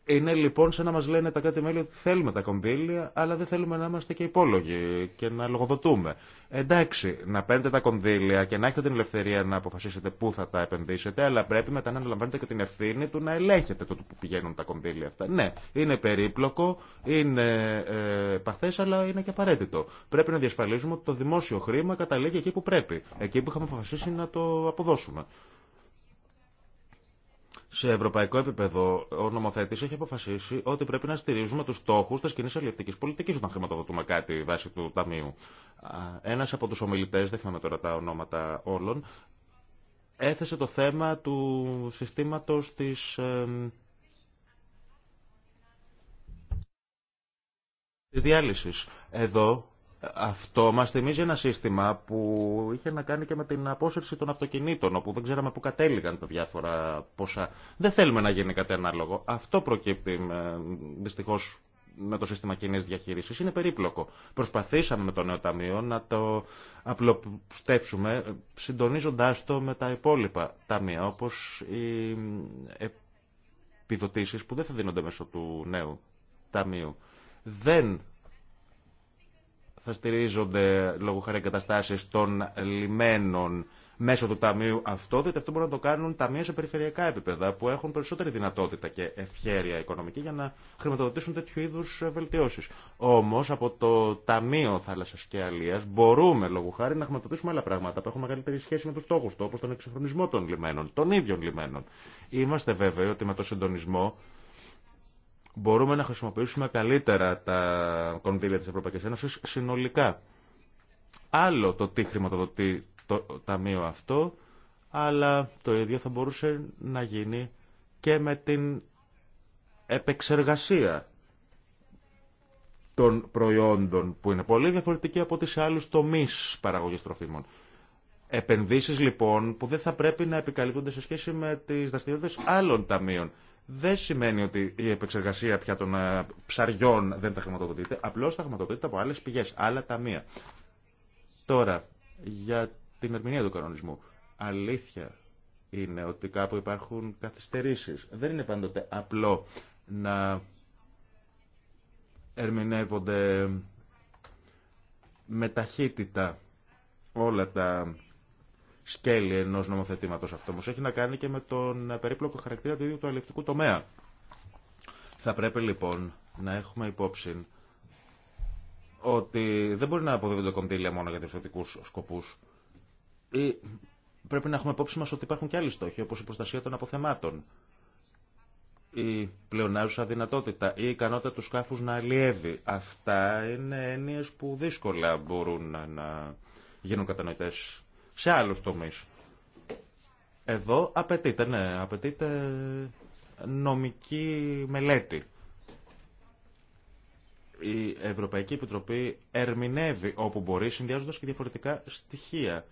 Είναι λοιπόν σαν να μα λένε τα κράτη-μέλη ότι θέλουμε τα κονδύλια, αλλά δεν θέλουμε να είμαστε και υπόλογοι και να λογοδοτούμε. Εντάξει, να παίρνετε τα κονδύλια και να έχετε την ελευθερία να αποφασίσετε πού θα τα επενδύσετε, αλλά πρέπει μετά να αναλαμβάνετε και την ευθύνη του να ελέγχετε το που πηγαίνουν τα κονδύλια αυτά. Ναι, είναι περίπλοκο, είναι ε, παθέ, αλλά είναι και απαραίτητο. Πρέπει να διασφαλίζουμε ότι το δημόσιο χρήμα καταλήγει εκεί που πρέπει, εκεί που είχαμε αποφασίσει να το αποδώσουμε σε ευρωπαϊκό επίπεδο ο νομοθέτης έχει αποφασίσει ότι πρέπει να στηρίζουμε τους στόχους της κοινή αλληλευτικής πολιτικής όταν χρηματοδοτούμε κάτι βάσει του Ταμείου. Ένας από τους ομιλητές, δεν θυμάμαι τώρα τα ονόματα όλων, έθεσε το θέμα του συστήματος της... Της διάλυσης. Εδώ αυτό μα θυμίζει ένα σύστημα που είχε να κάνει και με την απόσυρση των αυτοκινήτων, όπου δεν ξέραμε πού κατέληγαν τα διάφορα ποσά. Δεν θέλουμε να γίνει κάτι ανάλογο. Αυτό προκύπτει ε, δυστυχώ με το σύστημα κοινή διαχείριση. Είναι περίπλοκο. Προσπαθήσαμε με το νέο ταμείο να το απλοστέψουμε, συντονίζοντά το με τα υπόλοιπα ταμεία, όπω οι ε, επιδοτήσει που δεν θα δίνονται μέσω του νέου ταμείου. Δεν θα στηρίζονται λόγω χάρη εγκαταστάσεις των λιμένων μέσω του ταμείου αυτό, διότι αυτό μπορούν να το κάνουν ταμεία σε περιφερειακά επίπεδα που έχουν περισσότερη δυνατότητα και ευχέρεια οικονομική για να χρηματοδοτήσουν τέτοιου είδου βελτιώσει. Όμω από το Ταμείο Θάλασσα και Αλία μπορούμε λόγω χάρη να χρηματοδοτήσουμε άλλα πράγματα που έχουν μεγαλύτερη σχέση με τους στόχους του στόχου όπω τον εξυγχρονισμό των λιμένων, των ίδιων λιμένων. Είμαστε βέβαιοι ότι με το συντονισμό μπορούμε να χρησιμοποιήσουμε καλύτερα τα κονδύλια της Ευρωπαϊκής Ένωσης συνολικά. Άλλο το τι χρηματοδοτεί το ταμείο αυτό, αλλά το ίδιο θα μπορούσε να γίνει και με την επεξεργασία των προϊόντων που είναι πολύ διαφορετική από τις άλλους τομείς παραγωγής τροφίμων. Επενδύσεις λοιπόν που δεν θα πρέπει να επικαλύπτονται σε σχέση με τις δραστηριότητες άλλων ταμείων δεν σημαίνει ότι η επεξεργασία πια των ε, ψαριών δεν θα χρηματοδοτείται, απλώς θα χρηματοδοτείται από άλλες πηγές, άλλα ταμεία. Τώρα, για την ερμηνεία του κανονισμού. Αλήθεια είναι ότι κάπου υπάρχουν καθυστερήσεις. Δεν είναι πάντοτε απλό να ερμηνεύονται με ταχύτητα όλα τα σκέλη ενό νομοθετήματο αυτό. Όμω έχει να κάνει και με τον περίπλοκο χαρακτήρα του ίδιου του αλληλευτικού τομέα. Θα πρέπει λοιπόν να έχουμε υπόψη ότι δεν μπορεί να αποδίδονται κονδύλια μόνο για διευθυντικού σκοπού. Πρέπει να έχουμε υπόψη μα ότι υπάρχουν και άλλοι στόχοι, όπω η προστασία των αποθεμάτων, η πλεονάζουσα δυνατότητα, η ικανότητα του σκάφου να αλλιεύει. Αυτά είναι έννοιε που δύσκολα μπορούν να, να γίνουν κατανοητέ σε άλλους τομείς. Εδώ απαιτείται, ναι, απαιτείται νομική μελέτη. Η Ευρωπαϊκή Επιτροπή ερμηνεύει όπου μπορεί, συνδυάζοντας και διαφορετικά στοιχεία.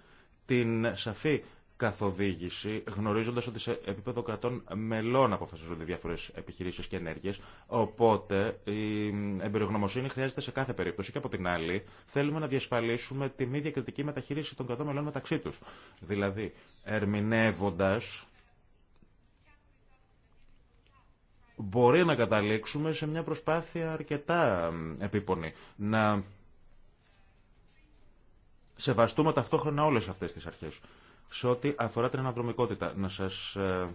Την σαφή καθοδήγηση, γνωρίζοντα ότι σε επίπεδο κρατών μελών αποφασίζονται διάφορε επιχειρήσει και ενέργειε. Οπότε η εμπειρογνωμοσύνη χρειάζεται σε κάθε περίπτωση. Και από την άλλη, θέλουμε να διασφαλίσουμε τη μη διακριτική μεταχείριση των κρατών μελών μεταξύ του. Δηλαδή, ερμηνεύοντα. Μπορεί να καταλήξουμε σε μια προσπάθεια αρκετά επίπονη. Να σεβαστούμε ταυτόχρονα όλες αυτές τις αρχές. Σε ό,τι αφορά την αναδρομικότητα, να σας ε,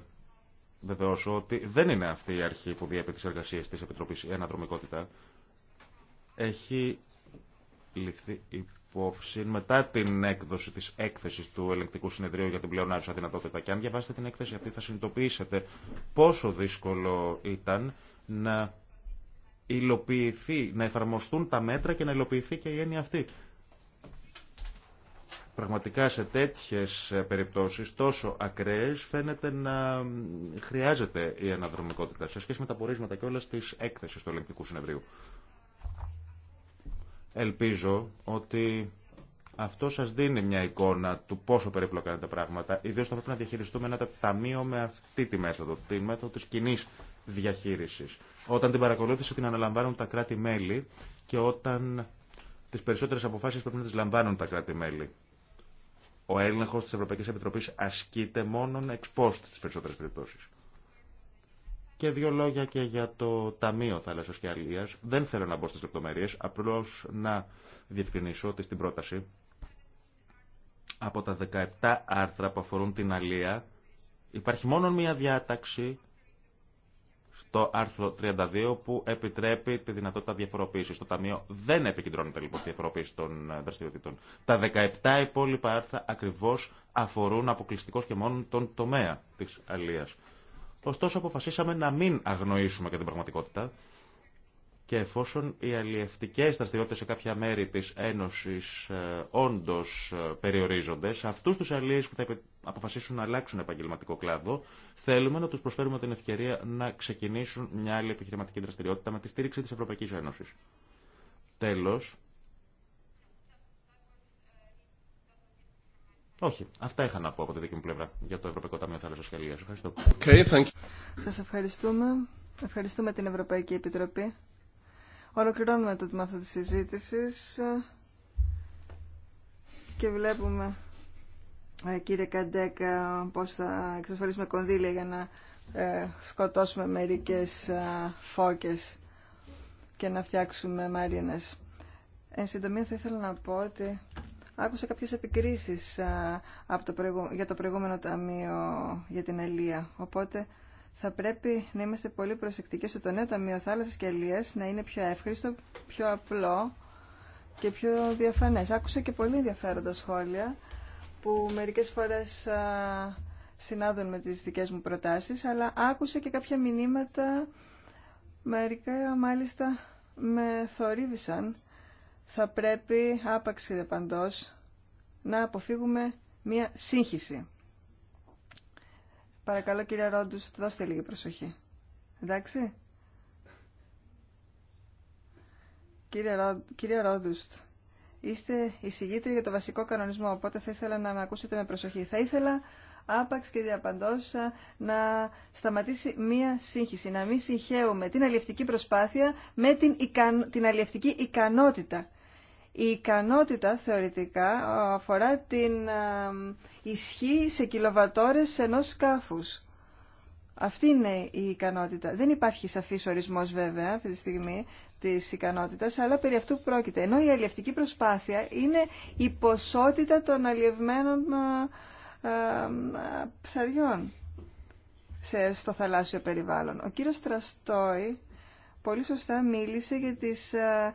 βεβαιώσω ότι δεν είναι αυτή η αρχή που διέπει τι εργασίε τη Επιτροπή, η αναδρομικότητα. Έχει ληφθεί υπόψη μετά την έκδοση της έκθεσης του Ελεκτικού συνεδρίου για την πλεονάζουσα δυνατότητα. Και αν διαβάσετε την έκθεση αυτή θα συνειδητοποιήσετε πόσο δύσκολο ήταν να υλοποιηθεί, να εφαρμοστούν τα μέτρα και να υλοποιηθεί και η έννοια αυτή. Πραγματικά σε τέτοιες ε, περιπτώσεις τόσο ακραίες φαίνεται να χρειάζεται η αναδρομικότητα σε σχέση με τα πορίσματα και όλα τις έκθεσεις του Ελληνικού Συνεδρίου. Ελπίζω ότι αυτό σας δίνει μια εικόνα του πόσο περίπλοκα είναι τα πράγματα, ιδίως θα πρέπει να διαχειριστούμε ένα ταμείο με αυτή τη μέθοδο, τη μέθοδο της κοινή διαχείρισης. Όταν την παρακολούθηση την αναλαμβάνουν τα κράτη-μέλη και όταν τις περισσότερες αποφάσεις πρέπει να τις λαμβάνουν τα κράτη-μέλη. Ο έλεγχο της Ευρωπαϊκής Επιτροπής ασκείται μόνον εξ post στις περισσότερες περιπτώσεις. Και δύο λόγια και για το Ταμείο θάλασσα και Αλίας. Δεν θέλω να μπω στι λεπτομέρειε, απλώ να διευκρινίσω ότι στην πρόταση από τα 17 άρθρα που αφορούν την Αλία υπάρχει μόνο μία διάταξη το άρθρο 32 που επιτρέπει τη δυνατότητα διαφοροποίηση. Το Ταμείο δεν επικεντρώνεται λοιπόν τη διαφοροποίηση των ε, δραστηριοτήτων. Τα 17 υπόλοιπα άρθρα ακριβώ αφορούν αποκλειστικώ και μόνο τον τομέα τη Αλία. Ωστόσο, αποφασίσαμε να μην αγνοήσουμε και την πραγματικότητα και εφόσον οι αλλιευτικέ δραστηριότητε σε κάποια μέρη της Ένωσης ε, όντως ε, περιορίζονται, σε αυτούς τους αλλιείς που θα αποφασίσουν να αλλάξουν επαγγελματικό κλάδο, θέλουμε να τους προσφέρουμε την ευκαιρία να ξεκινήσουν μια άλλη επιχειρηματική δραστηριότητα με τη στήριξη της Ευρωπαϊκής Ένωσης. Τέλος. Όχι, αυτά είχα να πω από τη δική μου πλευρά για το Ευρωπαϊκό Ταμείο Θάλασσα και Ευχαριστώ. Okay, ευχαριστούμε. Ευχαριστούμε την Ευρωπαϊκή Επιτροπή. Ολοκληρώνουμε το τμήμα αυτή τη συζήτηση και βλέπουμε, ε, κύριε Καντέκα, πώς θα εξασφαλίσουμε κονδύλια για να ε, σκοτώσουμε μερικές ε, φώκες και να φτιάξουμε μαρίνες. Εν συντομία θα ήθελα να πω ότι άκουσα κάποιες επικρίσεις από για το προηγούμενο ταμείο για την Ελία. Οπότε θα πρέπει να είμαστε πολύ προσεκτικοί στο το νέο Ταμείο Θάλασσας και να είναι πιο εύχριστο, πιο απλό και πιο διαφανές. Άκουσα και πολύ ενδιαφέροντα σχόλια που μερικές φορές συνάδουν με τις δικέ μου προτάσεις, αλλά άκουσα και κάποια μηνύματα, μερικά μάλιστα με θορύβησαν. Θα πρέπει, άπαξ παντός, να αποφύγουμε μία σύγχυση. Παρακαλώ κύριε Ρόντους, δώστε λίγη προσοχή. Εντάξει. Κύριε, Ρό... κύριε Ρόντουστ, είστε εισηγήτρια για το βασικό κανονισμό, οπότε θα ήθελα να με ακούσετε με προσοχή. Θα ήθελα άπαξ και διαπαντός να σταματήσει μία σύγχυση, να μην συγχαίουμε την αλληλευτική προσπάθεια με την, ικαν... ικανότητα. Η ικανότητα θεωρητικά αφορά την ισχύ σε κιλοβατόρες ενός σκάφους. Αυτή είναι η ικανότητα. Δεν υπάρχει σαφής ορισμός βέβαια αυτή τη στιγμή της ικανότητας, αλλά περί αυτού πρόκειται. Ενώ η αλλιευτική προσπάθεια είναι η ποσότητα των αλλιευμένων ε, ψαριών στο θαλάσσιο περιβάλλον. Ο κύριος Τραστόη πολύ σωστά μίλησε για τις ε,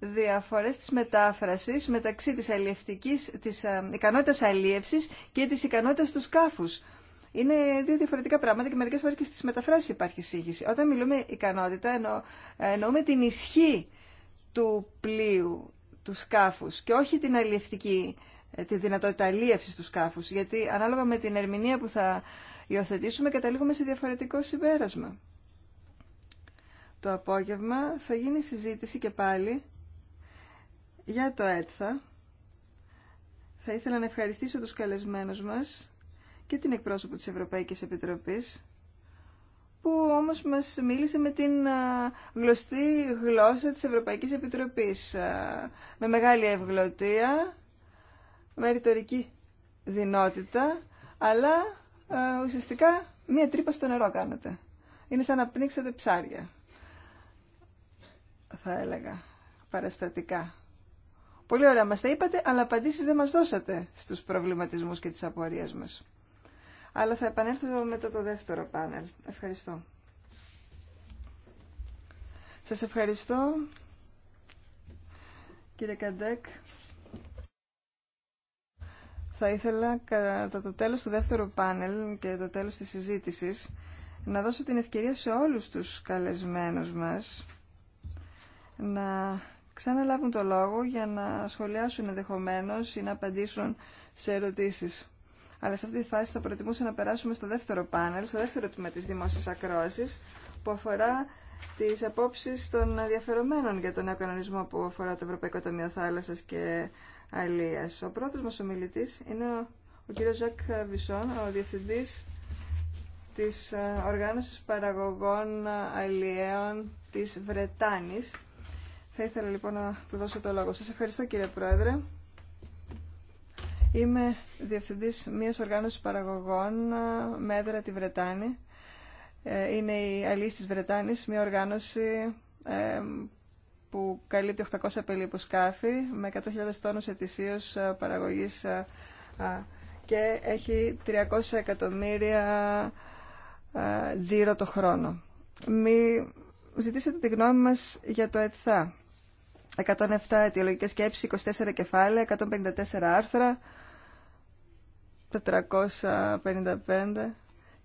διαφορές της μετάφρασης μεταξύ της, αλλιευτικής, της ε, ικανότητας αλλιεύσης και της ικανότητας του σκάφους. Είναι δύο διαφορετικά πράγματα και μερικές φορές και στις μεταφράσεις υπάρχει σύγχυση. Όταν μιλούμε ικανότητα εννο, εννοούμε την ισχύ του πλοίου, του σκάφους και όχι την αλλιευτική, ε, τη δυνατότητα αλλίευσης του σκάφους. Γιατί ανάλογα με την ερμηνεία που θα υιοθετήσουμε καταλήγουμε σε διαφορετικό συμπέρασμα. Το απόγευμα θα γίνει συζήτηση και πάλι για το ΕΤΘΑ θα ήθελα να ευχαριστήσω τους καλεσμένους μας και την εκπρόσωπο της Ευρωπαϊκής Επιτροπής που όμως μας μίλησε με την γλωστή γλώσσα της Ευρωπαϊκής Επιτροπής με μεγάλη ευγλωτία, με ρητορική δυνότητα αλλά ουσιαστικά μία τρύπα στο νερό κάνατε. Είναι σαν να πνίξετε ψάρια, θα έλεγα, παραστατικά. Πολύ ωραία μας τα είπατε, αλλά απαντήσεις δεν μας δώσατε στους προβληματισμούς και τις απορίες μας. Αλλά θα επανέλθω μετά το δεύτερο πάνελ. Ευχαριστώ. Σας ευχαριστώ, κύριε Καντέκ. Θα ήθελα κατά το τέλος του δεύτερου πάνελ και το τέλος της συζήτησης να δώσω την ευκαιρία σε όλους τους καλεσμένους μας να ξαναλάβουν το λόγο για να σχολιάσουν ενδεχομένω ή να απαντήσουν σε ερωτήσεις. Αλλά σε αυτή τη φάση θα προτιμούσα να περάσουμε στο δεύτερο πάνελ, στο δεύτερο τμήμα της δημόσιας ακρόασης, που αφορά τις απόψεις των ενδιαφερομένων για τον νέο κανονισμό που αφορά το Ευρωπαϊκό Ταμείο Θάλασσας και Αλίας. Ο πρώτος μας ομιλητής είναι ο κύριος Ζακ Βισόν, ο Διευθυντής της ε, Οργάνωσης Παραγωγών Αλιέων της Βρετάνης, θα ήθελα λοιπόν να του δώσω το λόγο. Σας ευχαριστώ κύριε Πρόεδρε. Είμαι διευθυντής μιας οργάνωσης παραγωγών με έδρα τη Βρετάνη. Ε, είναι η Αλής της Βρετάνης, μια οργάνωση ε, που καλύπτει 800 περίπου σκάφη με 100.000 τόνους ετησίως παραγωγής και έχει 300 εκατομμύρια τζίρο το χρόνο. Μη ζητήσετε τη γνώμη μας για το ΕΤΘΑ. 107 αιτιολογικέ σκέψεις, 24 κεφάλαια, 154 άρθρα, 455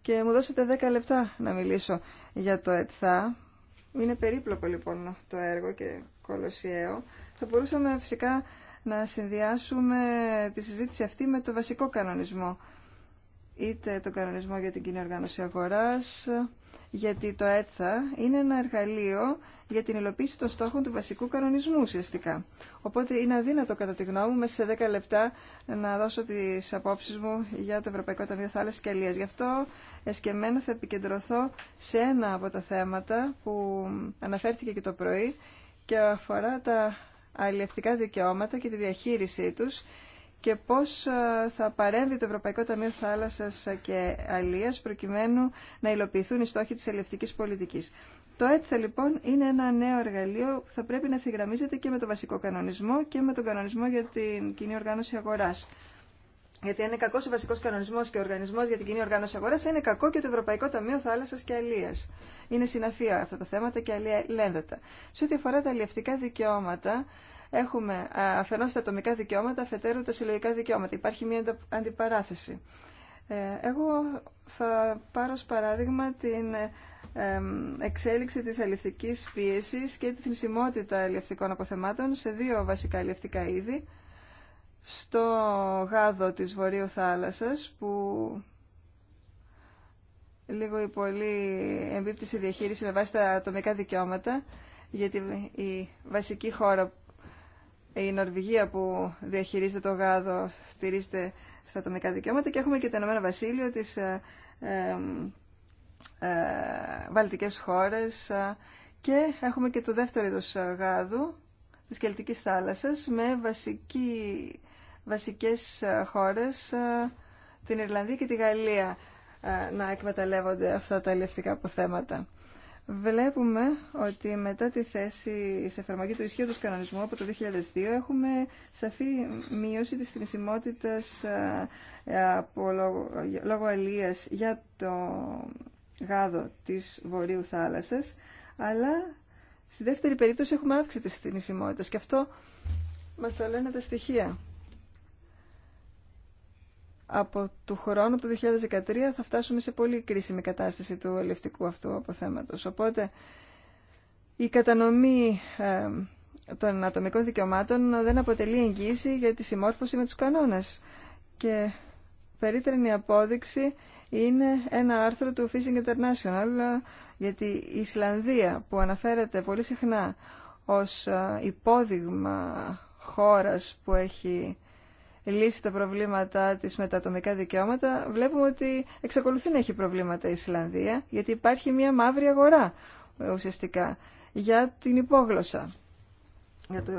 και μου δώσετε 10 λεπτά να μιλήσω για το ΕΤΘΑ. Είναι περίπλοκο λοιπόν το έργο και κολοσιαίο. Θα μπορούσαμε φυσικά να συνδυάσουμε τη συζήτηση αυτή με το βασικό κανονισμό. Είτε το κανονισμό για την κοινή οργάνωση αγοράς, γιατί το ΕΤΘΑ είναι ένα εργαλείο για την υλοποίηση των στόχων του βασικού κανονισμού ουσιαστικά. Οπότε είναι αδύνατο κατά τη γνώμη μου μέσα σε 10 λεπτά να δώσω τις απόψεις μου για το Ευρωπαϊκό Ταμείο Θάλασσης και Γι' αυτό εσκεμμένα θα επικεντρωθώ σε ένα από τα θέματα που αναφέρθηκε και το πρωί και αφορά τα αλληλευτικά δικαιώματα και τη διαχείρισή τους και πώς ε, θα παρέμβει το Ευρωπαϊκό Ταμείο Θάλασσας ε, και Αλίας προκειμένου να υλοποιηθούν οι στόχοι της ελευτικής πολιτικής. Το ΕΤΘΑ λοιπόν είναι ένα νέο εργαλείο που θα πρέπει να θυγραμμίζεται και με το βασικό κανονισμό και με τον κανονισμό για την κοινή οργάνωση αγοράς. Γιατί αν είναι κακό ο βασικό κανονισμό και ο οργανισμό για την κοινή οργάνωση αγορά, θα είναι κακό και το Ευρωπαϊκό Ταμείο Θάλασσα και Αλία. Είναι συναφία αυτά τα θέματα και αλληλένδετα. Σε ό,τι αφορά τα αλληλευτικά δικαιώματα, Έχουμε ε, αφενός τα ατομικά δικαιώματα, αφετέρου τα συλλογικά δικαιώματα. Υπάρχει μια αντιπαράθεση. Ε, εγώ θα πάρω ως παράδειγμα την εξέλιξη της αλληλευτικής πίεσης και τη θνησιμότητα αλληλευτικών αποθεμάτων σε δύο βασικά αλληλευτικά είδη. Στο γάδο της Βορείου Θάλασσας που λίγο ή πολύ εμπίπτει σε διαχείριση με βάση τα ατομικά δικαιώματα γιατί η πολυ εμπιπτει διαχειριση με βαση τα χώρα η Νορβηγία που διαχειρίζεται το γάδο στηρίζεται στα ατομικά δικαιώματα και έχουμε και το Ηνωμένο Βασίλειο, τις ε, ε βαλτικές χώρες ε, και έχουμε και το δεύτερο είδος ε, γάδου της Κελτικής θάλασσας με βασική, βασικές χώρες την Ιρλανδία και τη Γαλλία να εκμεταλλεύονται αυτά τα αλληλευτικά αποθέματα βλέπουμε ότι μετά τη θέση σε εφαρμογή του ισχύοντος κανονισμού από το 2002 έχουμε σαφή μείωση της θνησιμότητας ε, από λόγω, λόγω αλίας για το γάδο της Βορείου Θάλασσας, αλλά στη δεύτερη περίπτωση έχουμε αύξηση της θνησιμότητας και αυτό μας το λένε τα στοιχεία από του χρόνου, του 2013, θα φτάσουμε σε πολύ κρίσιμη κατάσταση του ελευτικού αυτού αποθέματος. Οπότε η κατανομή ε, των ατομικών δικαιωμάτων δεν αποτελεί εγγύηση για τη συμμόρφωση με τους κανόνες. Και περίτρανη απόδειξη είναι ένα άρθρο του Fishing International γιατί η Ισλανδία που αναφέρεται πολύ συχνά ως ε, υπόδειγμα χώρας που έχει λύσει τα προβλήματά της με τα ατομικά δικαιώματα, βλέπουμε ότι εξακολουθεί να έχει προβλήματα η Ισλανδία, γιατί υπάρχει μια μαύρη αγορά ε, ουσιαστικά για την υπόγλωσσα, για το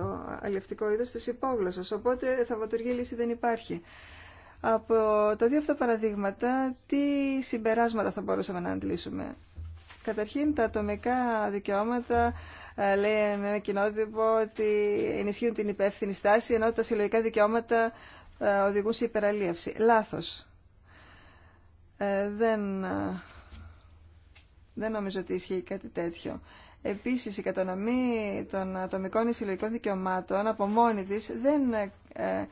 αλληλευτικό είδος της υπόγλωσσας, οπότε θαυματουργή λύση δεν υπάρχει. Από τα δύο αυτά παραδείγματα, τι συμπεράσματα θα μπορούσαμε να αντλήσουμε. Καταρχήν, τα ατομικά δικαιώματα ε, λέει ένα κοινότυπο ότι ενισχύουν την υπεύθυνη στάση ενώ τα συλλογικά δικαιώματα ε, οδηγούν σε υπεραλίευση. Λάθος. Ε, δεν, ε, δεν νομίζω ότι ισχύει κάτι τέτοιο. Επίσης, η κατανομή των ατομικών συλλογικών δικαιωμάτων από μόνη της δεν ε,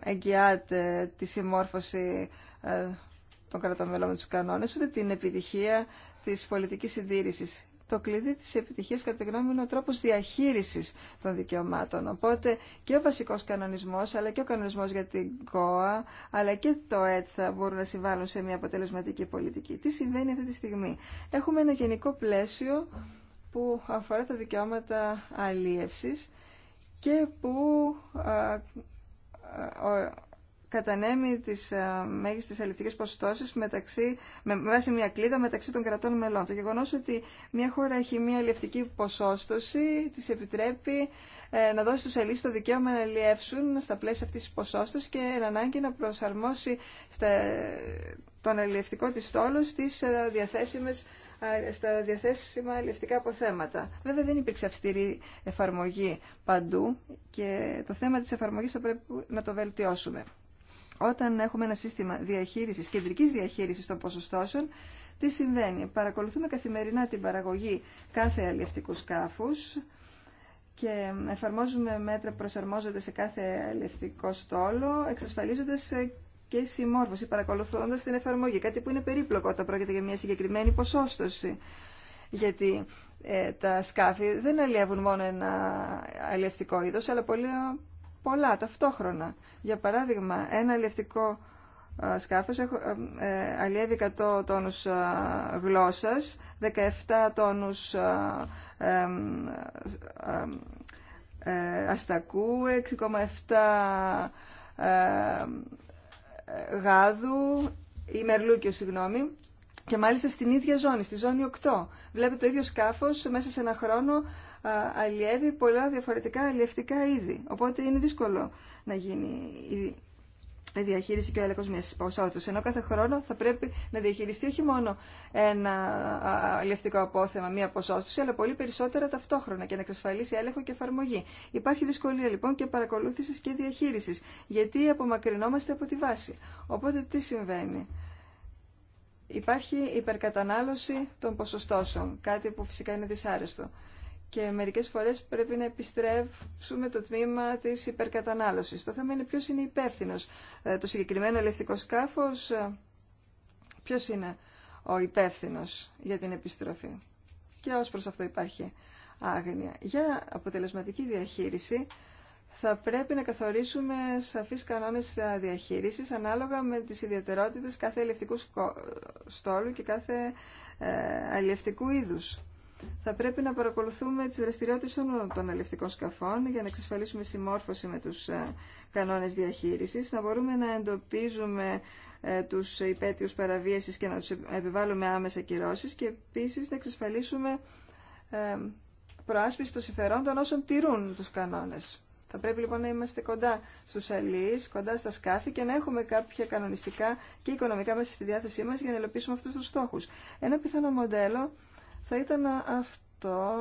εγγυάται τη συμμόρφωση των κρατομελών με τους κανόνες, ούτε την επιτυχία της πολιτικής συντήρησης το κλειδί της επιτυχίας κατά τη γνώμη είναι ο τρόπος διαχείρισης των δικαιωμάτων. Οπότε και ο βασικός κανονισμός, αλλά και ο κανονισμός για την ΚΟΑ, αλλά και το θα μπορούν να συμβάλλουν σε μια αποτελεσματική πολιτική. Τι συμβαίνει αυτή τη στιγμή. Έχουμε ένα γενικό πλαίσιο που αφορά τα δικαιώματα αλίευσης και που κατανέμει τις ε, μέγιστες αληφτικές ποσοστώσεις μεταξύ, με βάση μια κλίδα μεταξύ των κρατών μελών. Το γεγονός ότι μια χώρα έχει μια αλληλευτική ποσόστοση της επιτρέπει ε, να δώσει στους αλληλεί το δικαίωμα να αλλιεύσουν στα πλαίσια αυτής της ποσόστοσης και εν ανάγκη να προσαρμόσει στα, τον αλληλευτικό της στόλο στις ε, διαθέσιμες στα διαθέσιμα αλληλευτικά αποθέματα. Βέβαια δεν υπήρξε αυστηρή εφαρμογή παντού και το θέμα της εφαρμογής θα πρέπει να το βελτιώσουμε. Όταν έχουμε ένα σύστημα διαχείρισης, κεντρικής διαχείρισης των ποσοστώσεων, τι συμβαίνει. Παρακολουθούμε καθημερινά την παραγωγή κάθε αλληλευτικού σκάφους και εφαρμόζουμε μέτρα που προσαρμόζονται σε κάθε αλληλευτικό στόλο, εξασφαλίζοντας και συμμόρφωση, παρακολουθώντας την εφαρμογή. Κάτι που είναι περίπλοκο όταν πρόκειται για μια συγκεκριμένη ποσόστοση. Γιατί ε, τα σκάφη δεν αλλιεύουν μόνο ένα αλλιευτικό είδος, αλλά πολύ, πολλά ταυτόχρονα. Για παράδειγμα, ένα αλλιευτικό ε, σκάφος ε, ε, αλλιεύει 100 τόνους γλώσσας, 17 τόνους αστακού, 6,7 γάδου ή μερλούκιο, συγγνώμη, και μάλιστα στην ίδια ζώνη, στη ζώνη 8. Βλέπετε το ίδιο σκάφος μέσα σε ένα χρόνο αλλιεύει πολλά διαφορετικά αλλιευτικά είδη. Οπότε είναι δύσκολο να γίνει η διαχείριση και ο έλεγχο μια ποσότητα. Ενώ κάθε χρόνο θα πρέπει να διαχειριστεί όχι μόνο ένα αλλιευτικό απόθεμα, μία ποσότητα αλλά πολύ περισσότερα ταυτόχρονα και να εξασφαλίσει έλεγχο και εφαρμογή. Υπάρχει δυσκολία λοιπόν και παρακολούθηση και διαχείριση, γιατί απομακρυνόμαστε από τη βάση. Οπότε τι συμβαίνει. Υπάρχει υπερκατανάλωση των ποσοστώσεων, κάτι που φυσικά είναι δυσάρεστο και μερικές φορές πρέπει να επιστρέψουμε το τμήμα της υπερκατανάλωσης. Το θέμα είναι ποιος είναι υπεύθυνο. Ε, το συγκεκριμένο ελευτικό σκάφος, ε, ποιος είναι ο υπεύθυνο για την επιστροφή. Και ως προς αυτό υπάρχει άγνοια. Για αποτελεσματική διαχείριση θα πρέπει να καθορίσουμε σαφείς κανόνες διαχείρισης ανάλογα με τις ιδιαιτερότητες κάθε ελευτικού στόλου και κάθε ελευτικού είδους θα πρέπει να παρακολουθούμε τις δραστηριότητες όλων των αλληλευτικών σκαφών για να εξασφαλίσουμε συμμόρφωση με τους ε, κανόνες διαχείρισης, να μπορούμε να εντοπίζουμε ε, τους υπέτειους παραβίασης και να τους επιβάλλουμε άμεσα κυρώσεις και επίσης να εξασφαλίσουμε ε, προάσπιση των συμφερόντων όσων τηρούν τους κανόνες. Θα πρέπει λοιπόν να είμαστε κοντά στους αλλήλει, κοντά στα σκάφη και να έχουμε κάποια κανονιστικά και οικονομικά μέσα στη διάθεσή μας για να ελοπίσουμε αυτούς τους στόχους. Ένα πιθανό μοντέλο θα ήταν αυτό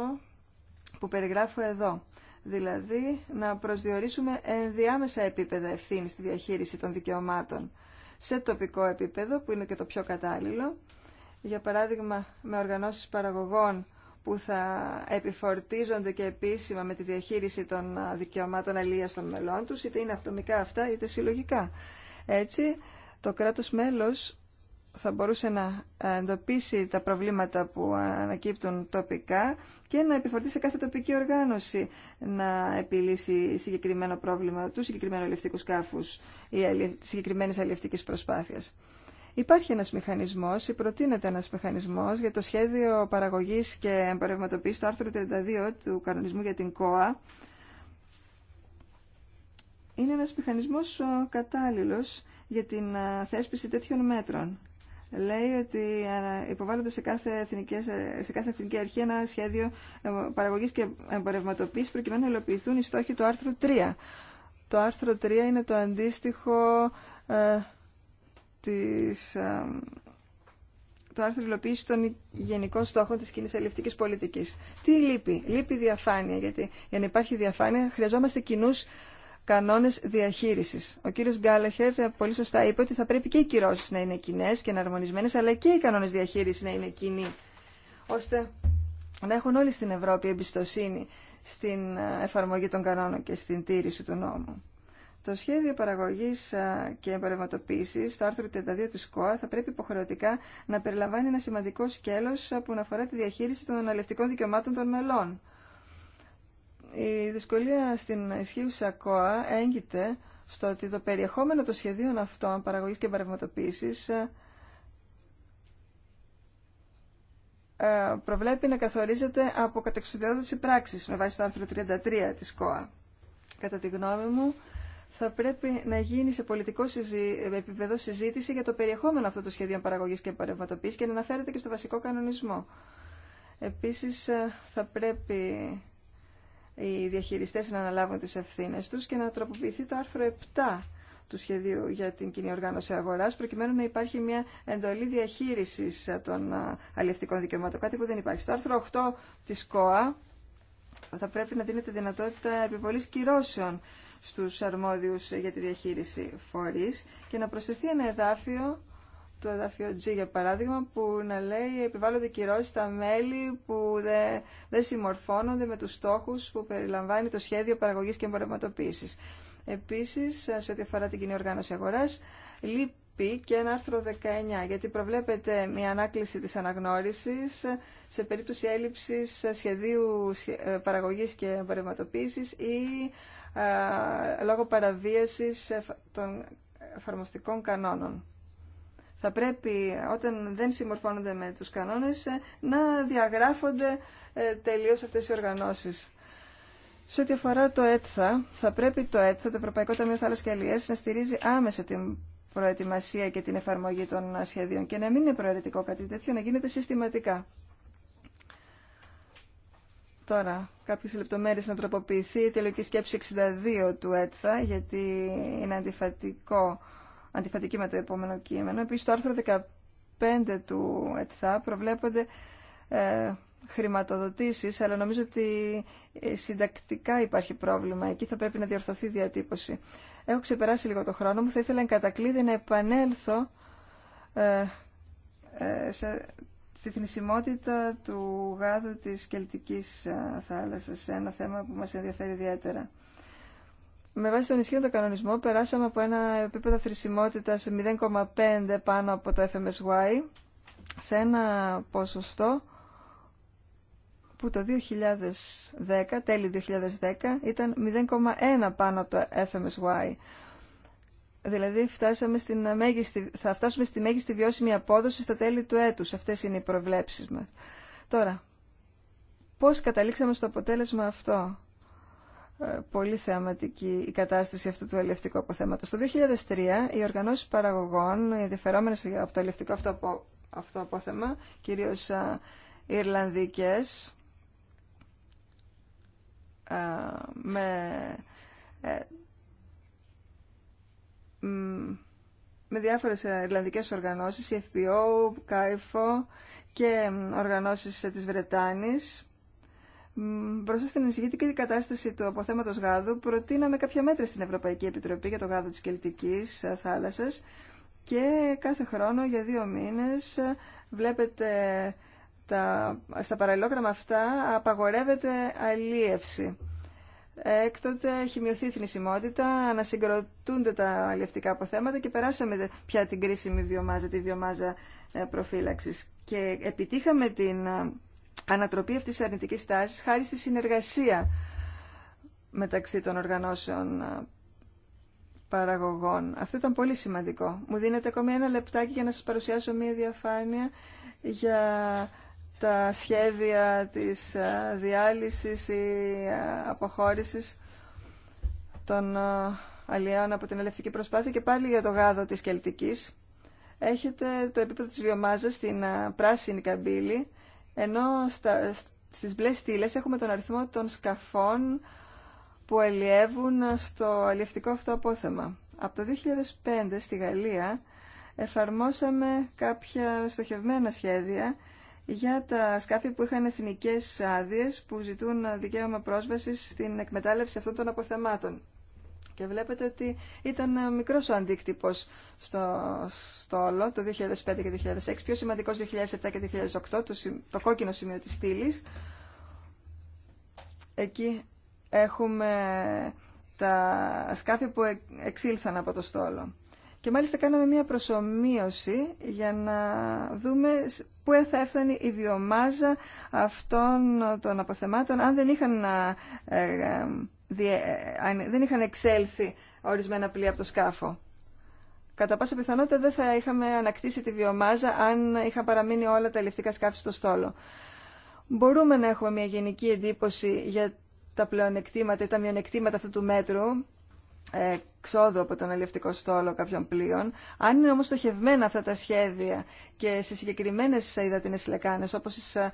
που περιγράφω εδώ. Δηλαδή να προσδιορίσουμε ενδιάμεσα επίπεδα ευθύνη στη διαχείριση των δικαιωμάτων σε τοπικό επίπεδο που είναι και το πιο κατάλληλο. Για παράδειγμα με οργανώσεις παραγωγών που θα επιφορτίζονται και επίσημα με τη διαχείριση των δικαιωμάτων αλληλείας των μελών τους, είτε είναι αυτομικά αυτά είτε συλλογικά. Έτσι, το κράτος μέλος θα μπορούσε να εντοπίσει τα προβλήματα που ανακύπτουν τοπικά και να επιφορτήσει κάθε τοπική οργάνωση να επιλύσει συγκεκριμένο πρόβλημα του συγκεκριμένου αλληλευτικού σκάφους ή συγκεκριμένης αλληλευτικής προσπάθειας. Υπάρχει ένας μηχανισμός ή προτείνεται ένας μηχανισμός για το σχέδιο παραγωγής και εμπορευματοποίησης του άρθρου 32 του κανονισμού για την ΚΟΑ. Είναι ένας μηχανισμός κατάλληλος για την ε, θέσπιση τέτοιων μέτρων λέει ότι ε, υποβάλλονται σε κάθε, εθνική, ε, σε κάθε εθνική αρχή ένα σχέδιο ε, παραγωγής και εμπορευματοποίηση προκειμένου να υλοποιηθούν οι στόχοι του άρθρου 3. Το άρθρο 3 είναι το αντίστοιχο ε, της, ε, το άρθρο υλοποίηση των γενικών στόχων της κοινή αλληλευτικής πολιτικής. Τι λείπει. Λείπει διαφάνεια, γιατί για να υπάρχει διαφάνεια χρειαζόμαστε κοινού. Κανόνε διαχείριση. Ο κύριο Γκάλεχερ πολύ σωστά είπε ότι θα πρέπει και οι κυρώσει να είναι κοινέ και εναρμονισμένε, αλλά και οι κανόνε διαχείριση να είναι κοινοί, ώστε να έχουν όλοι στην Ευρώπη εμπιστοσύνη στην ε, εφαρμογή των κανόνων και στην τήρηση του νόμου. Το σχέδιο παραγωγή ε, και εμπορευματοποίηση, το άρθρο 32 τη ΣΚΟΑ, θα πρέπει υποχρεωτικά να περιλαμβάνει ένα σημαντικό σκέλο που αφορά τη διαχείριση των αναλευτικών δικαιωμάτων των μελών. Η δυσκολία στην ισχύουσα ΚΟΑ έγκυται στο ότι το περιεχόμενο των σχεδίων αυτών παραγωγής και εμπαρευματοποίησης ε, ε, προβλέπει να καθορίζεται από κατεξουδιώδηση πράξης με βάση το άρθρο 33 της ΚΟΑ. Κατά τη γνώμη μου, θα πρέπει να γίνει σε πολιτικό συζή... επίπεδο συζήτηση για το περιεχόμενο αυτών των σχεδίων παραγωγής και παρευματοποίηση και να αναφέρεται και στο βασικό κανονισμό. Επίσης, ε, θα πρέπει οι διαχειριστές να αναλάβουν τις ευθύνες τους και να τροποποιηθεί το άρθρο 7 του σχεδίου για την κοινή οργάνωση αγοράς προκειμένου να υπάρχει μια εντολή διαχείρισης των αλληλευτικών δικαιωμάτων, κάτι που δεν υπάρχει. Στο άρθρο 8 της ΚΟΑ θα πρέπει να δίνεται δυνατότητα επιβολής κυρώσεων στους αρμόδιους για τη διαχείριση φορείς και να προσθεθεί ένα εδάφιο το εδάφιο G, για παράδειγμα, που να λέει επιβάλλονται κυρώσει στα μέλη που δεν δε συμμορφώνονται με τους στόχους που περιλαμβάνει το σχέδιο παραγωγής και εμπορευματοποίησης. Επίσης, σε ό,τι αφορά την κοινή οργάνωση αγοράς, λείπει και ένα άρθρο 19, γιατί προβλέπεται μια ανάκληση της αναγνώρισης σε περίπτωση έλλειψης σχεδίου ε, παραγωγής και εμπορευματοποίησης ή α, ε, λόγω παραβίασης των εφαρμοστικών κανόνων θα πρέπει όταν δεν συμμορφώνονται με τους κανόνες ε, να διαγράφονται ε, τελείως αυτές οι οργανώσεις. Σε ό,τι αφορά το ΕΤΘΑ, θα πρέπει το ΕΤΘΑ, το Ευρωπαϊκό Ταμείο Θάλασσα και να στηρίζει άμεσα την προετοιμασία και την εφαρμογή των σχεδίων και να μην είναι προαιρετικό κάτι τέτοιο, να γίνεται συστηματικά. Τώρα, κάποιε λεπτομέρειε να τροποποιηθεί η τελική σκέψη 62 του ΕΤΘΑ, γιατί είναι αντιφατικό αντιφατική με το επόμενο κείμενο. Επίσης, στο άρθρο 15 του ΕΤΘΑ προβλέπονται ε, χρηματοδοτήσεις, αλλά νομίζω ότι ε, συντακτικά υπάρχει πρόβλημα. Εκεί θα πρέπει να διορθωθεί η διατύπωση. Έχω ξεπεράσει λίγο το χρόνο μου. Θα ήθελα να κατακλείδη να επανέλθω ε, ε, στη θνησιμότητα του γάδου της Κελτικής ε, θάλασσας, ένα θέμα που μας ενδιαφέρει ιδιαίτερα με βάση τον ισχύοντα κανονισμό περάσαμε από ένα επίπεδο θρησιμότητας 0,5 πάνω από το FMSY σε ένα ποσοστό που το 2010, τέλη 2010, ήταν 0,1 πάνω από το FMSY. Δηλαδή φτάσαμε στην μέγιστη, θα φτάσουμε στη μέγιστη βιώσιμη απόδοση στα τέλη του έτους. Αυτές είναι οι προβλέψεις μας. Τώρα, πώς καταλήξαμε στο αποτέλεσμα αυτό. Ε, πολύ θεαματική η κατάσταση αυτού του ελευτικού αποθέματος. Το 2003 οι οργανώσεις παραγωγών, οι ενδιαφερόμενες από το ελευτικό αυτό, απο, αυτό αυτο κυρίως α, ε, Ιρλανδικές, α, ε, με, ε, μ, με διάφορες Ιρλανδικές οργανώσεις, η FPO, CAIFO και οργανώσεις της Βρετάνης, Μπροστά στην ενισχυτική κατάσταση του αποθέματος γάδου, προτείναμε κάποια μέτρα στην Ευρωπαϊκή Επιτροπή για το γάδο τη Κελτικής ε, θάλασσα και κάθε χρόνο για δύο μήνες ε, βλέπετε τα, στα παραλληλόγραμμα αυτά απαγορεύεται αλίευση. Έκτοτε έχει μειωθεί η θνησιμότητα, ανασυγκροτούνται τα αλλιευτικά αποθέματα και περάσαμε πια την κρίσιμη βιομάζα, τη βιομάζα ε, προφύλαξης. Και επιτύχαμε την ανατροπή αυτής της αρνητικής τάσης χάρη στη συνεργασία μεταξύ των οργανώσεων ε, παραγωγών. Αυτό ήταν πολύ σημαντικό. Μου δίνετε ακόμη ένα λεπτάκι για να σας παρουσιάσω μία διαφάνεια για τα σχέδια της ε, διάλυσης ή ε, αποχώρησης των αλλιών από την ελευτική προσπάθεια και πάλι για το γάδο της Κελτικής. Έχετε το επίπεδο της βιομάζας στην πράσινη καμπύλη ενώ στα, στις μπλε στήλες έχουμε τον αριθμό των σκαφών που αλλιεύουν στο αλλιευτικό αυτό απόθεμα. Από το 2005 στη Γαλλία εφαρμόσαμε κάποια στοχευμένα σχέδια για τα σκάφη που είχαν εθνικές άδειες που ζητούν δικαίωμα πρόσβασης στην εκμετάλλευση αυτών των αποθεμάτων. Και βλέπετε ότι ήταν μικρό ο αντίκτυπο στο στόλο το 2005 και το 2006, πιο σημαντικός 2007 και 2008, το κόκκινο σημείο τη στήλη. Εκεί έχουμε τα σκάφη που ε, εξήλθαν από το στόλο. Και μάλιστα κάναμε μια προσωμείωση για να δούμε πού ε, θα έφτανε η βιομάζα αυτών των αποθεμάτων αν δεν είχαν ε, ε, δεν είχαν εξέλθει ορισμένα πλοία από το σκάφο. Κατά πάσα πιθανότητα δεν θα είχαμε ανακτήσει τη βιομάζα αν είχαν παραμείνει όλα τα ελευτικά σκάφη στο στόλο. Μπορούμε να έχουμε μια γενική εντύπωση για τα πλεονεκτήματα ή τα μειονεκτήματα αυτού του μέτρου, εξόδου από τον ελευτικό στόλο κάποιων πλοίων. Αν είναι όμως στοχευμένα αυτά τα σχέδια και σε συγκεκριμένες υδατινές λεκάνες, όπως σε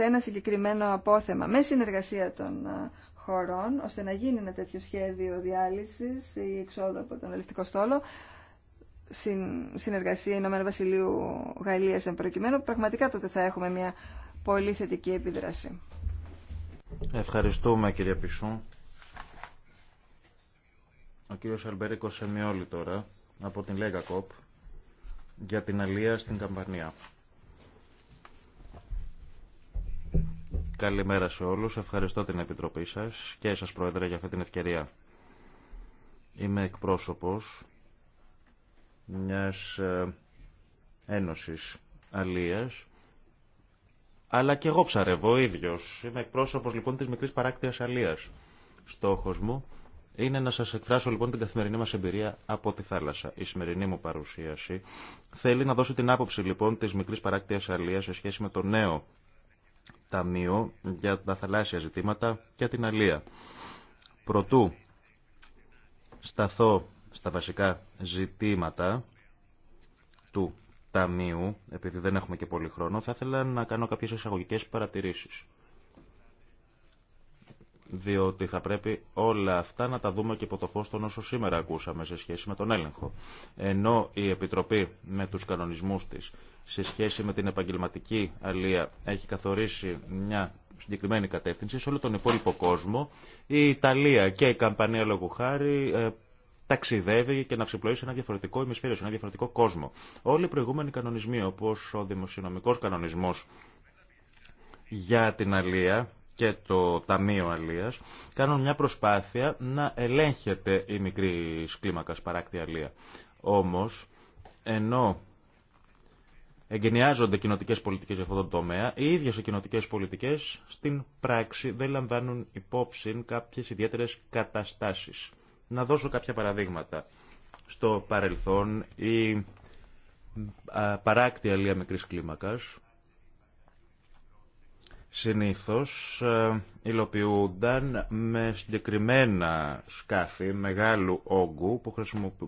ε, ένα συγκεκριμένο απόθεμα, με συνεργασία των ε, χωρών, ώστε να γίνει ένα τέτοιο σχέδιο διάλυσης ή εξόδου από τον ελευτικό στόλο, συνεργασία Ηνωμένου Βασιλείου Γαλλίας εν προκειμένου, πραγματικά τότε θα έχουμε μια πολύ θετική επίδραση. Ευχαριστούμε κύριε Πισού. Ο κύριος Αλμπερίκο Σεμιόλη τώρα, από την Λέγα Κοπ, για την αλία στην Καμπανία. Καλημέρα σε όλους. Ευχαριστώ την Επιτροπή σας και σας Πρόεδρε για αυτή την ευκαιρία. Είμαι εκπρόσωπος μιας ε, ένωσης αλίας αλλά και εγώ ψαρεύω ο ίδιος. Είμαι εκπρόσωπος λοιπόν της μικρής παράκτειας αλίας. Στόχος μου είναι να σας εκφράσω λοιπόν την καθημερινή μας εμπειρία από τη θάλασσα. Η σημερινή μου παρουσίαση θέλει να δώσω την άποψη λοιπόν της μικρής παράκτειας αλίας σε σχέση με το νέο Ταμείο για τα θαλάσσια ζητήματα και την αλία. Προτού σταθώ στα βασικά ζητήματα του Ταμείου, επειδή δεν έχουμε και πολύ χρόνο, θα ήθελα να κάνω κάποιες εισαγωγικές παρατηρήσεις διότι θα πρέπει όλα αυτά να τα δούμε και υπό το φως των όσο σήμερα ακούσαμε σε σχέση με τον έλεγχο. Ενώ η Επιτροπή με τους κανονισμούς της σε σχέση με την επαγγελματική αλία έχει καθορίσει μια συγκεκριμένη κατεύθυνση σε όλο τον υπόλοιπο κόσμο, η Ιταλία και η Καμπανία λόγου χάρη ε, ταξιδεύει και να ψηπλοεί σε ένα διαφορετικό ημισφαίριο, σε ένα διαφορετικό κόσμο. Όλοι οι προηγούμενοι κανονισμοί, όπως ο δημοσιονομικός κανονισμός για την αλία, και το Ταμείο Αλίας κάνουν μια προσπάθεια να ελέγχεται η μικρή κλίμακα παράκτη αλία. Όμως, ενώ εγκαινιάζονται κοινοτικέ πολιτικές για αυτόν τον τομέα, οι ίδιες οι κοινοτικέ πολιτικές στην πράξη δεν λαμβάνουν υπόψη κάποιες ιδιαίτερες καταστάσεις. Να δώσω κάποια παραδείγματα. Στο παρελθόν, η παράκτη αλία μικρής κλίμακας συνήθως ε, υλοποιούνταν με συγκεκριμένα σκάφη μεγάλου όγκου που,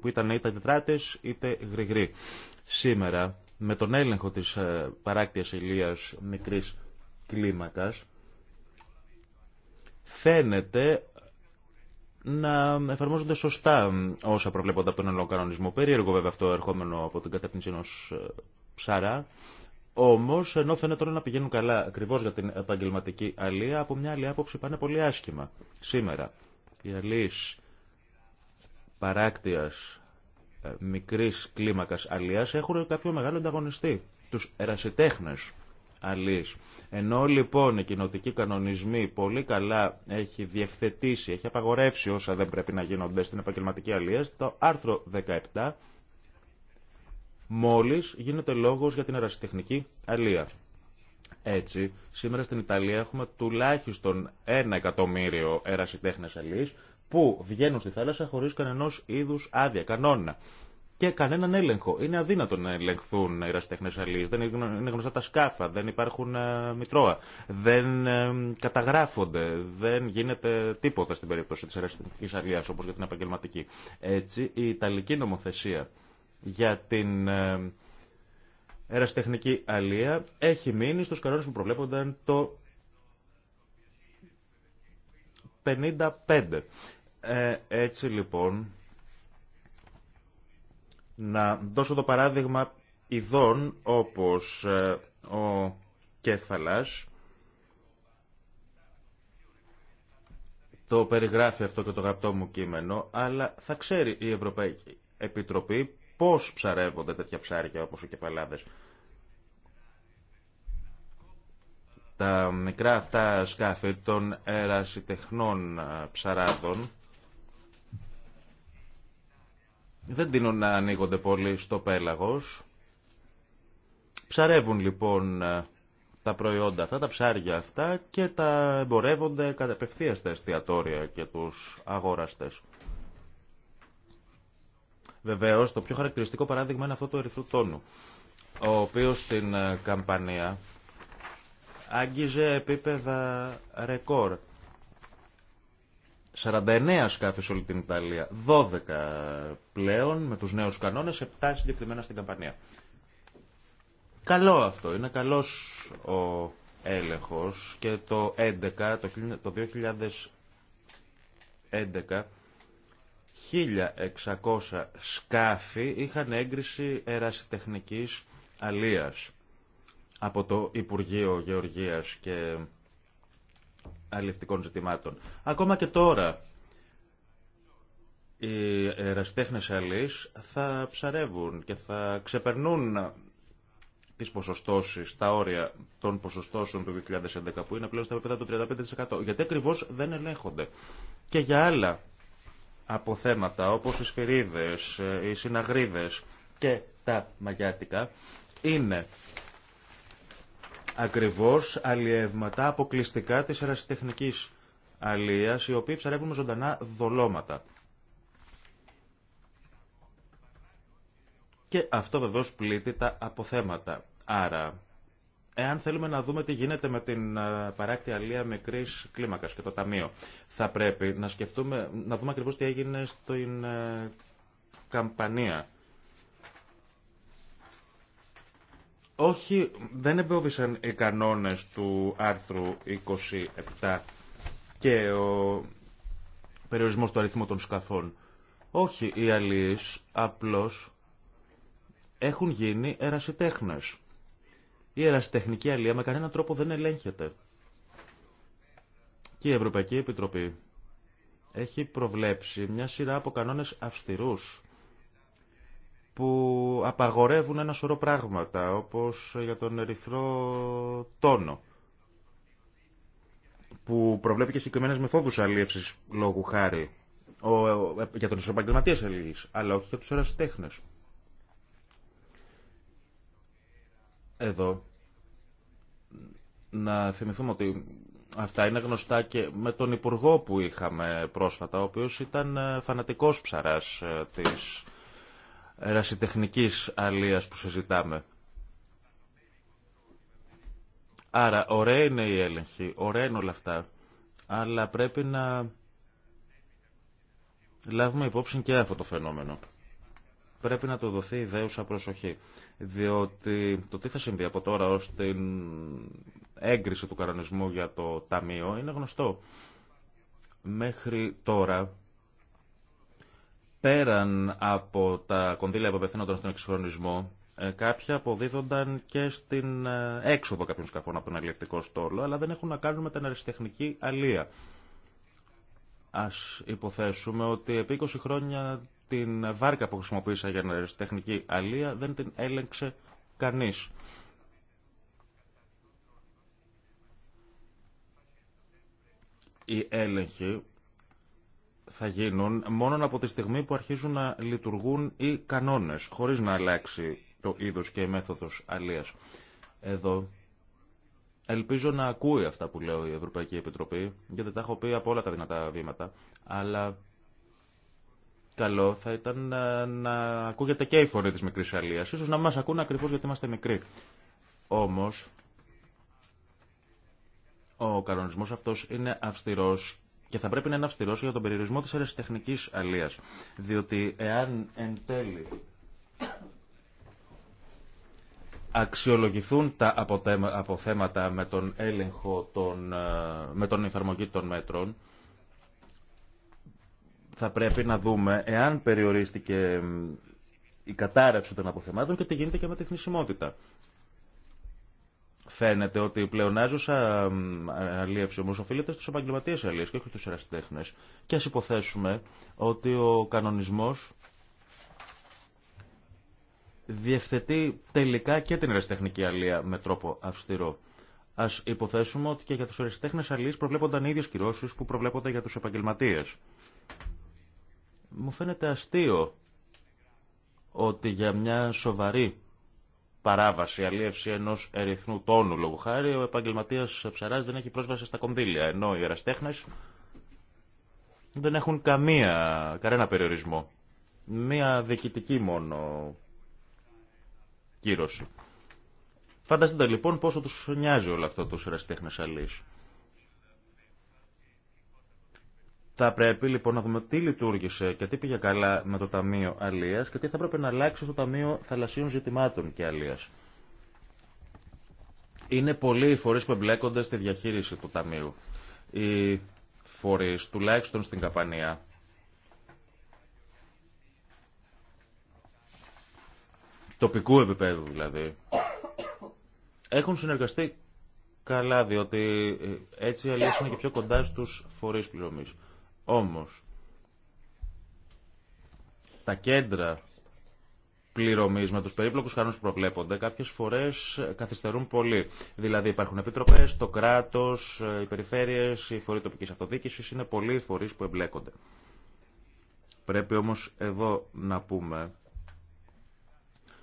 που ήταν είτε τετράτες είτε γρηγροί. Σήμερα με τον έλεγχο της ε, παράκτιας ηλίας μικρής κλίμακας φαίνεται να εφαρμόζονται σωστά όσα προβλέπονται από τον ελληνικό κανονισμό. Περίεργο βέβαια αυτό ερχόμενο από την κατεύθυνση ενός ε, ψαρά. Όμω, ενώ φαίνεται τώρα να πηγαίνουν καλά ακριβώ για την επαγγελματική αλεία, από μια άλλη άποψη πάνε πολύ άσχημα. Σήμερα, οι αλεί παράκτεια ε, μικρή κλίμακα αλεία έχουν κάποιο μεγάλο ανταγωνιστή. Του ερασιτέχνε αλλοί. Ενώ λοιπόν οι κοινοτικοί κανονισμοί πολύ καλά έχει διευθετήσει, έχει απαγορεύσει όσα δεν πρέπει να γίνονται στην επαγγελματική αλεία, το άρθρο 17 μόλις γίνεται λόγος για την ερασιτεχνική αλία. Έτσι, σήμερα στην Ιταλία έχουμε τουλάχιστον ένα εκατομμύριο ερασιτέχνες αλίες που βγαίνουν στη θάλασσα χωρίς κανένα είδους άδεια, κανόνα. Και κανέναν έλεγχο. Είναι αδύνατο να ελεγχθούν οι ερασιτέχνε αλίες. Δεν είναι γνωστά τα σκάφα, δεν υπάρχουν ε, μητρώα, δεν ε, καταγράφονται, δεν γίνεται τίποτα στην περίπτωση τη ερασιτεχνική αλίας, όπω για την επαγγελματική. Έτσι, η Ιταλική νομοθεσία για την ε, εραστεχνική αλεία έχει μείνει στους κανόνες που προβλέπονταν το 55. Ε, έτσι λοιπόν, να δώσω το παράδειγμα ειδών όπως ε, ο κέφαλας, το περιγράφει αυτό και το γραπτό μου κείμενο, αλλά θα ξέρει η Ευρωπαϊκή Επιτροπή πώς ψαρεύονται τέτοια ψάρια όπως οι κεφαλάδες. Τα μικρά αυτά σκάφη των ερασιτεχνών ε, ψαράδων δεν τείνουν να ανοίγονται πολύ στο πέλαγος. Ψαρεύουν λοιπόν ε, τα προϊόντα αυτά, τα ψάρια αυτά και τα εμπορεύονται καταπευθεία στα εστιατόρια και τους αγοραστές. Βεβαίω, το πιο χαρακτηριστικό παράδειγμα είναι αυτό το ερυθρού τόνου, ο οποίο στην ε, καμπανία άγγιζε επίπεδα ρεκόρ. 49 σκάφη σε όλη την Ιταλία, 12 πλέον με τους νέους κανόνες, 7 συγκεκριμένα στην καμπανία. Καλό αυτό, είναι καλός ο έλεγχος και το 11, το 2011 1.600 σκάφη είχαν έγκριση ερασιτεχνικής αλίας από το Υπουργείο Γεωργίας και Αλληλευτικών Ζητημάτων. Ακόμα και τώρα οι ερασιτέχνες αλείς θα ψαρεύουν και θα ξεπερνούν τις ποσοστώσεις, τα όρια των ποσοστώσεων του 2011 που είναι πλέον στα επίπεδα του 35%. Γιατί ακριβώς δεν ελέγχονται. Και για άλλα από όπως οι σφυρίδες, ε, οι συναγρίδες και τα μαγιάτικα είναι ακριβώς αλλιεύματα αποκλειστικά της ερασιτεχνικής αλίας, οι οποίοι ψαρεύουν με ζωντανά δολώματα. Και αυτό βεβαίως πλήττει τα αποθέματα. Άρα Εάν θέλουμε να δούμε τι γίνεται με την ε, παράκτη αλία μικρή κλίμακα και το ταμείο, θα πρέπει να σκεφτούμε, να δούμε ακριβώ τι έγινε στην ε, καμπανία. Όχι, δεν εμπόδισαν οι κανόνες του άρθρου 27 και ο περιορισμός του αριθμού των σκαφών. Όχι, οι αλλοίες απλώς έχουν γίνει ερασιτέχνες. Η ερασιτεχνική αλία με κανέναν τρόπο δεν ελέγχεται. Και η Ευρωπαϊκή Επιτροπή έχει προβλέψει μια σειρά από κανόνες αυστηρούς που απαγορεύουν ένα σωρό πράγματα, όπως για τον ερυθρό τόνο, που προβλέπει και συγκεκριμένες μεθόδους αλίευσης λόγου χάρη, για τον ισοπαγγελματίας αλληλής αλλά όχι για τους ερασιτέχνες. Εδώ να θυμηθούμε ότι αυτά είναι γνωστά και με τον Υπουργό που είχαμε πρόσφατα, ο οποίος ήταν ε, φανατικός ψαράς ε, της ρασιτεχνικής αλίας που συζητάμε. Άρα, ωραία είναι η έλεγχη, ωραία είναι όλα αυτά, αλλά πρέπει να λάβουμε υπόψη και αυτό το φαινόμενο πρέπει να του δοθεί ιδέουσα προσοχή. Διότι το τι θα συμβεί από τώρα ως την έγκριση του κανονισμού για το Ταμείο είναι γνωστό. Μέχρι τώρα, πέραν από τα κονδύλια που απευθύνονταν στον εξυγχρονισμό, ε, κάποια αποδίδονταν και στην ε, έξοδο κάποιων σκαφών από τον αλληλευτικό στόλο, αλλά δεν έχουν να κάνουν με την αριστεχνική αλεία. Ας υποθέσουμε ότι επί 20 χρόνια την βάρκα που χρησιμοποίησα για να τεχνική αλεία δεν την έλεγξε κανείς. Οι έλεγχοι θα γίνουν μόνο από τη στιγμή που αρχίζουν να λειτουργούν οι κανόνες, χωρίς να αλλάξει το είδος και η μέθοδος αλίας. Εδώ ελπίζω να ακούει αυτά που λέω η Ευρωπαϊκή Επιτροπή, γιατί τα έχω πει από όλα τα δυνατά βήματα, αλλά καλό θα ήταν να, ε, να ακούγεται και η φωνή της μικρής αλίας. Ίσως να μας ακούνε ακριβώς γιατί είμαστε μικροί. Όμως, ο κανονισμός αυτός είναι αυστηρός και θα πρέπει να είναι αυστηρός για τον περιορισμό της αεραστεχνικής αλίας. Διότι εάν εν τέλει αξιολογηθούν τα αποθέματα με τον έλεγχο, ε, με τον εφαρμογή των μέτρων, θα πρέπει να δούμε εάν περιορίστηκε η κατάρρευση των αποθεμάτων και τι γίνεται και με τη θνησιμότητα. Φαίνεται ότι η πλεονάζουσα αλίευση όμω οφείλεται στου επαγγελματίε αλίε και όχι στου ερασιτέχνε. Και α υποθέσουμε ότι ο κανονισμό διευθετεί τελικά και την ερασιτεχνική αλία με τρόπο αυστηρό. Α υποθέσουμε ότι και για του ερασιτέχνε αλίες προβλέπονταν οι ίδιε κυρώσει που προβλέπονται για του επαγγελματίε. Μου φαίνεται αστείο ότι για μια σοβαρή παράβαση, αλίευση ενό ερυθνού τόνου λόγου χάρη, ο επαγγελματία ψαρά δεν έχει πρόσβαση στα κονδύλια, ενώ οι εραστέχνε δεν έχουν καμία, κανένα περιορισμό. Μία διοικητική μόνο κύρωση. Φανταστείτε λοιπόν πόσο του νοιάζει όλο αυτό του εραστέχνε αλείς. Θα πρέπει λοιπόν να δούμε τι λειτουργήσε και τι πήγε καλά με το Ταμείο Αλίας και τι θα πρέπει να αλλάξει στο Ταμείο Θαλασσίων Ζητημάτων και Αλίας. Είναι πολλοί οι φορεί που εμπλέκονται στη διαχείριση του Ταμείου. Οι φορεί τουλάχιστον στην Καπανία, τοπικού επίπεδου δηλαδή, έχουν συνεργαστεί καλά, διότι ε, έτσι οι είναι και πιο κοντά στους φορείς πληρωμής. Όμως, τα κέντρα πληρωμής με τους περίπλοκους χάρους που προβλέπονται, κάποιε φορέ καθυστερούν πολύ. Δηλαδή, υπάρχουν επίτροπες, το κράτος, οι περιφέρειες, οι φορεί τοπικής αυτοδιοίκηση, είναι πολλοί φορείς που εμπλέκονται. Πρέπει όμως εδώ να πούμε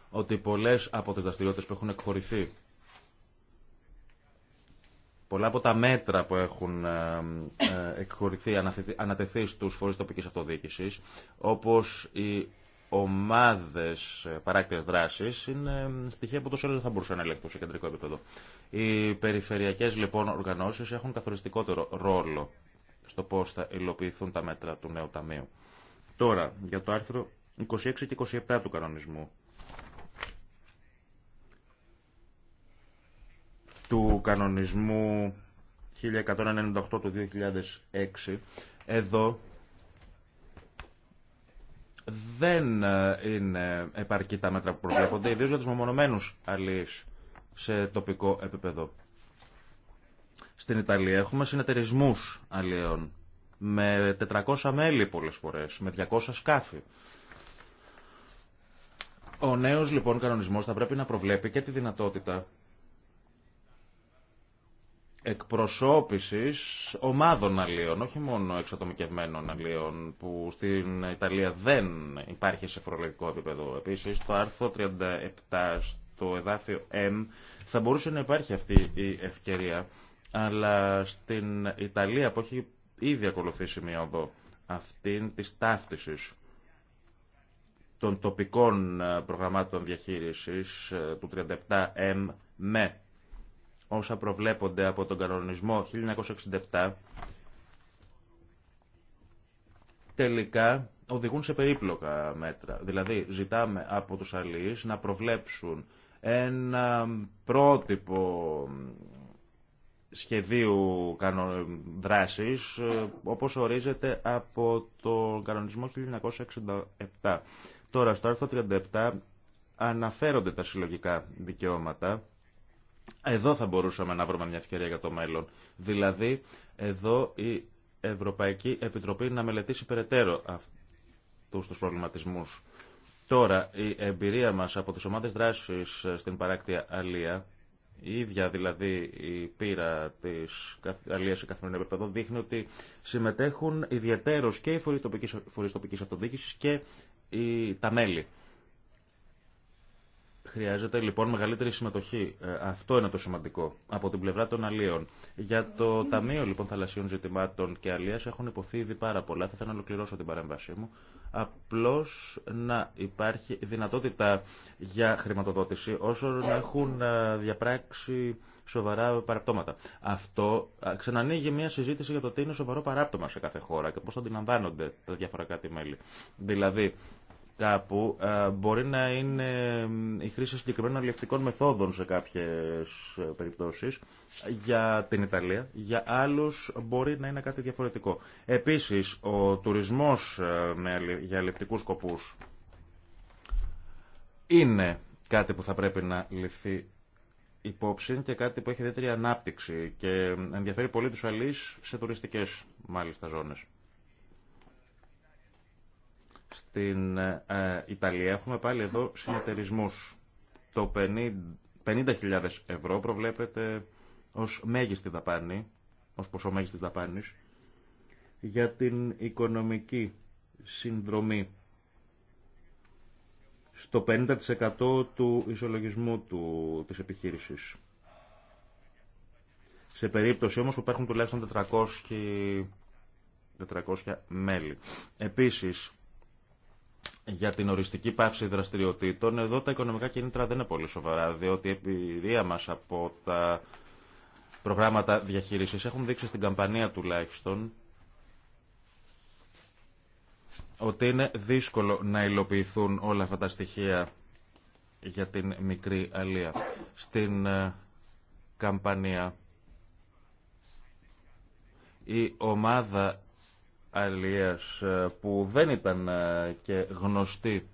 ότι πολλές από τις δραστηριότητε που έχουν εκχωρηθεί Πολλά από τα μέτρα που έχουν ε, ε, εκχωρηθεί, ανατεθεί στους φορείς τοπικής αυτοδιοίκησης, όπως οι ομάδες ε, παράκτητες δράσης, είναι στοιχεία που τόσο δεν θα μπορούσαν να ελεγχθούν σε κεντρικό επίπεδο. Οι περιφερειακές λοιπόν οργανώσεις έχουν καθοριστικότερο ρόλο στο πώς θα υλοποιηθούν τα μέτρα του νέου ταμείου. Τώρα, για το άρθρο 26 και 27 του κανονισμού του κανονισμού 1198 του 2006. Εδώ δεν ε, είναι επαρκή τα μέτρα που προβλέπονται, ιδίως για τους μεμονωμένους αλληλείς σε τοπικό επίπεδο. Στην Ιταλία έχουμε συνεταιρισμού αλλιέων με 400 μέλη πολλές φορές, με 200 σκάφη. Ο νέος λοιπόν κανονισμός θα πρέπει να προβλέπει και τη δυνατότητα εκπροσώπησης ομάδων αλλίων, όχι μόνο εξατομικευμένων αλλίων, που στην Ιταλία δεν υπάρχει σε φορολογικό επίπεδο. Επίσης, το άρθρο 37 στο εδάφιο M θα μπορούσε να υπάρχει αυτή η ευκαιρία, αλλά στην Ιταλία που έχει ήδη ακολουθήσει μια οδό αυτήν της ταύτισης των τοπικών ε, προγραμμάτων διαχείρισης ε, του 37M με όσα προβλέπονται από τον κανονισμό 1967 τελικά οδηγούν σε περίπλοκα μέτρα. Δηλαδή ζητάμε από τους αλληλείς να προβλέψουν ένα πρότυπο σχεδίου δράσης ε, όπως ορίζεται από τον κανονισμό 1967. Τώρα στο άρθρο 37 αναφέρονται τα συλλογικά δικαιώματα εδώ θα μπορούσαμε να βρούμε μια ευκαιρία για το μέλλον. Δηλαδή, εδώ η Ευρωπαϊκή Επιτροπή να μελετήσει περαιτέρω αυτούς τους προβληματισμούς. Τώρα, η εμπειρία μας από τις ομάδες δράσης στην παράκτια Αλία, η ίδια δηλαδή η πείρα της Αλίας σε καθημερινό επίπεδο, δείχνει ότι συμμετέχουν ιδιαίτερος και οι φορείς τοπικής αυτοδιοίκησης και τα μέλη. Χρειάζεται λοιπόν μεγαλύτερη συμμετοχή. Ε, αυτό είναι το σημαντικό από την πλευρά των αλλίων. Για το Ταμείο λοιπόν Θαλασσίων Ζητημάτων και Αλία έχουν υποθεί ήδη πάρα πολλά. Θα ήθελα να ολοκληρώσω την παρέμβασή μου. Απλώ να υπάρχει δυνατότητα για χρηματοδότηση όσο να έχουν ε, διαπράξει σοβαρά παραπτώματα. Αυτό ε, ξανανοίγει μια συζήτηση για το τι είναι σοβαρό παράπτωμα σε κάθε χώρα και πώ αντιλαμβάνονται τα διάφορα κάτι μέλη. Δηλαδή, κάπου ε, μπορεί να είναι η χρήση συγκεκριμένων αλληλευτικών μεθόδων σε κάποιες ε, περιπτώσεις για την Ιταλία, για άλλους μπορεί να είναι κάτι διαφορετικό. Επίσης, ο τουρισμός ε, για αλληλευτικούς σκοπούς είναι κάτι που θα πρέπει να ληφθεί υπόψη και κάτι που έχει ιδιαίτερη ανάπτυξη και ενδιαφέρει πολύ τους αλείς σε τουριστικές μάλιστα ζώνες. Στην ε, Ιταλία έχουμε πάλι εδώ συνεταιρισμούς. Το 50.000 ευρώ προβλέπεται ως μέγιστη δαπάνη, ως ποσό μέγιστης δαπάνης, για την οικονομική συνδρομή στο 50% του ισολογισμού του, της επιχείρησης. Σε περίπτωση όμως που υπάρχουν τουλάχιστον 400, 400 μέλη. Επίσης, για την οριστική πάυση δραστηριοτήτων, εδώ τα οικονομικά κίνητρα δεν είναι πολύ σοβαρά, διότι η εμπειρία μας από τα προγράμματα διαχείρισης έχουν δείξει στην καμπανία τουλάχιστον ότι είναι δύσκολο να υλοποιηθούν όλα αυτά τα στοιχεία για την μικρή αλία. Στην ε, καμπανία η ομάδα αλίας ε, που δεν ήταν ε, και γνωστή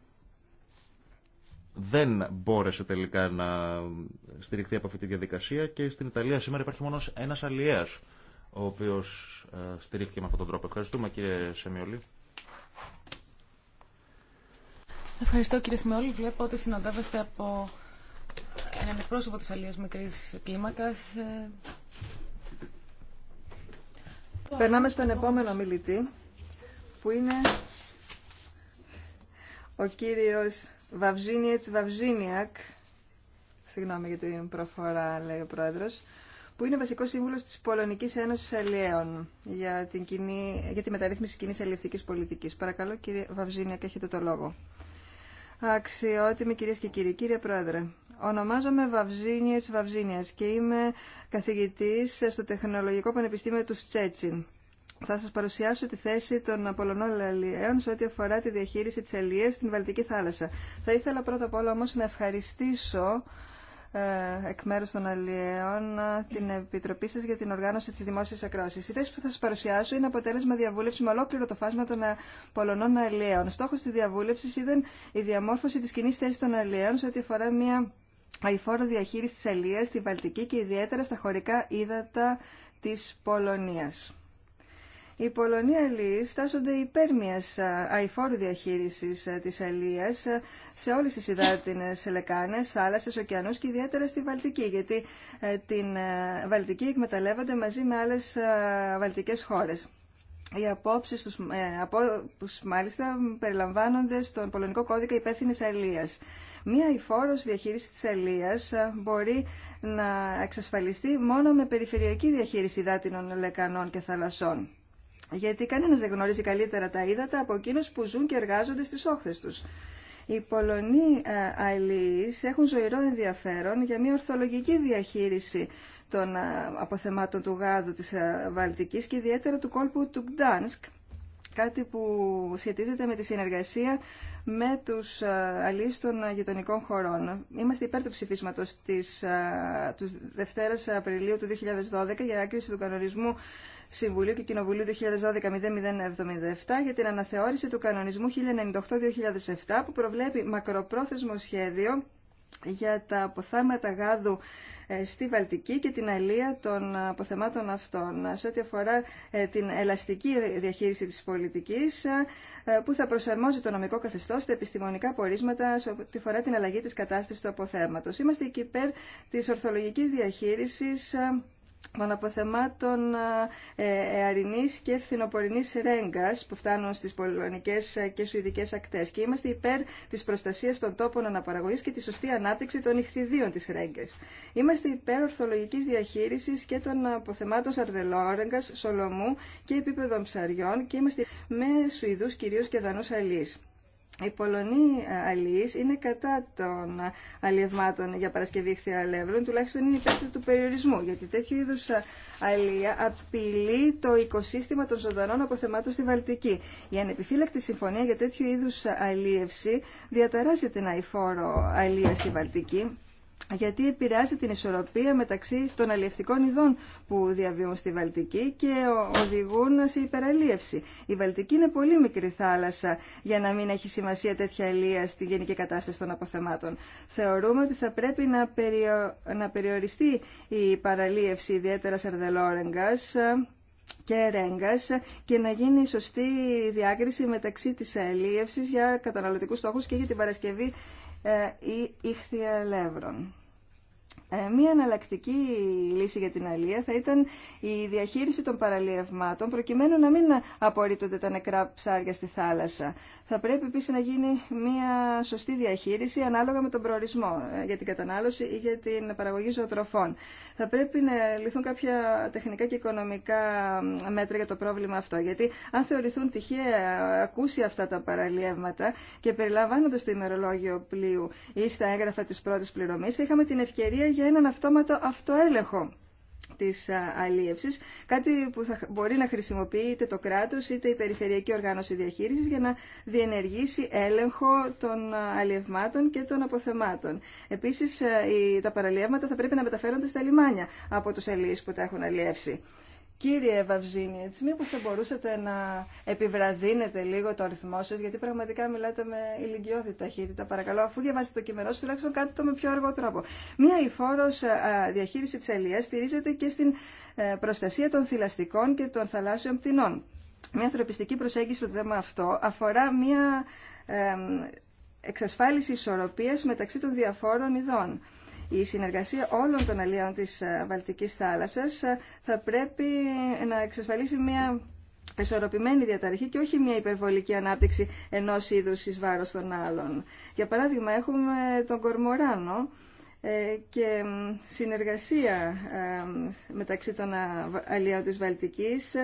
δεν μπόρεσε τελικά να στηριχθεί από αυτή τη διαδικασία και στην Ιταλία σήμερα υπάρχει μόνος ένας αλιέας ο οποίος ε, στηρίχθηκε με αυτόν τον τρόπο. Ευχαριστούμε κύριε Σεμιολή. Ευχαριστώ κύριε Σεμιολή. Βλέπω ότι συναντάβεστε από έναν εκπρόσωπο της αλίας μικρής κλίμακας. Περνάμε στον επόμενο μιλητή, που είναι ο κύριος Βαυζίνιετς Βαυζίνιακ, συγγνώμη για την προφορά, λέει ο πρόεδρος, που είναι βασικό σύμβουλος της Πολωνικής Ένωσης Αλλιέων για, την κοινή, για τη μεταρρύθμιση κοινή αλληλευτικής πολιτικής. Παρακαλώ κύριε Βαυζίνιακ, έχετε το λόγο. Αξιότιμη κυρίε και κύριοι, κύριε πρόεδρε, Ονομάζομαι Βαυζίνιες Βαυζίνιας και είμαι καθηγητής στο Τεχνολογικό Πανεπιστήμιο του Στσέτσιν. Θα σας παρουσιάσω τη θέση των Πολωνών Αλλιέων σε ό,τι αφορά τη διαχείριση της αλλιείας στην Βαλτική θάλασσα. Θα ήθελα πρώτα απ' όλα όμως να ευχαριστήσω ε, εκ μέρους των Αλλιέων την Επιτροπή σας για την οργάνωση της δημόσιας ακρόσης. Η θέση που θα σας παρουσιάσω είναι αποτέλεσμα διαβούλευση με ολόκληρο το φάσμα των ε, Πολωνών Αλλιέων. Στόχος της διαβούλευσης ήταν η διαμόρφωση της κοινή θέση των Αλλιέων σε ό,τι αφορά μια αηφόρο διαχείριση τη αλίας στη Βαλτική και ιδιαίτερα στα χωρικά ύδατα της Πολωνία. Οι Πολωνοί αλλοί στάσσονται υπέρ μια αηφόρου διαχείρισης της αλίας σε όλε τι υδάτινε λεκάνε, θάλασσε, ωκεανού και ιδιαίτερα στη Βαλτική, γιατί ε, την ε, Βαλτική εκμεταλλεύονται μαζί με άλλε Βαλτικέ χώρε. Οι απόψει του, ε, μάλιστα περιλαμβάνονται στον Πολωνικό Κώδικα υπεύθυνη Αλίας. Μία υφόρος διαχείριση τη αλίας ε, μπορεί να εξασφαλιστεί μόνο με περιφερειακή διαχείριση δάτινων λεκανών και θαλασσών. Γιατί κανένας δεν γνωρίζει καλύτερα τα ύδατα από εκείνους που ζουν και εργάζονται στι όχθε του. Οι Πολωνοί ε, αλληλείς έχουν ζωηρό ενδιαφέρον για μια ορθολογική διαχείριση των ε, αποθεμάτων του γάδου της ε, Βαλτικής και ιδιαίτερα του κόλπου του Γκτάνσκ, κάτι που σχετίζεται με τη συνεργασία με τους αλληλείς των γειτονικών χωρών. Είμαστε υπέρ του ψηφίσματος της, του Δευτέρας Απριλίου του 2012 για άκρηση του κανονισμού Συμβουλίου και Κοινοβουλίου 2012-0077 για την αναθεώρηση του κανονισμού 1098-2007 που προβλέπει μακροπρόθεσμο σχέδιο για τα αποθέματα γάδου ε, στη Βαλτική και την αλία των αποθεμάτων αυτών. Σε ό,τι αφορά ε, την ελαστική διαχείριση της πολιτικής ε, που θα προσαρμόζει το νομικό καθεστώς στα επιστημονικά πορίσματα σε ό,τι αφορά την αλλαγή της κατάστασης του αποθέματος. Είμαστε εκεί υπέρ της ορθολογικής διαχείρισης των αποθεμάτων ε, ε, αρινής και φθινοπορεινής ρέγγας που φτάνουν στις πολωνικές ε, και σουηδικές ακτές και είμαστε υπέρ της προστασίας των τόπων αναπαραγωγής και τη σωστή ανάπτυξη των ηχθιδίων της ρέγγας. Είμαστε υπέρ ορθολογικής διαχείρισης και των αποθεμάτων σαρδελόρεγγας, σολομού και επίπεδων ψαριών και είμαστε με Σουηδούς κυρίως και Δανούς αλείς. Οι Πολωνοί ε, αλληλεί είναι κατά των αλλιευμάτων για παρασκευή χθιαλεύρων, τουλάχιστον είναι υπέρ του περιορισμού, γιατί τέτοιου είδου ε, αλληλεία απειλεί το οικοσύστημα των ζωντανών αποθεμάτων στη Βαλτική. Η ανεπιφύλακτη συμφωνία για τέτοιου είδου ε, αλλίευση διαταράσσει την αηφόρο αλληλεία στη Βαλτική γιατί επηρεάζει την ισορροπία μεταξύ των αλλιευτικών ειδών που διαβίουν στη Βαλτική και οδηγούν σε υπεραλίευση. Η Βαλτική είναι πολύ μικρή θάλασσα για να μην έχει σημασία τέτοια αλία στη γενική κατάσταση των αποθεμάτων. Θεωρούμε ότι θα πρέπει να, να περιοριστεί η παραλίευση ιδιαίτερα σαρδελόρεγγας ε, και ρέγγας ε, και να γίνει σωστή διάκριση μεταξύ της αλίευσης για καταναλωτικούς στόχους και για την παρασκευή ε, ή ηχθιαλεύρων. Ε, μία εναλλακτική λύση για την αλία θα ήταν η διαχείριση των παραλιευμάτων προκειμένου να μην απορρίπτονται τα νεκρά ψάρια στη θάλασσα. Θα πρέπει επίση να γίνει μία σωστή διαχείριση ανάλογα με τον προορισμό ε, για την κατανάλωση ή για την παραγωγή ζωοτροφών. Θα πρέπει να λυθούν κάποια τεχνικά και οικονομικά μέτρα για το πρόβλημα αυτό. Γιατί αν θεωρηθούν τυχαία ακούσει αυτά τα παραλιεύματα και περιλαμβάνοντα το ημερολόγιο πλοίου ή στα έγγραφα τη πρώτη πληρωμή, θα είχαμε την ευκαιρία για έναν αυτόματο αυτοέλεγχο της αλίευσης, κάτι που θα μπορεί να χρησιμοποιεί είτε το κράτος είτε η Περιφερειακή Οργάνωση Διαχείρισης για να διενεργήσει έλεγχο των αλιευμάτων και των αποθεμάτων. Επίσης, ε, τα παραλιεύματα θα πρέπει να μεταφέρονται στα λιμάνια από τους αλίες που τα έχουν αλιεύσει. Κύριε Βαυζίνη, μήπως θα μπορούσατε να επιβραδύνετε λίγο το αριθμό σας, γιατί πραγματικά μιλάτε με ηλικιώδη ταχύτητα. Παρακαλώ, αφού διαβάσετε το κείμενό σας, τουλάχιστον κάντε το με πιο αργό τρόπο. Μία υφόρος ε, διαχείριση της αλίας στηρίζεται και στην ε, προστασία των θηλαστικών και των θαλάσσιων πτηνών. Μια ανθρωπιστική προσέγγιση στο θέμα αυτό αφορά μια ε, εξασφάλιση ισορροπίας μεταξύ των διαφόρων ειδών η συνεργασία όλων των αλλιών της ε, Βαλτικής θάλασσας ε, θα πρέπει να εξασφαλίσει μια ισορροπημένη διαταραχή και όχι μια υπερβολική ανάπτυξη ενός είδους εις βάρος των άλλων. Για παράδειγμα έχουμε τον Κορμοράνο ε, και συνεργασία μεταξύ των αλλιών της Βαλτικής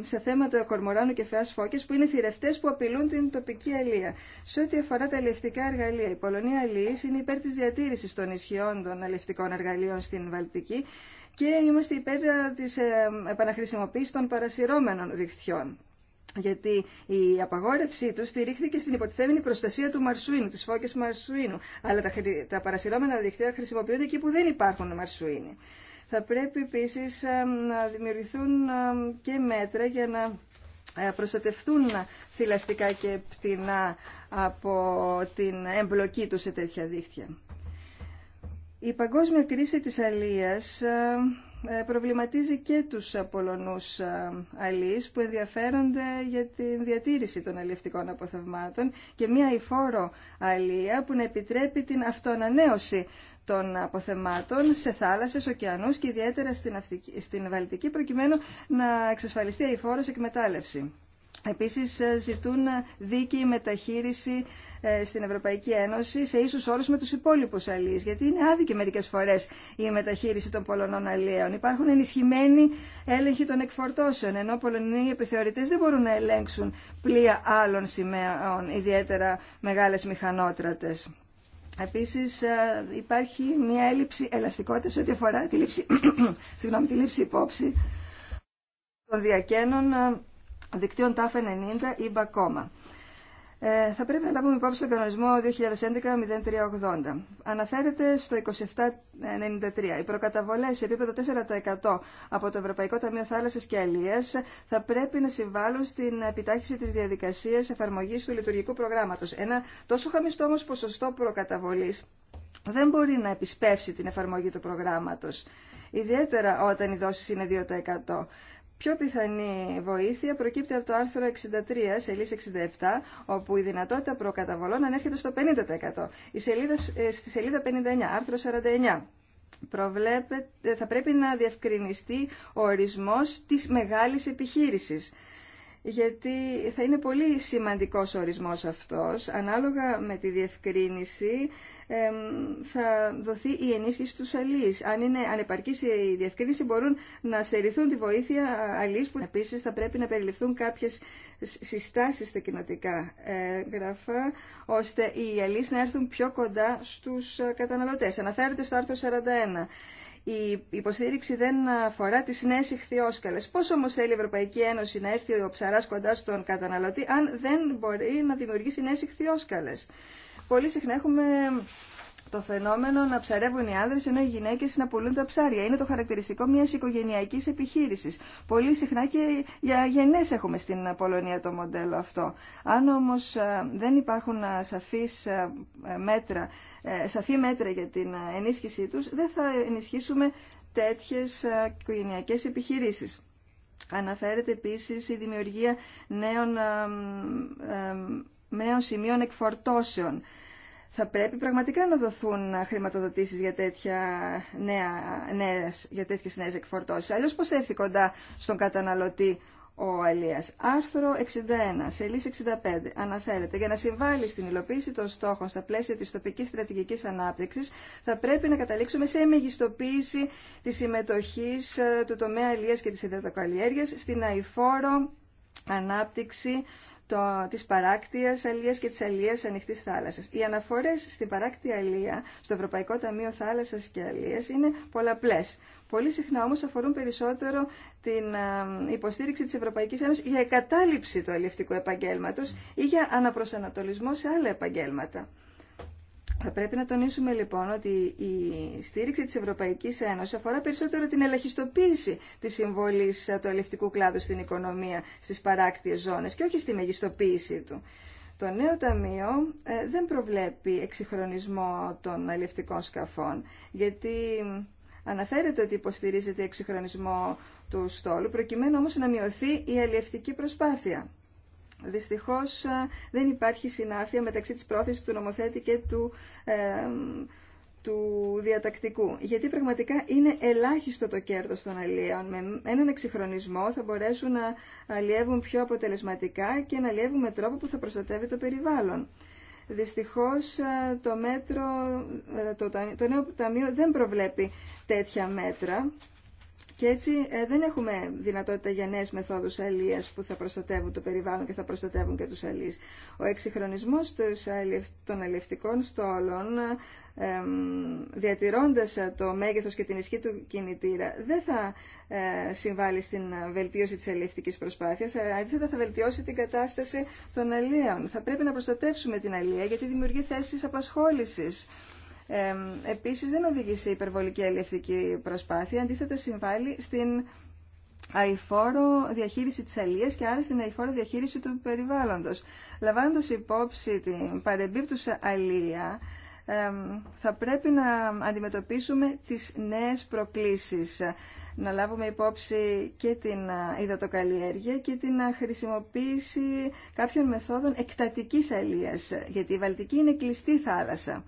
σε θέματα κορμοράνου και φαιάς φώκες που είναι θηρευτές που απειλούν την τοπική αλεία. Σε ό,τι αφορά τα αλευτικά εργαλεία, η Πολωνία Αλίας είναι υπέρ της διατήρηση των ισχυών των αλευτικών εργαλείων στην Βαλτική και είμαστε υπέρ της επαναχρησιμοποίησης των παρασυρώμενων δικτυών. Γιατί η απαγόρευσή του στηρίχθηκε στην υποτιθέμενη προστασία του μαρσουίνου, τη φώκε μαρσουίνου. Αλλά τα, τα παρασυρώμενα δικτύα χρησιμοποιούνται εκεί που δεν υπάρχουν μαρσουίνοι. Θα πρέπει επίσης ε, να δημιουργηθούν ε, και μέτρα για να ε, προστατευτούν θηλαστικά και πτηνά από την εμπλοκή τους σε τέτοια δίχτυα. Η παγκόσμια κρίση της αλίας ε, προβληματίζει και τους Πολωνούς ε, αλείς που ενδιαφέρονται για την διατήρηση των αλληλευτικών αποθευμάτων και μια υφόρο αλία που να επιτρέπει την αυτοανανέωση των αποθεμάτων σε θάλασσες, ωκεανούς και ιδιαίτερα στην, Βαλτική προκειμένου να εξασφαλιστεί η φόρος εκμετάλλευση. Επίσης ε, ζητούν δίκαιη μεταχείριση ε, στην Ευρωπαϊκή Ένωση σε ίσους όρους με τους υπόλοιπους αλίες, γιατί είναι άδικη μερικές φορές η μεταχείριση των πολωνών αλίων. Υπάρχουν ενισχυμένοι έλεγχοι των εκφορτώσεων, ενώ πολωνοί επιθεωρητές δεν μπορούν να ελέγξουν πλοία άλλων σημαίων, ιδιαίτερα μεγάλες μηχανότρατες. Επίσης ε, υπάρχει μια έλλειψη ελαστικότητας ό,τι αφορά τη λήψη, [coughs] συγγνώμη, τη λήψη υπόψη των διακαίνων δικτύων ΤΑΦ 90 ή Μπακόμα. Ε, θα πρέπει να λάβουμε υπόψη στον κανονισμό 2011-0380. Αναφέρεται στο 2793. Οι προκαταβολέ σε επίπεδο 4% από το Ευρωπαϊκό Ταμείο Θάλασσα και Αλία θα πρέπει να συμβάλλουν στην επιτάχυση τη διαδικασία εφαρμογή του λειτουργικού προγράμματο. Ένα τόσο χαμηλό όμω ποσοστό προκαταβολή δεν μπορεί να επισπεύσει την εφαρμογή του προγράμματο. ιδιαίτερα όταν οι δόσει είναι 2% πιο πιθανή βοήθεια προκύπτει από το άρθρο 63, σελίδα 67, όπου η δυνατότητα προκαταβολών ανέρχεται στο 50%. Η σελίδα, ε, στη σελίδα 59, άρθρο 49. Προβλέπε, ε, θα πρέπει να διευκρινιστεί ο ορισμός της μεγάλης επιχείρησης γιατί θα είναι πολύ σημαντικός ο ορισμός αυτός. Ανάλογα με τη διευκρίνηση θα δοθεί η ενίσχυση του αλείς. Αν είναι ανεπαρκής η διευκρίνηση μπορούν να στερηθούν τη βοήθεια αλείς που επίσης θα πρέπει να περιληφθούν κάποιες συστάσεις στα κοινοτικά έγγραφα ώστε οι αλείς να έρθουν πιο κοντά στους καταναλωτές. Αναφέρεται στο άρθρο 41 η υποστήριξη δεν αφορά τις νέες ηχθιόσκαλες. Πώς όμως θέλει η Ευρωπαϊκή Ένωση να έρθει ο ψαράς κοντά στον καταναλωτή αν δεν μπορεί να δημιουργήσει νέες ηχθιόσκαλες. Πολύ συχνά έχουμε το φαινόμενο να ψαρεύουν οι άνδρες ενώ οι γυναίκες να πουλούν τα ψάρια. Είναι το χαρακτηριστικό μιας οικογενειακής επιχείρησης. Πολύ συχνά και για γενές έχουμε στην Πολωνία το μοντέλο αυτό. Αν όμως ε, δεν υπάρχουν ε, σαφείς ε, μέτρα, σαφή μέτρα για την ενίσχυσή τους, δεν θα ενισχύσουμε τέτοιες οικογενειακές επιχειρήσεις. Αναφέρεται επίσης η δημιουργία νέων, νέων σημείων εκφορτώσεων θα πρέπει πραγματικά να δοθούν χρηματοδοτήσεις για, τέτοια νέα, νέες, για τέτοιες νέες εκφορτώσεις. Αλλιώς πώς έρθει κοντά στον καταναλωτή ο Αλίας. Άρθρο 61, σελίδα 65, αναφέρεται για να συμβάλλει στην υλοποίηση των στόχων στα πλαίσια της τοπικής στρατηγικής ανάπτυξης θα πρέπει να καταλήξουμε σε μεγιστοποίηση της συμμετοχής ε, του τομέα Αλίας και της ιδεατοκαλλιέργειας στην αηφόρο ανάπτυξη το, της παράκτειας αλίας και της αλίας ανοιχτής θάλασσας. Οι αναφορές στην παράκτεια αλία, στο Ευρωπαϊκό Ταμείο Θάλασσας και Αλίας, είναι πολλαπλές. Πολύ συχνά όμως αφορούν περισσότερο την ε, υποστήριξη της Ευρωπαϊκής Ένωσης για κατάληψη του αλληλευτικού επαγγέλματος ή για αναπροσανατολισμό σε άλλα επαγγέλματα. Θα πρέπει να τονίσουμε λοιπόν ότι η στήριξη της Ευρωπαϊκής Ένωσης αφορά περισσότερο την ελαχιστοποίηση της συμβολής του αλληλευτικού κλάδου στην οικονομία στις παράκτιες ζώνες και όχι στη μεγιστοποίησή του. Το νέο ταμείο ε, δεν προβλέπει εξυγχρονισμό των αλληλευτικών σκαφών, γιατί αναφέρεται ότι υποστηρίζεται εξυγχρονισμό του στόλου, προκειμένου όμως να μειωθεί η αλληλευτική προσπάθεια. Δυστυχώ, ε, δεν υπάρχει συνάφεια μεταξύ της πρόθεση του νομοθέτη και του, του διατακτικού. Γιατί πραγματικά είναι ελάχιστο το κέρδο των αλλιέων. Με έναν εξυγχρονισμό θα μπορέσουν να αλλιεύουν πιο αποτελεσματικά και να αλλιεύουν με τρόπο που θα προστατεύει το περιβάλλον. Δυστυχώ, ε, το, ε, το, το νέο ταμείο δεν προβλέπει τέτοια μέτρα και έτσι ε, δεν έχουμε δυνατότητα για νέε μεθόδου αλληλεία που θα προστατεύουν το περιβάλλον και θα προστατεύουν και του αλεί. Ο εξυγχρονισμό των αλληλευτικών στόλων, διατηρώντα το μέγεθο και την ισχύ του κινητήρα, δεν θα ε, συμβάλλει στην βελτίωση τη αλληλευτική προσπάθεια, αντίθετα θα βελτιώσει την κατάσταση των αλληλείων. Θα πρέπει να προστατεύσουμε την αλληλεία γιατί δημιουργεί θέσει απασχόληση ε, επίσης δεν οδηγεί σε υπερβολική αλληλευτική προσπάθεια, αντίθετα συμβάλλει στην αηφόρο διαχείριση της αλίας και άρα στην αηφόρο διαχείριση του περιβάλλοντος. Λαμβάνοντας υπόψη την παρεμπίπτουσα αλία, θα πρέπει να αντιμετωπίσουμε τις νέες προκλήσεις. Να λάβουμε υπόψη και την υδατοκαλλιέργεια και την χρησιμοποίηση κάποιων μεθόδων εκτατικής αλίας, γιατί η Βαλτική είναι κλειστή θάλασσα.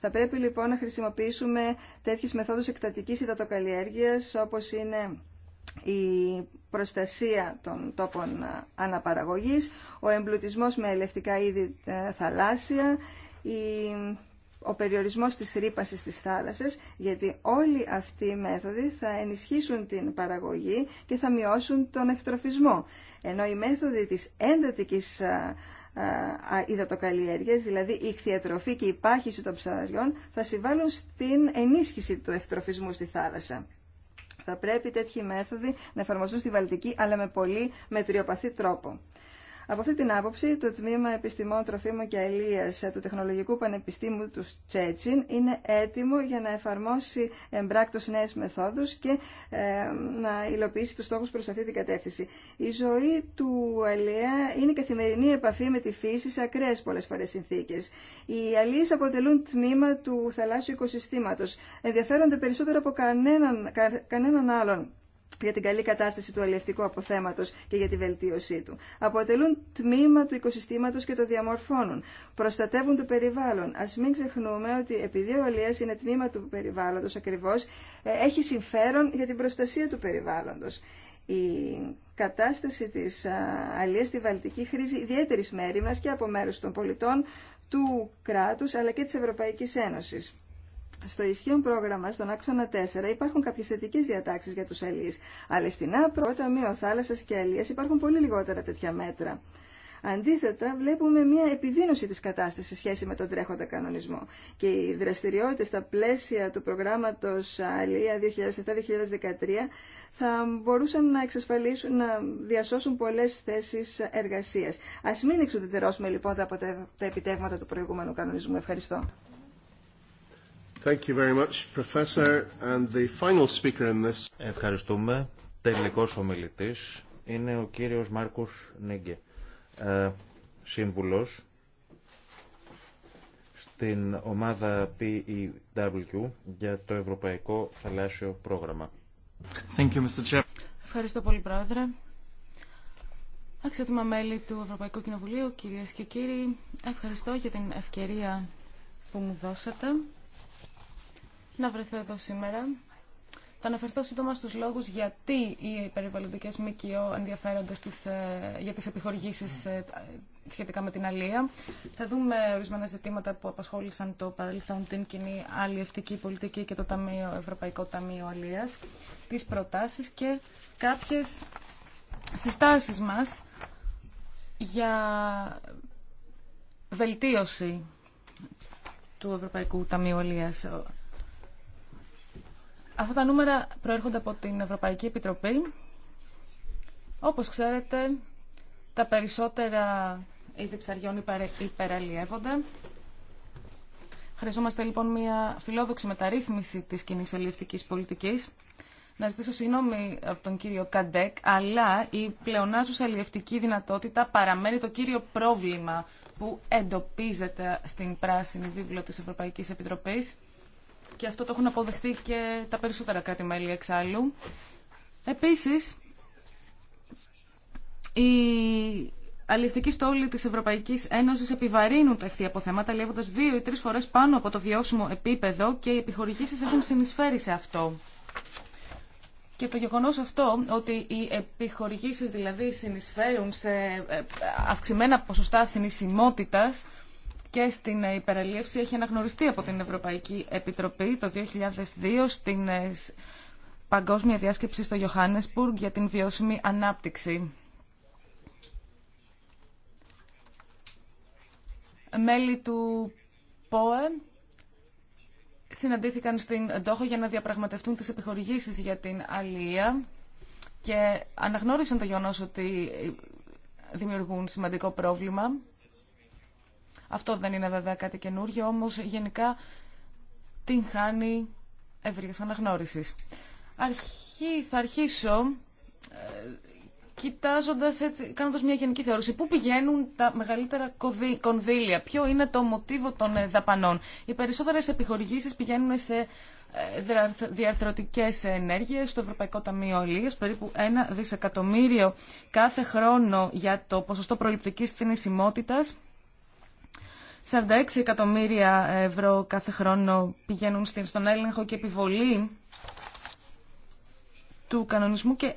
Θα πρέπει λοιπόν να χρησιμοποιήσουμε τέτοιες μεθόδους εκτατικής υδατοκαλλιέργειας όπως είναι η προστασία των τόπων ε, αναπαραγωγής, ο εμπλουτισμός με ελευτικά είδη ε, θαλάσσια, ο περιορισμός της ρήπασης της θάλασσας, γιατί όλοι αυτοί οι μέθοδοι θα ενισχύσουν την παραγωγή και θα μειώσουν τον ευτροφισμό. Ενώ οι μέθοδοι της έντατικής ε, ε, υδατοκαλλιέργειε, δηλαδή η χθιατροφή και η πάχυση των ψαριών θα συμβάλλουν στην ενίσχυση του ευτροφισμού στη θάλασσα. Θα πρέπει τέτοιοι μέθοδοι να εφαρμοστούν στη Βαλτική, αλλά με πολύ μετριοπαθή τρόπο. Από αυτή την άποψη, το Τμήμα Επιστημών Τροφίμων και Αλίας του Τεχνολογικού Πανεπιστήμου του Τσέτσιν είναι έτοιμο για να εφαρμόσει εμπράκτος νέες μεθόδους και ε, να υλοποιήσει τους στόχους προς αυτή την κατεύθυνση. Η ζωή του αιλία είναι η καθημερινή επαφή με τη φύση σε ακραίες πολλές φορές συνθήκες. Οι Αλίες αποτελούν τμήμα του θαλάσσιου οικοσυστήματος. Ενδιαφέρονται περισσότερο από κανέναν, κανέναν άλλον για την καλή κατάσταση του αλληλευτικού αποθέματος και για τη βελτίωσή του. Αποτελούν τμήμα του οικοσυστήματος και το διαμορφώνουν. Προστατεύουν το περιβάλλον. Ας μην ξεχνούμε ότι επειδή ο αλληλεία είναι τμήμα του περιβάλλοντος ακριβώς, ε, έχει συμφέρον για την προστασία του περιβάλλοντος. Η κατάσταση της αλληλεία στη Βαλτική χρήζει ιδιαίτερη μα και από μέρου των πολιτών, του κράτους αλλά και της Ευρωπαϊκής Ένωσης στο ισχύον πρόγραμμα, στον άξονα 4, υπάρχουν κάποιε θετικέ διατάξει για του αλληλεί. Αλλά στην άπρο, ταμείο θάλασσα και αλληλεία, υπάρχουν πολύ λιγότερα τέτοια μέτρα. Αντίθετα, βλέπουμε μια επιδείνωση τη κατάσταση σε σχέση με τον τρέχοντα κανονισμό. Και οι δραστηριότητε στα πλαίσια του προγράμματο Αλία 2007-2013 θα μπορούσαν να εξασφαλίσουν, να διασώσουν πολλέ θέσει εργασία. Α μην εξουδετερώσουμε λοιπόν τα, τα επιτεύγματα του προηγούμενου κανονισμού. Ευχαριστώ. Ευχαριστούμε. Τελικός ομιλητής είναι ο κύριος Μάρκος Νίγκε, σύμβουλο ε, σύμβουλος στην ομάδα PEW για το Ευρωπαϊκό Θαλάσσιο Πρόγραμμα. Ευχαριστώ πολύ, Πρόεδρε. Αξιότιμα μέλη του Ευρωπαϊκού Κοινοβουλίου, κυρίες και κύριοι, ευχαριστώ για την ευκαιρία που μου δώσατε να βρεθώ εδώ σήμερα. Θα αναφερθώ σύντομα στους λόγους γιατί οι περιβαλλοντικές ΜΚΟ ενδιαφέρονται στις, ε, για τις επιχορηγήσεις ε, σχετικά με την αλία. Θα δούμε ορισμένα ζητήματα που απασχόλησαν το παρελθόν την κοινή αλληλευτική πολιτική και το Ταμείο, Ευρωπαϊκό Ταμείο Αλίας, τις προτάσεις και κάποιες συστάσεις μας για βελτίωση του Ευρωπαϊκού Ταμείου Αλίας. Αυτά τα νούμερα προέρχονται από την Ευρωπαϊκή Επιτροπή. Όπως ξέρετε, τα περισσότερα είδη ψαριών υπεραλλιεύονται. Χρειαζόμαστε λοιπόν μια φιλόδοξη μεταρρύθμιση της κοινή αλληλευτικής πολιτικής. Να ζητήσω συγγνώμη από τον κύριο Καντέκ, αλλά η πλεονάζουσα αλληλευτική δυνατότητα παραμένει το κύριο πρόβλημα που εντοπίζεται στην πράσινη βίβλο της Ευρωπαϊκής Επιτροπής και αυτό το έχουν αποδεχτεί και τα περισσότερα κράτη-μέλη εξάλλου. Επίσης, η αλληλευτικοί στόλοι της Ευρωπαϊκής Ένωσης επιβαρύνουν τα ευθεία αποθέματα, αλλιεύοντας δύο ή τρεις φορές πάνω από το βιώσιμο επίπεδο και οι επιχορηγήσεις έχουν συνεισφέρει σε αυτό. Και το γεγονός αυτό, ότι οι επιχορηγήσεις δηλαδή συνεισφέρουν σε ε, αυξημένα ποσοστά θνησιμότητας, και στην υπεραλίευση έχει αναγνωριστεί από την Ευρωπαϊκή Επιτροπή το 2002 στην ε, Παγκόσμια Διάσκεψη στο Johannesburg για την βιώσιμη ανάπτυξη. Μέλη του ΠΟΕ συναντήθηκαν στην Ντόχο για να διαπραγματευτούν τις επιχορηγήσεις για την αλία και αναγνώρισαν το γεγονό ότι δημιουργούν σημαντικό πρόβλημα αυτό δεν είναι βέβαια κάτι καινούργιο, όμως γενικά την χάνει ευρύ αναγνώριση. Αρχή, θα αρχίσω ε, έτσι, κάνοντας μια γενική θεώρηση. Πού πηγαίνουν τα μεγαλύτερα κονδύλια, ποιο είναι το μοτίβο των ε, δαπανών. Οι περισσότερε επιχορηγήσεις πηγαίνουν σε ε, διαρθρωτικές ενέργειες στο Ευρωπαϊκό Ταμείο Ελίας, περίπου ένα δισεκατομμύριο κάθε χρόνο για το ποσοστό προληπτική θνησιμότητας 46 εκατομμύρια ευρώ κάθε χρόνο πηγαίνουν στον έλεγχο και επιβολή του κανονισμού και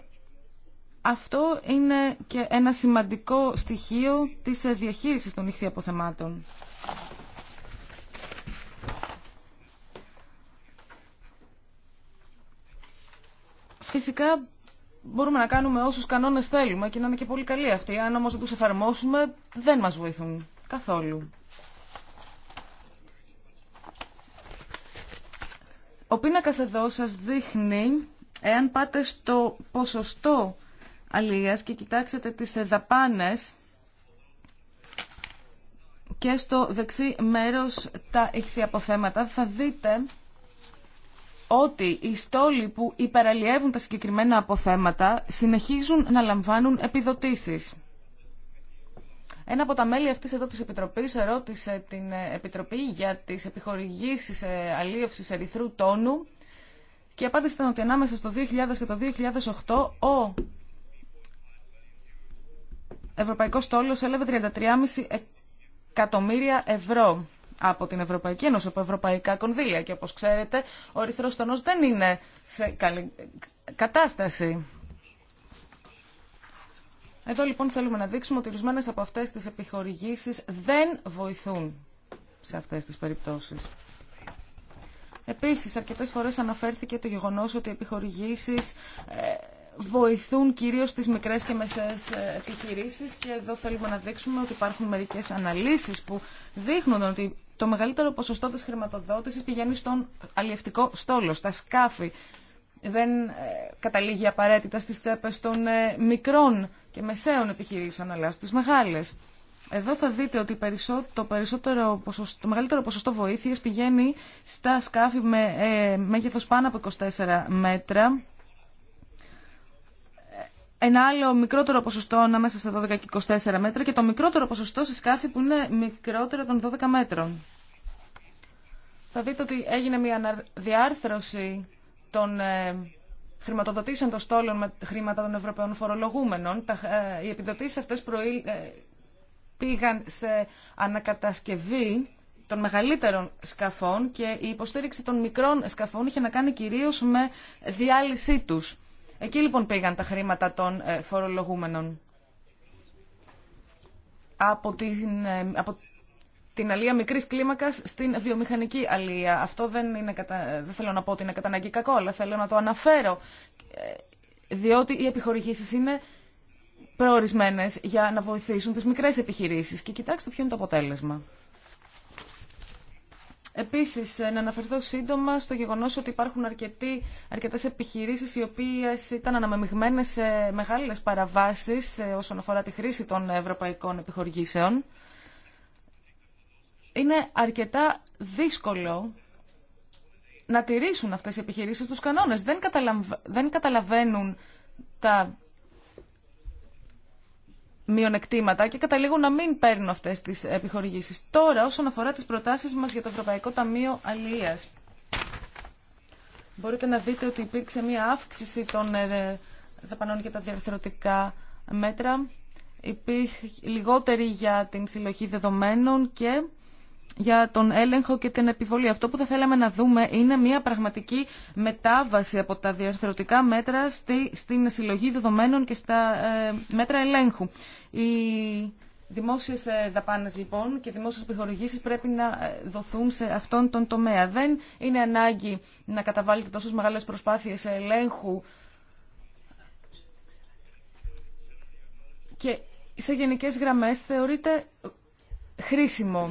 αυτό είναι και ένα σημαντικό στοιχείο της διαχείρισης των νυχθείων αποθεμάτων. Φυσικά μπορούμε να κάνουμε όσους κανόνες θέλουμε και να είναι και πολύ καλοί αυτοί. Αν όμως δεν τους εφαρμόσουμε δεν μας βοηθούν καθόλου. Ο πίνακας εδώ σας δείχνει, εάν πάτε στο ποσοστό αλίας και κοιτάξετε τις δαπάνες και στο δεξί μέρος τα αποθέματα, θα δείτε ότι οι στόλοι που υπεραλλιεύουν τα συγκεκριμένα αποθέματα συνεχίζουν να λαμβάνουν επιδοτήσεις. Ένα από τα μέλη αυτή εδώ τη Επιτροπής ερώτησε την ε, Επιτροπή για τις επιχορηγήσεις ε, αλίευσης ερυθρού τόνου και απάντησαν ότι ανάμεσα στο 2000 και το 2008 ο ευρωπαϊκό Τόλος έλαβε 33,5 εκατομμύρια ευρώ από την Ευρωπαϊκή Ένωση, από ευρωπαϊκά κονδύλια. Και όπως ξέρετε, ο ερυθρό τόνο δεν είναι σε καλή κατάσταση. Εδώ λοιπόν θέλουμε να δείξουμε ότι ορισμένε από αυτές τις επιχορηγήσεις δεν βοηθούν σε αυτές τις περιπτώσεις. Επίσης, αρκετές φορές αναφέρθηκε το γεγονός ότι οι επιχορηγήσεις ε, βοηθούν κυρίως τις μικρές και μεσαίες ε, επιχειρήσεις και εδώ θέλουμε να δείξουμε ότι υπάρχουν μερικές αναλύσεις που δείχνουν ότι το μεγαλύτερο ποσοστό της χρηματοδότησης πηγαίνει στον αλλιευτικό στόλο, στα σκάφη δεν ε, καταλήγει απαραίτητα στις τσέπες των ε, μικρών και μεσαίων επιχειρήσεων, αλλά στις μεγάλες. Εδώ θα δείτε ότι το, περισσότερο το μεγαλύτερο ποσοστό βοήθειας πηγαίνει στα σκάφη με ε, μέγεθος πάνω από 24 μέτρα. Ένα άλλο μικρότερο ποσοστό ανάμεσα στα 12 και 24 μέτρα και το μικρότερο ποσοστό σε σκάφη που είναι μικρότερο των 12 μέτρων. Θα δείτε ότι έγινε μια διάρθρωση των ε, χρηματοδοτήσεων των στόλων με χρήματα των Ευρωπαίων φορολογούμενων. Τα, ε, οι επιδοτήσεις αυτές ε, πήγαν σε ανακατασκευή των μεγαλύτερων σκαφών και η υποστήριξη των μικρών σκαφών είχε να κάνει κυρίως με διάλυσή τους. Εκεί λοιπόν πήγαν τα χρήματα των φορολογούμενων. Από, την, από την αλία μικρή κλίμακα στην βιομηχανική αλία. Αυτό δεν, είναι κατα... δεν θέλω να πω ότι είναι κατά αναγκή κακό, αλλά θέλω να το αναφέρω, ε, διότι οι επιχορηγήσει είναι προορισμένε για να βοηθήσουν τι μικρέ επιχειρήσει Και κοιτάξτε ποιο είναι το αποτέλεσμα. Επίση, ε, να αναφερθώ σύντομα στο γεγονό ότι υπάρχουν αρκετέ επιχειρήσει, οι οποίε ήταν αναμεμειγμένε σε μεγάλες παραβάσει ε, όσον αφορά τη χρήση των ευρωπαϊκών επιχορηγήσεων είναι αρκετά δύσκολο να τηρήσουν αυτές οι επιχειρήσεις τους κανόνες. Δεν, δεν καταλαβαίνουν τα μειονεκτήματα και καταλήγουν να μην παίρνουν αυτές τις επιχορηγήσεις. Τώρα, όσον αφορά τις προτάσεις μας για το Ευρωπαϊκό Ταμείο Αλληλείας, μπορείτε να δείτε ότι υπήρξε μία αύξηση των ε, δαπανών για τα διαρθρωτικά μέτρα, υπήρχε λιγότερη για την συλλογή δεδομένων και για τον έλεγχο και την επιβολή. Αυτό που θα θέλαμε να δούμε είναι μια πραγματική μετάβαση από τα διαρθρωτικά μέτρα στη, στην συλλογή δεδομένων και στα ε, μέτρα ελέγχου. Οι δημόσιες ε, δαπάνες λοιπόν και δημόσιες επιχορηγήσεις πρέπει να ε, δοθούν σε αυτόν τον τομέα. Δεν είναι ανάγκη να καταβάλλετε τόσες μεγάλες προσπάθειες ελέγχου και σε γενικές γραμμές θεωρείται χρήσιμο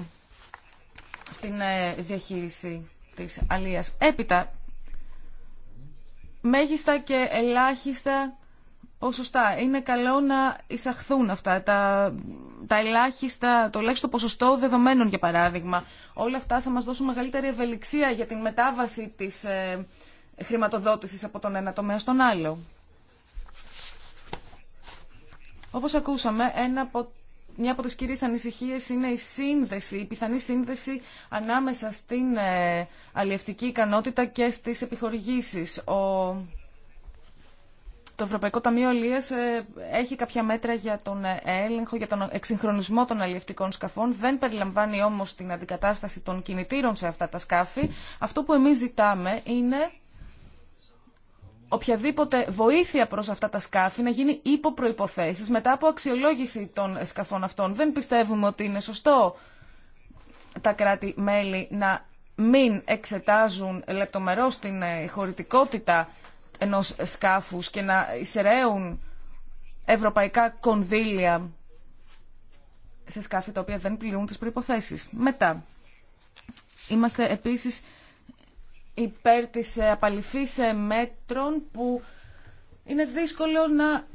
την ε, διαχείριση της αλίας. Έπειτα, μέγιστα και ελάχιστα ποσοστά. Είναι καλό να εισαχθούν αυτά τα, τα ελάχιστα, το ελάχιστο ποσοστό δεδομένων για παράδειγμα. Όλα αυτά θα μας δώσουν μεγαλύτερη ευελιξία για την μετάβαση της ε, χρηματοδότησης από τον ένα τομέα στον άλλο. Όπως ακούσαμε, ένα από μια από τις κυρίες ανησυχίες είναι η σύνδεση, η πιθανή σύνδεση ανάμεσα στην ε, αλλιευτική ικανότητα και στις επιχορηγήσεις. Ο... Το Ευρωπαϊκό Ταμείο Αλίας ε, έχει κάποια μέτρα για τον ε, έλεγχο, για τον εξυγχρονισμό των αλλιευτικών σκαφών. Δεν περιλαμβάνει όμως την αντικατάσταση των κινητήρων σε αυτά τα σκάφη. Αυτό που εμείς ζητάμε είναι οποιαδήποτε βοήθεια προς αυτά τα σκάφη να γίνει υπό προϋποθέσεις μετά από αξιολόγηση των σκαφών αυτών. Δεν πιστεύουμε ότι είναι σωστό τα κράτη-μέλη να μην εξετάζουν λεπτομερώς την ε, χωρητικότητα ενός σκάφους και να εισραίουν ευρωπαϊκά κονδύλια σε σκάφη τα οποία δεν πληρούν τις προϋποθέσεις. Μετά, είμαστε επίσης υπέρ της ε, απαλυφής ε, μέτρων που είναι δύσκολο να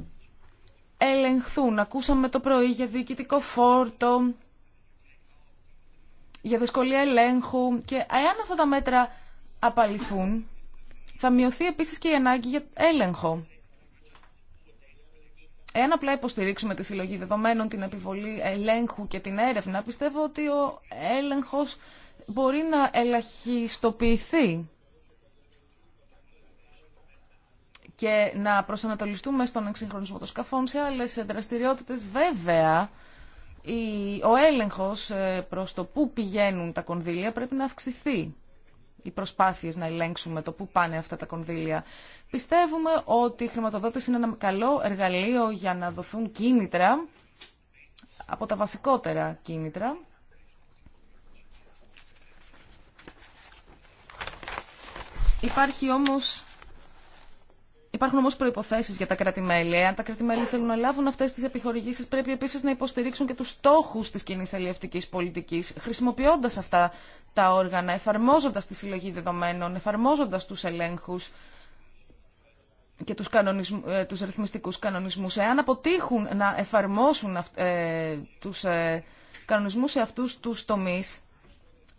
ελεγχθούν. Ακούσαμε το πρωί για διοικητικό φόρτο, για δυσκολία ελέγχου και εάν αυτά τα μέτρα απαλληφθούν, θα μειωθεί επίσης και η ανάγκη για έλεγχο. Εάν απλά υποστηρίξουμε τη συλλογή δεδομένων, την επιβολή ελέγχου και την έρευνα, πιστεύω ότι ο έλεγχος μπορεί να ελαχιστοποιηθεί και να προσανατολιστούμε στον εξυγχρονισμό των σκαφών σε άλλες δραστηριότητες. Βέβαια, ο έλεγχος ε, προς το πού πηγαίνουν τα κονδύλια πρέπει να αυξηθεί. Οι προσπάθειες να ελέγξουμε το πού πάνε αυτά τα κονδύλια. Πιστεύουμε ότι η χρηματοδότηση είναι ένα καλό εργαλείο για να δοθούν κίνητρα, από τα βασικότερα κίνητρα, Υπάρχει όμως... Υπάρχουν όμω προποθέσει για τα κράτη-μέλη. Αν τα κράτη-μέλη θέλουν να λάβουν αυτέ τι επιχορηγήσει, πρέπει επίση να υποστηρίξουν και του στόχου τη κοινή αλληλευτική πολιτική, χρησιμοποιώντα αυτά τα όργανα, εφαρμόζοντα τη συλλογή δεδομένων, εφαρμόζοντα του ελέγχου και τους, κανονισμ, ε, τους κανονισμούς. Εάν αποτύχουν να εφαρμόσουν αυ, ε, τους ε, κανονισμούς σε αυτούς τους τομείς,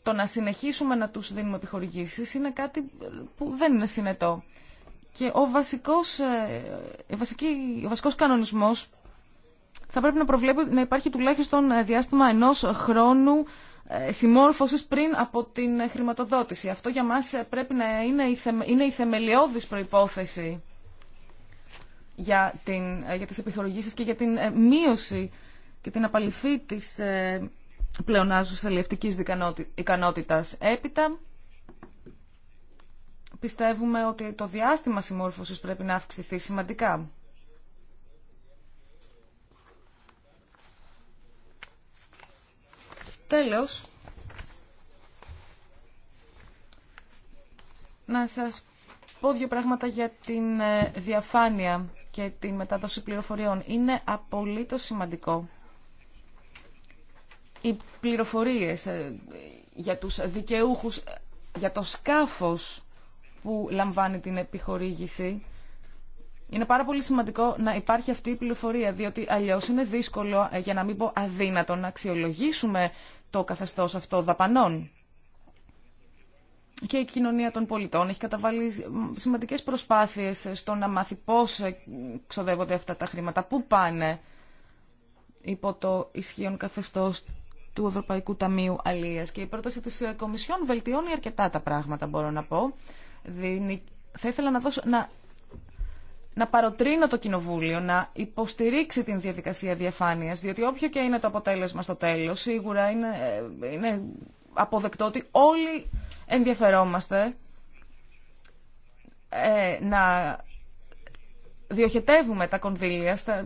το να συνεχίσουμε να τους δίνουμε επιχορηγήσεις είναι κάτι που δεν είναι συνετό. Και ο βασικός, ο ε, βασική, ο βασικός κανονισμός θα πρέπει να προβλέπει να υπάρχει τουλάχιστον ε, διάστημα ενός χρόνου ε, συμμόρφωσης πριν από την χρηματοδότηση. Αυτό για μας πρέπει να είναι η, είναι η θεμελιώδης προϋπόθεση για, την, για τις επιχορηγήσεις και για την μείωση και την απαλυφή της πλεονάζουσας αλληλευτικής ικανότητας. Έπειτα, πιστεύουμε ότι το διάστημα συμμόρφωσης πρέπει να αυξηθεί σημαντικά. Τέλος, να σας πω δύο πράγματα για την ε, διαφάνεια και τη μετάδοση πληροφοριών. Είναι απολύτως σημαντικό οι πληροφορίες ε, για τους δικαιούχους, για το σκάφος που λαμβάνει την επιχορήγηση. Είναι πάρα πολύ σημαντικό να υπάρχει αυτή η πληροφορία, διότι αλλιώς είναι δύσκολο, ε, για να μην πω αδύνατο, να αξιολογήσουμε το καθεστώς αυτό δαπανών. Και η κοινωνία των πολιτών έχει καταβάλει σημαντικές προσπάθειες ε, στο να μάθει πώς ξοδεύονται αυτά τα χρήματα, πού πάνε υπό το ισχύον καθεστώς του Ευρωπαϊκού Ταμείου Αλίας. Και η πρόταση τη ε, Κομισιόν βελτιώνει αρκετά τα πράγματα, μπορώ να πω. Δίνει... Θα ήθελα να, δώσω, να... να παροτρύνω το Κοινοβούλιο να υποστηρίξει την διαδικασία διαφάνειας, διότι όποιο και είναι το αποτέλεσμα στο τέλος, σίγουρα είναι, ε, είναι αποδεκτό ότι όλοι ενδιαφερόμαστε ε, να διοχετεύουμε τα κονδύλια στα,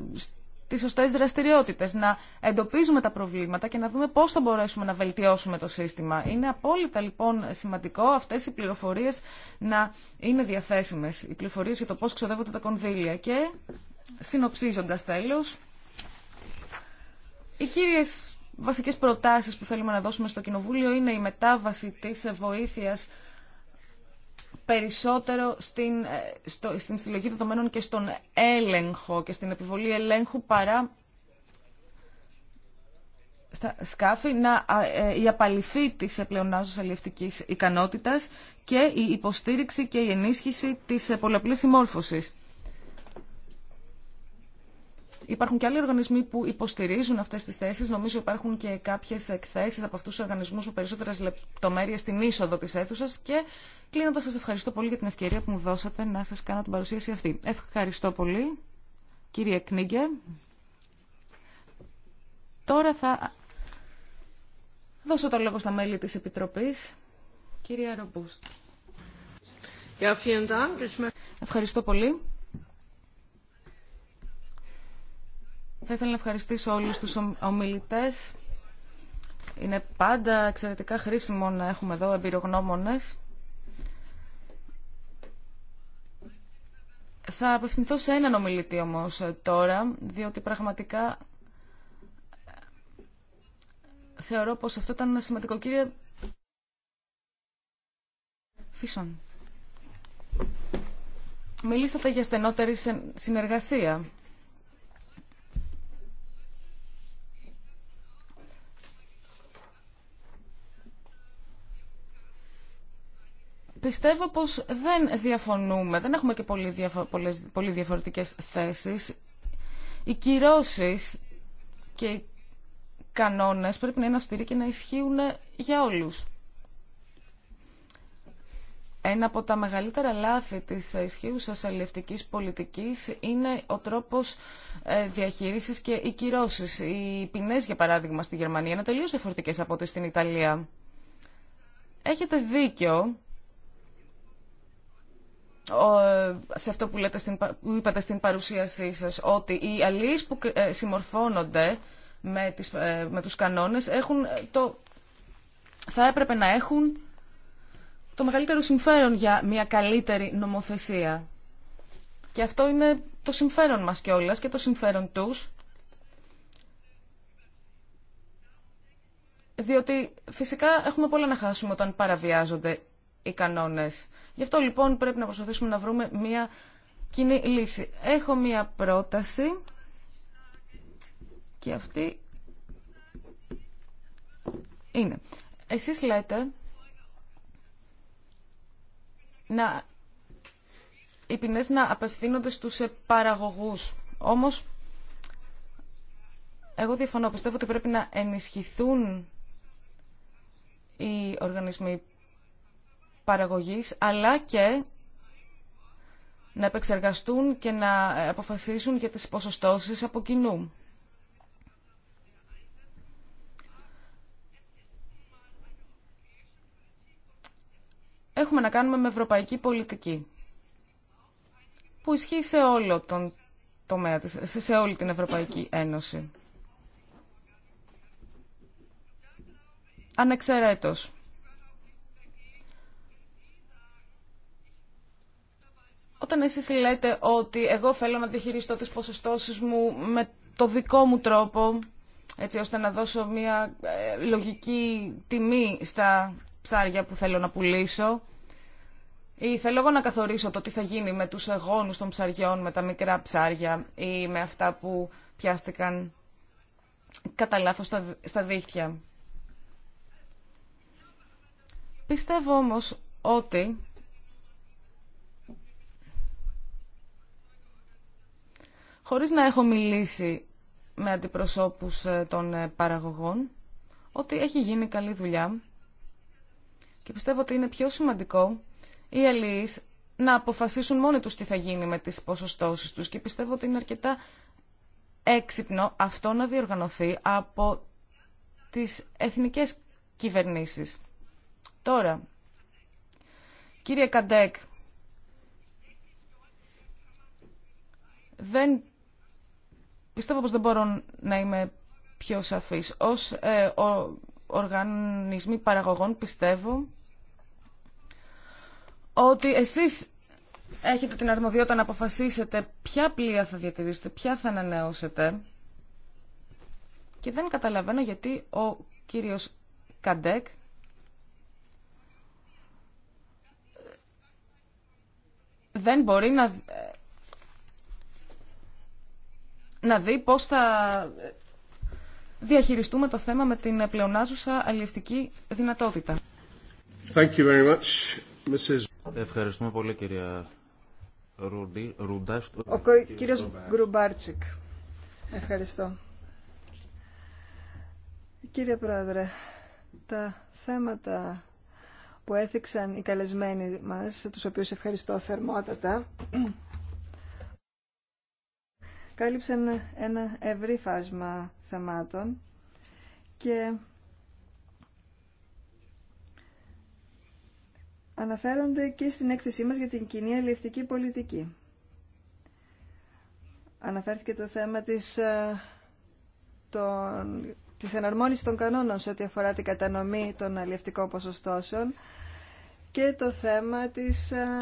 τι σωστέ δραστηριότητε, να εντοπίζουμε τα προβλήματα και να δούμε πώς θα μπορέσουμε να βελτιώσουμε το σύστημα. Είναι απόλυτα λοιπόν σημαντικό αυτές οι πληροφορίες να είναι διαθέσιμες, οι πληροφορίες για το πώς ξοδεύονται τα κονδύλια. Και συνοψίζοντας τέλο. οι κύριες βασικές προτάσεις που θέλουμε να δώσουμε στο Κοινοβούλιο είναι η μετάβαση τη βοήθεια περισσότερο στην, ε, στο, στην συλλογή δεδομένων και στον έλεγχο και στην επιβολή ελέγχου παρά στα σκάφη να, ε, η απαλυφή της πλεονάζωσης αλληλευτικής ικανότητας και η υποστήριξη και η ενίσχυση της ε, πολλαπλής συμμόρφωσης. Υπάρχουν και άλλοι οργανισμοί που υποστηρίζουν αυτέ τι θέσει. Νομίζω υπάρχουν και κάποιε εκθέσει από αυτού του οργανισμού με περισσότερε λεπτομέρειε στην είσοδο τη αίθουσα. Και κλείνοντα, σα ευχαριστώ πολύ για την ευκαιρία που μου δώσατε να σα κάνω την παρουσίαση αυτή. Ευχαριστώ πολύ, κύριε Κνίγκε. Τώρα θα δώσω το λόγο στα μέλη της Επιτροπής. Κυρία Ρομπούστ. Ευχαριστώ πολύ. Θα ήθελα να ευχαριστήσω όλους τους ομιλητές. Είναι πάντα εξαιρετικά χρήσιμο να έχουμε εδώ εμπειρογνώμονες. Θα απευθυνθώ σε έναν ομιλητή όμως τώρα, διότι πραγματικά ε, θεωρώ πως αυτό ήταν ένα σημαντικό. Κύριε Φίσον, μιλήσατε για στενότερη συνεργασία. Πιστεύω πως δεν διαφωνούμε, δεν έχουμε και πολύ, διαφορετικές θέσεις. Οι κυρώσεις και οι κανόνες πρέπει να είναι αυστηροί και να ισχύουν για όλους. Ένα από τα μεγαλύτερα λάθη της ισχύουσας αλληλευτικής πολιτικής είναι ο τρόπος ε, διαχείρισης και οι κυρώσεις. Οι ποινές, για παράδειγμα, στη Γερμανία είναι τελείως διαφορετικές από ό,τι στην Ιταλία. Έχετε δίκιο σε αυτό που, λέτε στην, είπατε στην παρουσίασή σας, ότι οι αλληλείς που ε, συμμορφώνονται με, τις, ε, με τους κανόνες έχουν ε, το, θα έπρεπε να έχουν το μεγαλύτερο συμφέρον για μια καλύτερη νομοθεσία. Και αυτό είναι το συμφέρον μας κιόλας και το συμφέρον τους. Διότι φυσικά έχουμε πολλά να χάσουμε όταν παραβιάζονται οι κανόνες. Γι' αυτό λοιπόν πρέπει να προσπαθήσουμε να βρούμε μια κοινή λύση. Έχω μια πρόταση και αυτή είναι. Εσείς λέτε να οι ποινές να απευθύνονται στους παραγωγούς. Όμως, εγώ διαφωνώ. Πιστεύω ότι πρέπει να ενισχυθούν οι οργανισμοί παραγωγής, αλλά και να επεξεργαστούν και να αποφασίσουν για τις ποσοστώσεις από κοινού. Έχουμε να κάνουμε με ευρωπαϊκή πολιτική, που ισχύει σε όλο τον τομέα της, σε όλη την Ευρωπαϊκή Ένωση. Ανεξαιρέτως. Όταν εσείς λέτε ότι εγώ θέλω να διαχειριστώ τις ποσοστώσεις μου με το δικό μου τρόπο, έτσι ώστε να δώσω μια ε, λογική τιμή στα ψάρια που θέλω να πουλήσω, ή θέλω εγώ να καθορίσω το τι θα γίνει με τους εγώνους των ψαριών, με τα μικρά ψάρια ή με αυτά που πιάστηκαν κατά λάθο στα, στα δίχτυα. Πιστεύω όμως ότι χωρίς να έχω μιλήσει με αντιπροσώπους ε, των ε, παραγωγών, ότι έχει γίνει καλή δουλειά και πιστεύω ότι είναι πιο σημαντικό οι αλληλείς να αποφασίσουν μόνοι τους τι θα γίνει με τις ποσοστώσεις τους και πιστεύω ότι είναι αρκετά έξυπνο αυτό να διοργανωθεί από τις εθνικές κυβερνήσεις. Τώρα, κύριε Καντέκ, δεν Πιστεύω πως δεν μπορώ να είμαι πιο σαφής. Ως ε, ο, οργανισμοί παραγωγών πιστεύω ότι εσείς έχετε την αρμοδιότητα να αποφασίσετε ποια πλοία θα διατηρήσετε, ποια θα ανανεώσετε και δεν καταλαβαίνω γιατί ο κύριος Καντέκ δεν μπορεί να να δει πώς θα διαχειριστούμε το θέμα με την πλεονάζουσα αλληλευτική δυνατότητα. Thank you very much, Mrs. Ευχαριστούμε πολύ κυρία Ρούντι, Ο κύριος Γκρουμπάρτσικ. Ευχαριστώ. Κύριε Πρόεδρε, τα θέματα που έθιξαν οι καλεσμένοι μας, τους οποίους ευχαριστώ θερμότατα, κάλυψαν ένα ευρύ φάσμα θεμάτων και αναφέρονται και στην έκθεσή μας για την κοινή αλληλευτική πολιτική. Αναφέρθηκε το θέμα της, ε, των, της εναρμόνισης των κανόνων σε ό,τι αφορά την κατανομή των αλληλευτικών ποσοστώσεων και το θέμα της ε,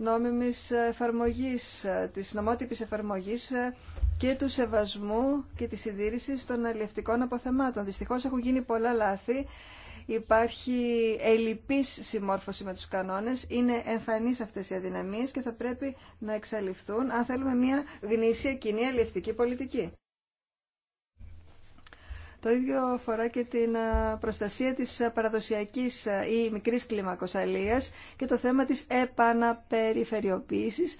νόμιμης εφαρμογής, ε, της νομότυπης εφαρμογής ε, και του σεβασμού και της συντήρησης των αλληλευτικών αποθεμάτων. Δυστυχώς έχουν γίνει πολλά λάθη. Υπάρχει ελλειπής συμμόρφωση με τους κανόνες, είναι εμφανής αυτές οι αδυναμίες και θα πρέπει να εξαλειφθούν αν θέλουμε μια γνήσια κοινή αλληλευτική πολιτική. Το ίδιο αφορά και την προστασία της παραδοσιακής ή μικρής κλίμακος αλίας και το θέμα της επαναπεριφερειοποίησης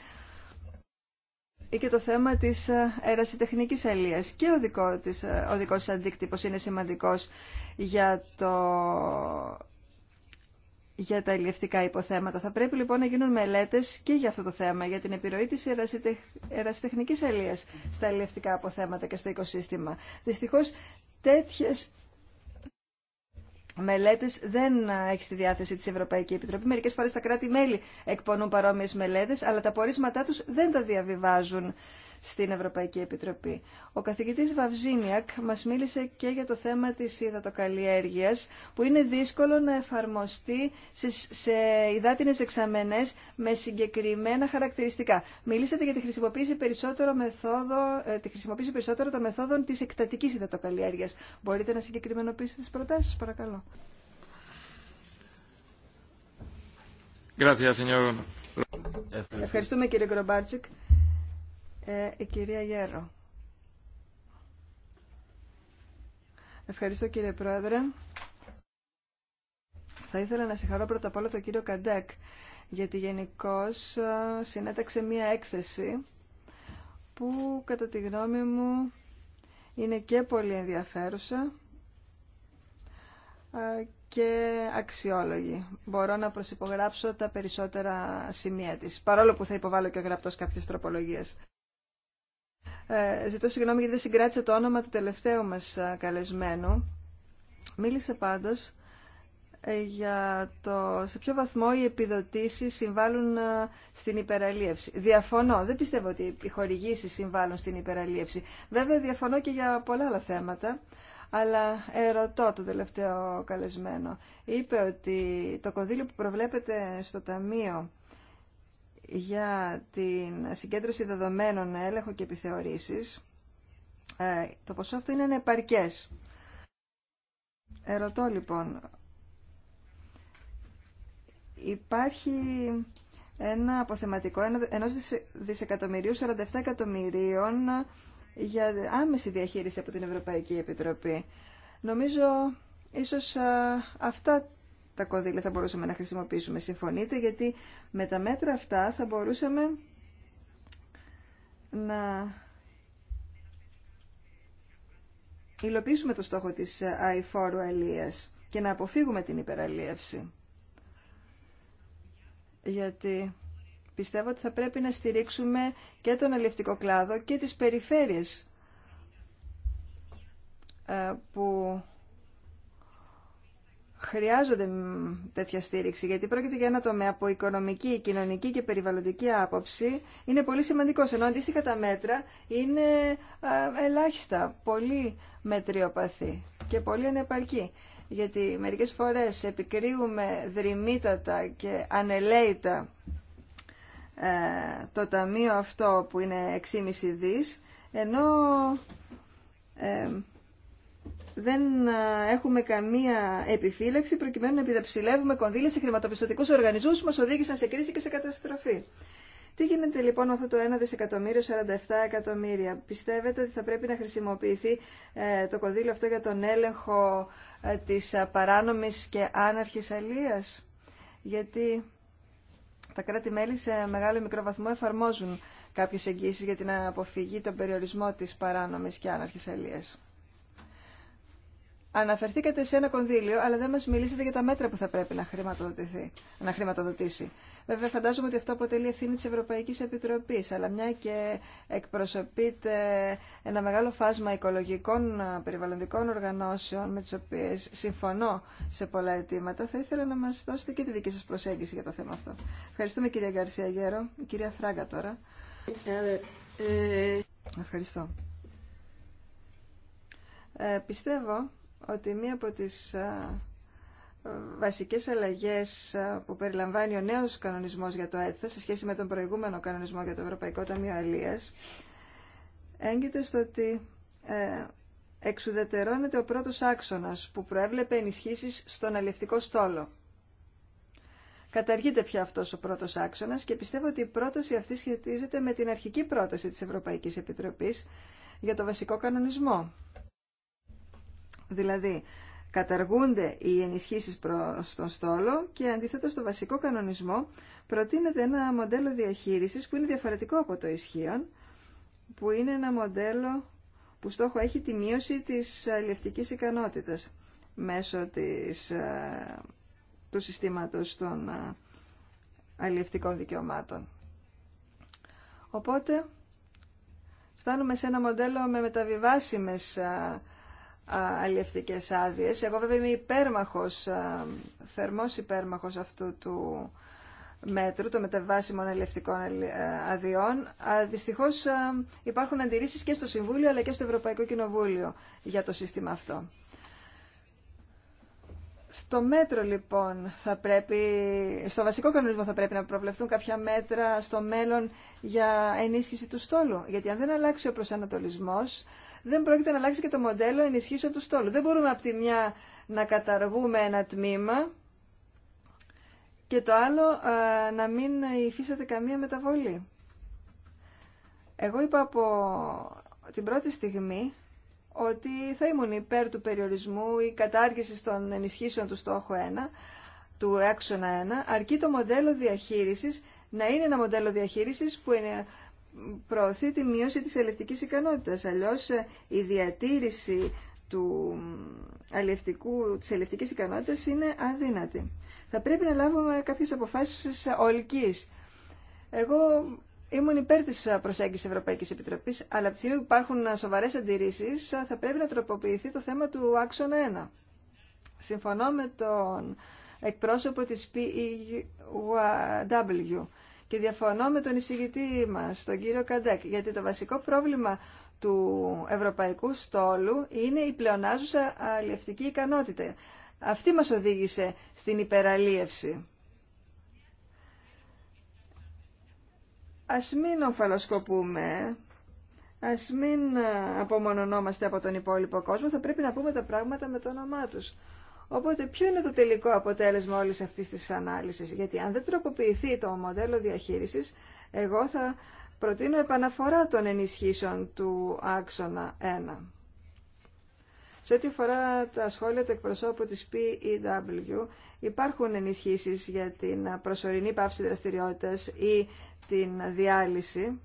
και το θέμα της αερασιτεχνικής αλίας και ο, δικό της, ο δικός αντίκτυπος είναι σημαντικός για, το, για τα ελληνευτικά υποθέματα. Θα πρέπει λοιπόν να γίνουν μελέτες και για αυτό το θέμα, για την επιρροή της αερασιτεχνικής αλίας στα ελληνευτικά αποθέματα και στο οικοσύστημα. Δυστυχώς τέτοιες μελέτες δεν έχει στη διάθεση της Ευρωπαϊκή Επιτροπή. Μερικές φορές τα κράτη-μέλη εκπονούν παρόμοιες μελέτες, αλλά τα πορίσματά τους δεν τα διαβιβάζουν στην Ευρωπαϊκή Επιτροπή. Ο καθηγητής Βαυζίνιακ μας μίλησε και για το θέμα της υδατοκαλλιέργειας που είναι δύσκολο να εφαρμοστεί σε, σε υδάτινες εξαμενές με συγκεκριμένα χαρακτηριστικά. Μιλήσατε για τη χρησιμοποίηση περισσότερο, μεθόδο, ε, τη χρησιμοποίηση περισσότερο των μεθόδων της εκτατικής υδατοκαλλιέργειας. Μπορείτε να συγκεκριμενοποιήσετε τις προτάσεις, παρακαλώ. Ευχαριστούμε κύριε Γκρομπάρτσικ. Ε, η κυρία Γέρο. Ευχαριστώ κύριε Πρόεδρε. Θα ήθελα να συγχαρώ πρώτα απ' όλα τον κύριο Καντέκ, γιατί γενικώ ε, συνέταξε μία έκθεση που κατά τη γνώμη μου είναι και πολύ ενδιαφέρουσα ε, και αξιόλογη. Μπορώ να προσυπογράψω τα περισσότερα σημεία της, παρόλο που θα υποβάλω και γραπτός κάποιες τροπολογίες. Ε, ζητώ συγγνώμη γιατί δεν συγκράτησα το όνομα του τελευταίου μας ε, καλεσμένου. Μίλησε πάντως ε, για το σε ποιο βαθμό οι επιδοτήσεις συμβάλλουν στην υπεραλίευση. Διαφωνώ. Δεν πιστεύω ότι οι χορηγήσεις συμβάλλουν στην υπεραλίευση. Βέβαια διαφωνώ και για πολλά άλλα θέματα. Αλλά ερωτώ το τελευταίο καλεσμένο. Είπε ότι το κονδύλιο που προβλέπεται στο Ταμείο για την συγκέντρωση δεδομένων έλεγχο και επιθεωρήσεις, ε, το ποσό αυτό είναι επαρκές. Ερωτώ λοιπόν, υπάρχει ένα αποθεματικό ενός δισεκατομμυρίου 47 εκατομμυρίων για άμεση διαχείριση από την Ευρωπαϊκή Επιτροπή. Νομίζω ίσως ε, αυτά τα κονδύλια θα μπορούσαμε να χρησιμοποιήσουμε. Συμφωνείτε, γιατί με τα μέτρα αυτά θα μπορούσαμε να υλοποιήσουμε το στόχο της ε, αηφόρου αλίας και να αποφύγουμε την υπεραλίευση. Γιατί πιστεύω ότι θα πρέπει να στηρίξουμε και τον αλληλευτικό κλάδο και τις περιφέρειες ε, που χρειάζονται τέτοια στήριξη, γιατί πρόκειται για ένα τομέα που οικονομική, κοινωνική και περιβαλλοντική άποψη είναι πολύ σημαντικό, ενώ αντίστοιχα τα μέτρα είναι ελάχιστα, πολύ μετριοπαθή και πολύ ανεπαρκή. Γιατί μερικές φορές επικρίνουμε δρυμύτατα και ανελαίητα ε, το ταμείο αυτό που είναι 6,5 δις, ενώ ε, δεν ε, έχουμε καμία επιφύλαξη προκειμένου να επιδεψιλεύουμε κονδύλια σε χρηματοπιστωτικού οργανισμού που μα οδήγησαν σε κρίση και σε καταστροφή. Τι γίνεται λοιπόν με αυτό το 1 δισεκατομμύριο 47 εκατομμύρια. Πιστεύετε ότι θα πρέπει να χρησιμοποιηθεί ε, το κονδύλιο αυτό για τον έλεγχο ε, της παράνομης και άναρχης αλίας. Γιατί τα κράτη-μέλη σε μεγάλο ή μικρό βαθμό εφαρμόζουν κάποιες εγγύσεις για την αποφυγή, τον περιορισμό της παράνομης και άναρχης αλίας. Αναφερθήκατε σε ένα κονδύλιο, αλλά δεν μα μιλήσατε για τα μέτρα που θα πρέπει να, χρηματοδοτηθεί, να χρηματοδοτήσει. Βέβαια, φαντάζομαι ότι αυτό αποτελεί ευθύνη τη Ευρωπαϊκή Επιτροπή, αλλά μια και εκπροσωπείται ένα μεγάλο φάσμα οικολογικών περιβαλλοντικών οργανώσεων, με τι οποίε συμφωνώ σε πολλά αιτήματα, θα ήθελα να μα δώσετε και τη δική σα προσέγγιση για το θέμα αυτό. Ευχαριστούμε κυρία Γκαρσία Γέρο, κυρία Φράγκα τώρα. Ε, ε, Ευχαριστώ. Ε, πιστεύω ότι μία από τις βασικές αλλαγές που περιλαμβάνει ο νέος κανονισμός για το ΕΤΘΑ σε σχέση με τον προηγούμενο κανονισμό για το Ευρωπαϊκό Ταμείο Αλίας έγκυται στο ότι ε, εξουδετερώνεται ο πρώτος άξονας που προέβλεπε ενισχύσεις στον αλληλευτικό στόλο. Καταργείται πια αυτός ο πρώτος άξονας και πιστεύω ότι η πρόταση αυτή σχετίζεται με την αρχική πρόταση της Ευρωπαϊκής Επιτροπής για το βασικό κανονισμό Δηλαδή, καταργούνται οι ενισχύσεις προς τον στόλο και αντίθετα στο βασικό κανονισμό προτείνεται ένα μοντέλο διαχείρισης που είναι διαφορετικό από το ισχύον, που είναι ένα μοντέλο που στόχο έχει τη μείωση της αλληλευτικής ικανότητας μέσω της, ε, του συστήματος των ε, αλληλευτικών δικαιωμάτων. Οπότε, φτάνουμε σε ένα μοντέλο με μεταβιβάσιμες ε, αλληλευτικές άδειες. Εγώ βέβαια είμαι υπέρμαχος, θερμός υπέρμαχος αυτού του μέτρου των μεταβάσιμων αλληλευτικών αδειών. Δυστυχώς υπάρχουν αντιρρήσεις και στο Συμβούλιο αλλά και στο Ευρωπαϊκό Κοινοβούλιο για το σύστημα αυτό. Στο μέτρο λοιπόν θα πρέπει, στο βασικό κανονισμό θα πρέπει να προβλεφθούν κάποια μέτρα στο μέλλον για ενίσχυση του στόλου. Γιατί αν δεν αλλάξει ο προσανατολισμός, δεν πρόκειται να αλλάξει και το μοντέλο ενισχύσεων του στόλου. Δεν μπορούμε από τη μια να καταργούμε ένα τμήμα και το άλλο να μην υφίσταται καμία μεταβολή. Εγώ είπα από την πρώτη στιγμή ότι θα ήμουν υπέρ του περιορισμού ή κατάργησης των ενισχύσεων του στόχου 1, του άξονα 1, αρκεί το μοντέλο διαχείρισης να είναι ένα μοντέλο διαχείρισης που είναι προωθεί τη μείωση της ελευτική ικανότητας. Αλλιώς ε, η διατήρηση του αλληλευτικού, της αλληλευτικής ικανότητας είναι αδύνατη. Θα πρέπει να λάβουμε κάποιες αποφάσεις ε, ολικής. Εγώ ήμουν υπέρ της προσέγγισης Ευρωπαϊκής Επιτροπής, αλλά από τη στιγμή που υπάρχουν σοβαρές αντιρρήσεις ε, θα πρέπει να τροποποιηθεί το θέμα του άξονα 1. Συμφωνώ με τον εκπρόσωπο της PEW και διαφωνώ με τον εισηγητή μας, τον κύριο Καντέκ, γιατί το βασικό πρόβλημα του ευρωπαϊκού στόλου είναι η πλεονάζουσα αλληλευτική ικανότητα. Αυτή μας οδήγησε στην υπεραλίευση. Ας μην ομφαλοσκοπούμε, ας μην απομονωνόμαστε από τον υπόλοιπο κόσμο, θα πρέπει να πούμε τα πράγματα με το όνομά τους. Οπότε ποιο είναι το τελικό αποτέλεσμα όλης αυτής της ανάλυσης. Γιατί αν δεν τροποποιηθεί το μοντέλο διαχείρισης, εγώ θα προτείνω επαναφορά των ενισχύσεων του άξονα 1. Σε ό,τι αφορά τα σχόλια του εκπροσώπου της PEW, υπάρχουν ενισχύσεις για την προσωρινή πάυση δραστηριότητας ή την διάλυση,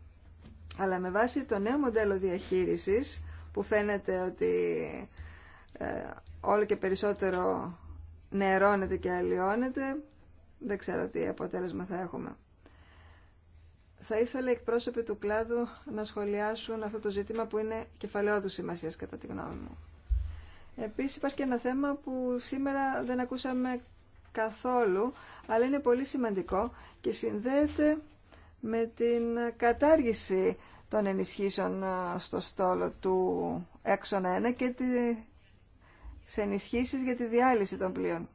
αλλά με βάση το νέο μοντέλο διαχείρισης, που φαίνεται ότι ε, όλο και περισσότερο νερώνεται και αλλοιώνεται, δεν ξέρω τι αποτέλεσμα θα έχουμε. Θα ήθελα οι εκπρόσωποι του κλάδου να σχολιάσουν αυτό το ζήτημα που είναι κεφαλαιόδου σημασία κατά τη γνώμη μου. Επίσης υπάρχει και ένα θέμα που σήμερα δεν ακούσαμε καθόλου, αλλά είναι πολύ σημαντικό και συνδέεται με την κατάργηση των ενισχύσεων ε, στο στόλο του έξονα 1 και σε ενισχύσεις για τη διάλυση των πλοίων.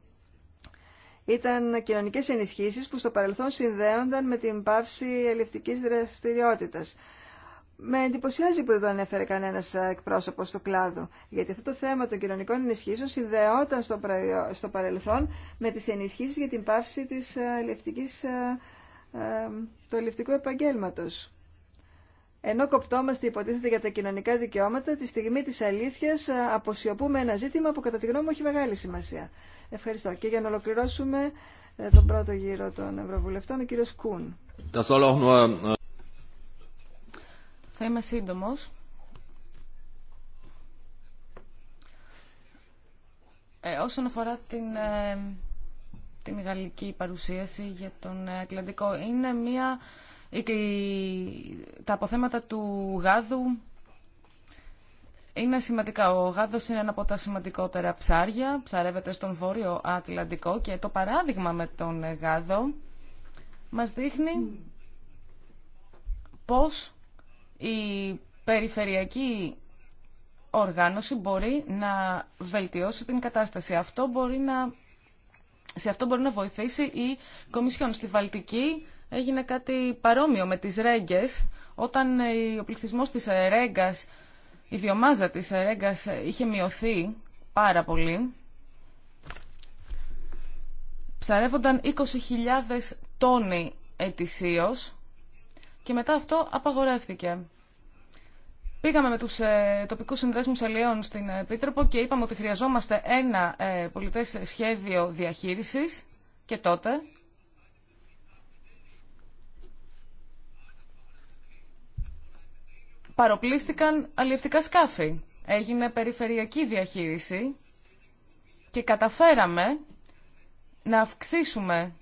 Ήταν κοινωνικές ενισχύσεις που στο παρελθόν συνδέονταν με την πάυση ελευτικής δραστηριότητας. Με εντυπωσιάζει που δεν ανέφερε κανένα εκπρόσωπο του κλάδου, γιατί αυτό το θέμα των κοινωνικών ενισχύσεων συνδεόταν στο, παρελθόν με τις ενισχύσει για την πάυση της ε, ε, ε, του ελευτικού επαγγέλματος. Ενώ κοπτόμαστε υποτίθεται για τα κοινωνικά δικαιώματα, τη στιγμή της αλήθειας ε, αποσιωπούμε ένα ζήτημα που κατά τη γνώμη μου έχει μεγάλη σημασία. Ευχαριστώ. Και για να ολοκληρώσουμε ε, τον πρώτο γύρο των Ευρωβουλευτών, ο κύριος Κούν. Äh, Θα είμαι σύντομος. Ε, όσον αφορά την, ε, την γαλλική παρουσίαση για τον Ατλαντικό, είναι μια τα αποθέματα του γάδου είναι σημαντικά. Ο γάδος είναι ένα από τα σημαντικότερα ψάρια, ψαρεύεται στον Βόρειο Ατλαντικό και το παράδειγμα με τον γάδο μας δείχνει πώς η περιφερειακή οργάνωση μπορεί να βελτιώσει την κατάσταση. Αυτό μπορεί να, σε αυτό μπορεί να βοηθήσει η Κομισιόν στη Βαλτική έγινε κάτι παρόμοιο με τις ρέγγες, όταν ο πληθυσμός της ρέγκας, η βιομάζα της ρέγκας είχε μειωθεί πάρα πολύ. Ψαρεύονταν 20.000 τόνοι ετησίως και μετά αυτό απαγορεύτηκε. Πήγαμε με τους ε, τοπικούς συνδέσμους αλλιών στην Επίτροπο και είπαμε ότι χρειαζόμαστε ένα ε, πολιτές σχέδιο διαχείρισης και τότε παροπλίστηκαν αλλιευτικά σκάφη. Έγινε περιφερειακή διαχείριση και καταφέραμε να αυξήσουμε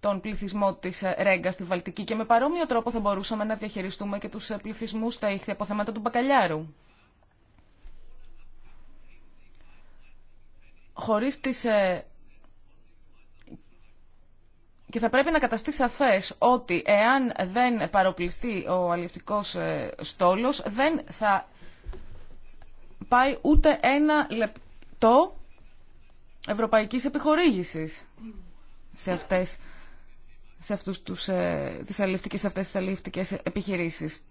τον πληθυσμό τη ε, Ρέγκα στη Βαλτική και με παρόμοιο τρόπο θα μπορούσαμε να διαχειριστούμε και του ε, πληθυσμού στα από θέματα του Μπακαλιάρου. Χωρίς τις ε, και θα πρέπει να καταστεί σαφέ ότι εάν δεν παροπληστεί ο αλληλευτικός ε, στόλος δεν θα πάει ούτε ένα λεπτό ευρωπαϊκής επιχορήγησης σε αυτές σε αυτούς τους, ε, τις αλληλευτικές, αυτές τις επιχειρήσεις.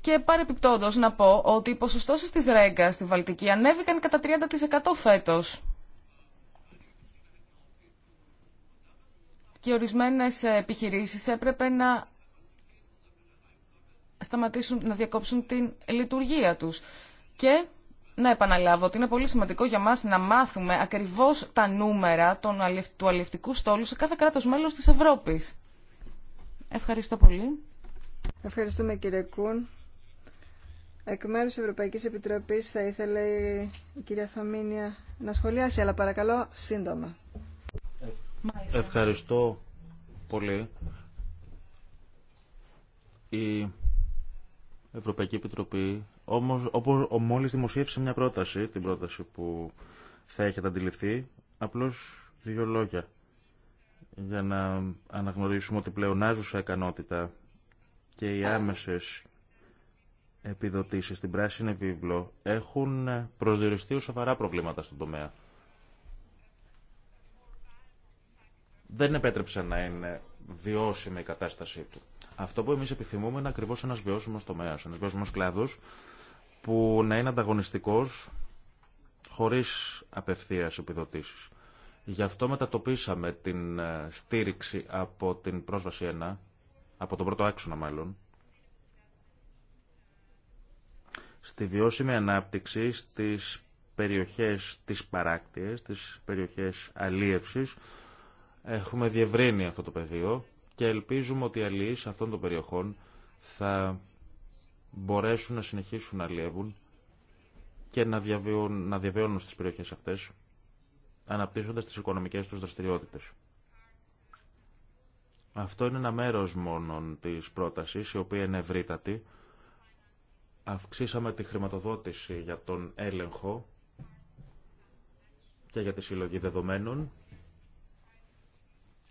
Και παρεπιπτόντως να πω ότι οι ποσοστώσεις της Ρέγκα στη Βαλτική ανέβηκαν κατά 30% φέτος. και ορισμένες επιχειρήσεις έπρεπε να σταματήσουν να διακόψουν την λειτουργία τους. Και να επαναλάβω ότι είναι πολύ σημαντικό για μας να μάθουμε ακριβώς τα νούμερα του αλληλευτικού στόλου σε κάθε κράτος μέλος της Ευρώπης. Ευχαριστώ πολύ. Ευχαριστούμε κύριε Κούν. Εκ μέρου τη Ευρωπαϊκή Επιτροπή θα ήθελε η κυρία Φαμίνια να σχολιάσει, αλλά παρακαλώ σύντομα. Ευχαριστώ πολύ. Η Ευρωπαϊκή Επιτροπή όμως, όπως μόλις δημοσίευσε μια πρόταση, την πρόταση που θα έχετε αντιληφθεί, απλώς δύο λόγια για να αναγνωρίσουμε ότι άζουσα ικανότητα και οι άμεσες επιδοτήσεις στην πράσινη βίβλο έχουν προσδιοριστεί ως σοβαρά προβλήματα στον τομέα. δεν επέτρεψε να είναι βιώσιμη η κατάστασή του. Αυτό που εμεί επιθυμούμε είναι ακριβώ ένα βιώσιμο τομέα, ένα βιώσιμό κλάδος που να είναι ανταγωνιστικό χωρίς απευθεία επιδοτήσει. Γι' αυτό μετατοπίσαμε την ε, στήριξη από την πρόσβαση 1, από τον πρώτο άξονα μάλλον, στη βιώσιμη ανάπτυξη στις περιοχές της παράκτειας, στις περιοχές αλίευσης, Έχουμε διευρύνει αυτό το πεδίο και ελπίζουμε ότι οι αλληλείς αυτών των περιοχών θα μπορέσουν να συνεχίσουν να αλλιεύουν και να διαβιώνουν, να διαβιώνουν στις περιοχές αυτές, αναπτύσσοντας τις οικονομικές τους δραστηριότητες. Αυτό είναι ένα μέρος μόνο της πρότασης, η οποία είναι ευρύτατη. Αυξήσαμε τη χρηματοδότηση για τον έλεγχο και για τη συλλογή δεδομένων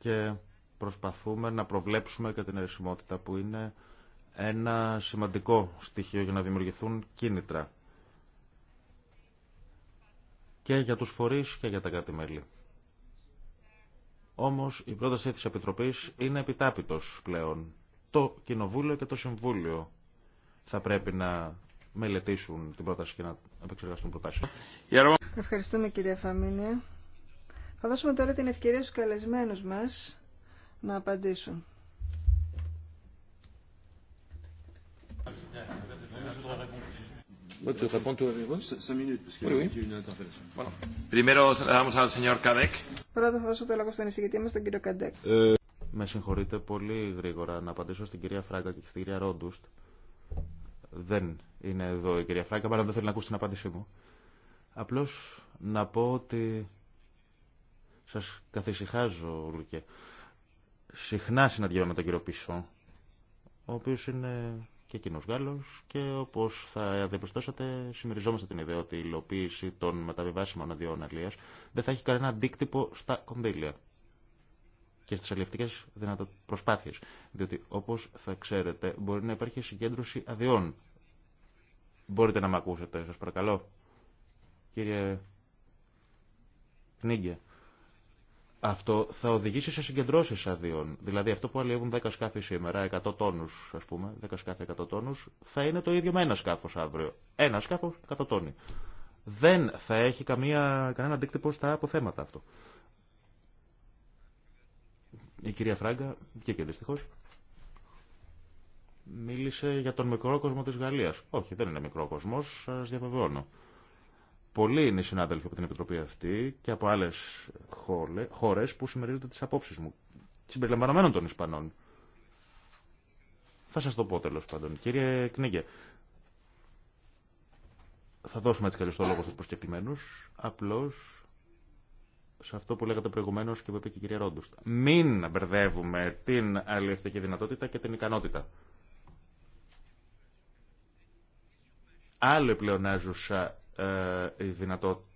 και προσπαθούμε να προβλέψουμε και την αρισιμότητα που είναι ένα σημαντικό στοιχείο για να δημιουργηθούν κίνητρα και για τους φορείς και για τα κράτη-μέλη. Όμως η πρόταση της Επιτροπής είναι επιτάπητος πλέον. Το Κοινοβούλιο και το Συμβούλιο θα πρέπει να μελετήσουν την πρόταση και να επεξεργαστούν προτάσεις. Ευχαριστούμε κύριε Φαμίνια. Θα δώσουμε τώρα την ευκαιρία στους καλεσμένους μας να απαντήσουν. Πρώτα θα δώσω το λόγο στον εισηγητή μας, τον κύριο Καντέκ. Ε, με συγχωρείτε πολύ γρήγορα να απαντήσω στην κυρία Φράγκα και στην κυρία Ρόντουστ. Δεν είναι εδώ η κυρία Φράγκα, παρά δεν θέλει να ακούσει την απάντησή μου. Απλώς να πω ότι Σα καθησυχάζω, Λουκέ. Συχνά συναντιέμαι με τον κύριο Πίσω, ο οποίο είναι και κοινό Γάλλο και όπω θα διαπιστώσατε, συμμεριζόμαστε την ιδέα ότι η υλοποίηση των μεταβιβάσιμων αδειών αλλία δεν θα έχει κανένα αντίκτυπο στα κονδύλια και στι αλληλευτικέ προσπάθειε. Διότι, όπω θα ξέρετε, μπορεί να υπάρχει συγκέντρωση αδειών. Μπορείτε να με ακούσετε, σα παρακαλώ. Κύριε Κνίγκε. Αυτό θα οδηγήσει σε συγκεντρώσει αδειών. Δηλαδή αυτό που αλλιεύουν 10 σκάφη σήμερα, 100 τόνους ας πούμε, 10 σκάφη 100 τόνους, θα είναι το ίδιο με ένα σκάφο αύριο. Ένα σκάφο 100 τόνοι. Δεν θα έχει καμία, κανένα αντίκτυπο στα αποθέματα αυτό. Η κυρία Φράγκα, και δυστυχώ. μίλησε για τον μικρό κόσμο της Γαλλίας. Όχι, δεν είναι μικρό κόσμο, σας διαβεβαιώνω. Πολλοί είναι οι συνάδελφοι από την Επιτροπή αυτή και από άλλε χώρε που συμμερίζονται τι απόψει μου, συμπεριλαμβανομένων των Ισπανών. Θα σα το πω τέλο πάντων. Κύριε Κνίγκε, θα δώσουμε έτσι καλώ το λόγο στου προσκεκλημένου. Απλώ σε αυτό που λέγατε προηγουμένω και που είπε και η κυρία Ρόντουστ. Μην μπερδεύουμε την αλληλευτική δυνατότητα και την ικανότητα. Άλλο πλεονάζουσα ε, η,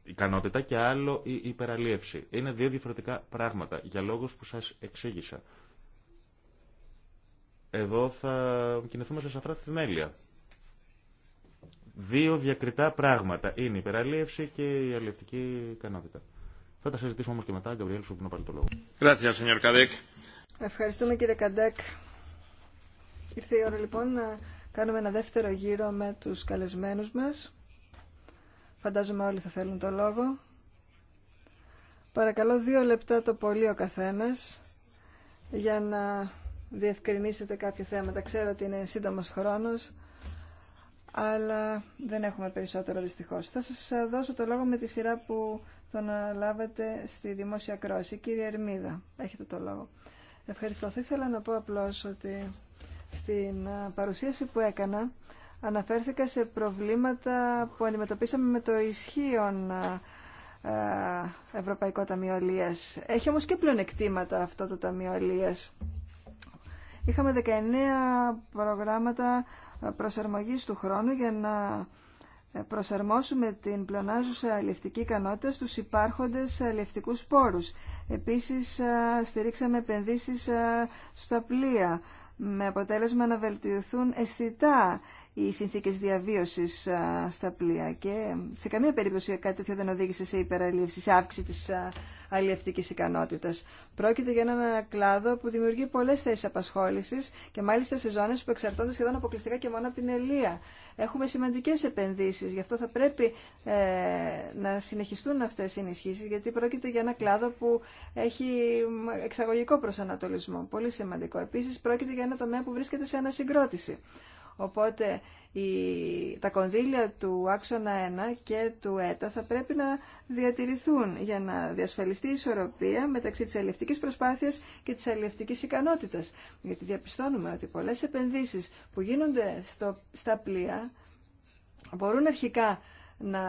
ικανότητα και άλλο η υπεραλίευση. Είναι δύο διαφορετικά πράγματα για λόγους που σας εξήγησα. Εδώ θα κινηθούμε σε σαφρά θεμέλια. Δύο διακριτά πράγματα είναι η υπεραλίευση και η αλληλευτική ικανότητα. Θα τα συζητήσουμε όμως και μετά. Γκαμπριέλ, σου πίνω πάλι το λόγο. Ευχαριστούμε κύριε Καντέκ. Ήρθε η ώρα λοιπόν να κάνουμε ένα δεύτερο γύρο με τους καλεσμένους μας. Φαντάζομαι όλοι θα θέλουν το λόγο. Παρακαλώ δύο λεπτά το πολύ ο καθένας για να διευκρινίσετε κάποια θέματα. Ξέρω ότι είναι σύντομος χρόνος, αλλά δεν έχουμε περισσότερο δυστυχώς. Θα σας δώσω το λόγο με τη σειρά που τον λάβατε στη δημόσια κρόση. Κύριε Ερμίδα, έχετε το λόγο. Ευχαριστώ. Θα ήθελα να πω απλώς ότι στην παρουσίαση που έκανα αναφέρθηκα σε προβλήματα που αντιμετωπίσαμε με το ισχύον ε, Ευρωπαϊκό Ταμείο Αλίας. Έχει όμως και πλεονεκτήματα αυτό το Ταμείο Αλίας. Είχαμε 19 προγράμματα προσαρμογής του χρόνου για να προσαρμόσουμε την πλονάζουσα αλληλευτική ικανότητα στους υπάρχοντες αλληλευτικούς πόρους. Επίσης, ε, στηρίξαμε επενδύσεις ε, στα πλοία, με αποτέλεσμα να βελτιωθούν αισθητά οι συνθήκες διαβίωσης στα πλοία και σε καμία περίπτωση κάτι τέτοιο δεν οδήγησε σε υπεραλίευση, σε αύξηση της αλλιευτικής ικανότητας. Πρόκειται για ένα κλάδο που δημιουργεί πολλές θέσεις απασχόλησης και μάλιστα σε ζώνες που εξαρτώνται σχεδόν αποκλειστικά και μόνο από την Ελία. Έχουμε σημαντικές επενδύσεις, γι' αυτό θα πρέπει ε, να συνεχιστούν αυτές οι ενισχύσεις γιατί πρόκειται για ένα κλάδο που έχει εξαγωγικό προσανατολισμό, πολύ σημαντικό. Επίσης πρόκειται για ένα τομέα που βρίσκεται σε ανασυγκρότηση. Οπότε η, τα κονδύλια του άξονα 1 και του ΕΤΑ θα πρέπει να διατηρηθούν για να διασφαλιστεί η ισορροπία μεταξύ της αλληλευτικής προσπάθειας και της αλληλευτικής ικανότητας. Γιατί διαπιστώνουμε ότι πολλές επενδύσεις που γίνονται στο, στα πλοία μπορούν αρχικά να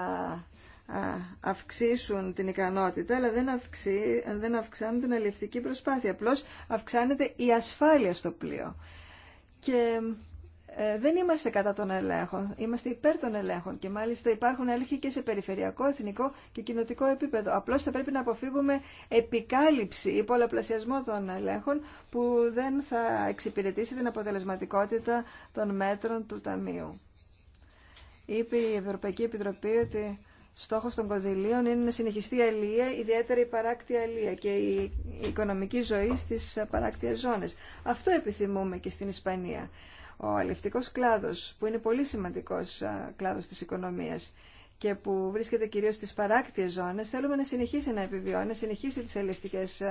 αυξήσουν την ικανότητα, αλλά δεν, αυξή, δεν αυξάνουν την αλληλευτική προσπάθεια. Απλώ αυξάνεται η ασφάλεια στο πλοίο. Και ε, δεν είμαστε κατά των ελέγχων, είμαστε υπέρ των ελέγχων και μάλιστα υπάρχουν έλεγχοι και σε περιφερειακό, εθνικό και κοινοτικό επίπεδο. Απλώς θα πρέπει να αποφύγουμε επικάλυψη ή πολλαπλασιασμό των ελέγχων που δεν θα εξυπηρετήσει την αποτελεσματικότητα των μέτρων του Ταμείου. Είπε η Ευρωπαϊκή Επιτροπή ότι στόχο των κονδυλίων είναι να συνεχιστεί η αλληλεία, ιδιαίτερα η παράκτια αλληλεία και η οικονομική ζωή στι παράκτιες ζώνε. Αυτό επιθυμούμε και στην Ισπανία. Ο αλευτικός κλάδος, που είναι πολύ σημαντικός κλάδος της οικονομίας και που βρίσκεται κυρίως στις παράκτιες ζώνες, θέλουμε να συνεχίσει να επιβιώνει, να συνεχίσει τις ελευτικές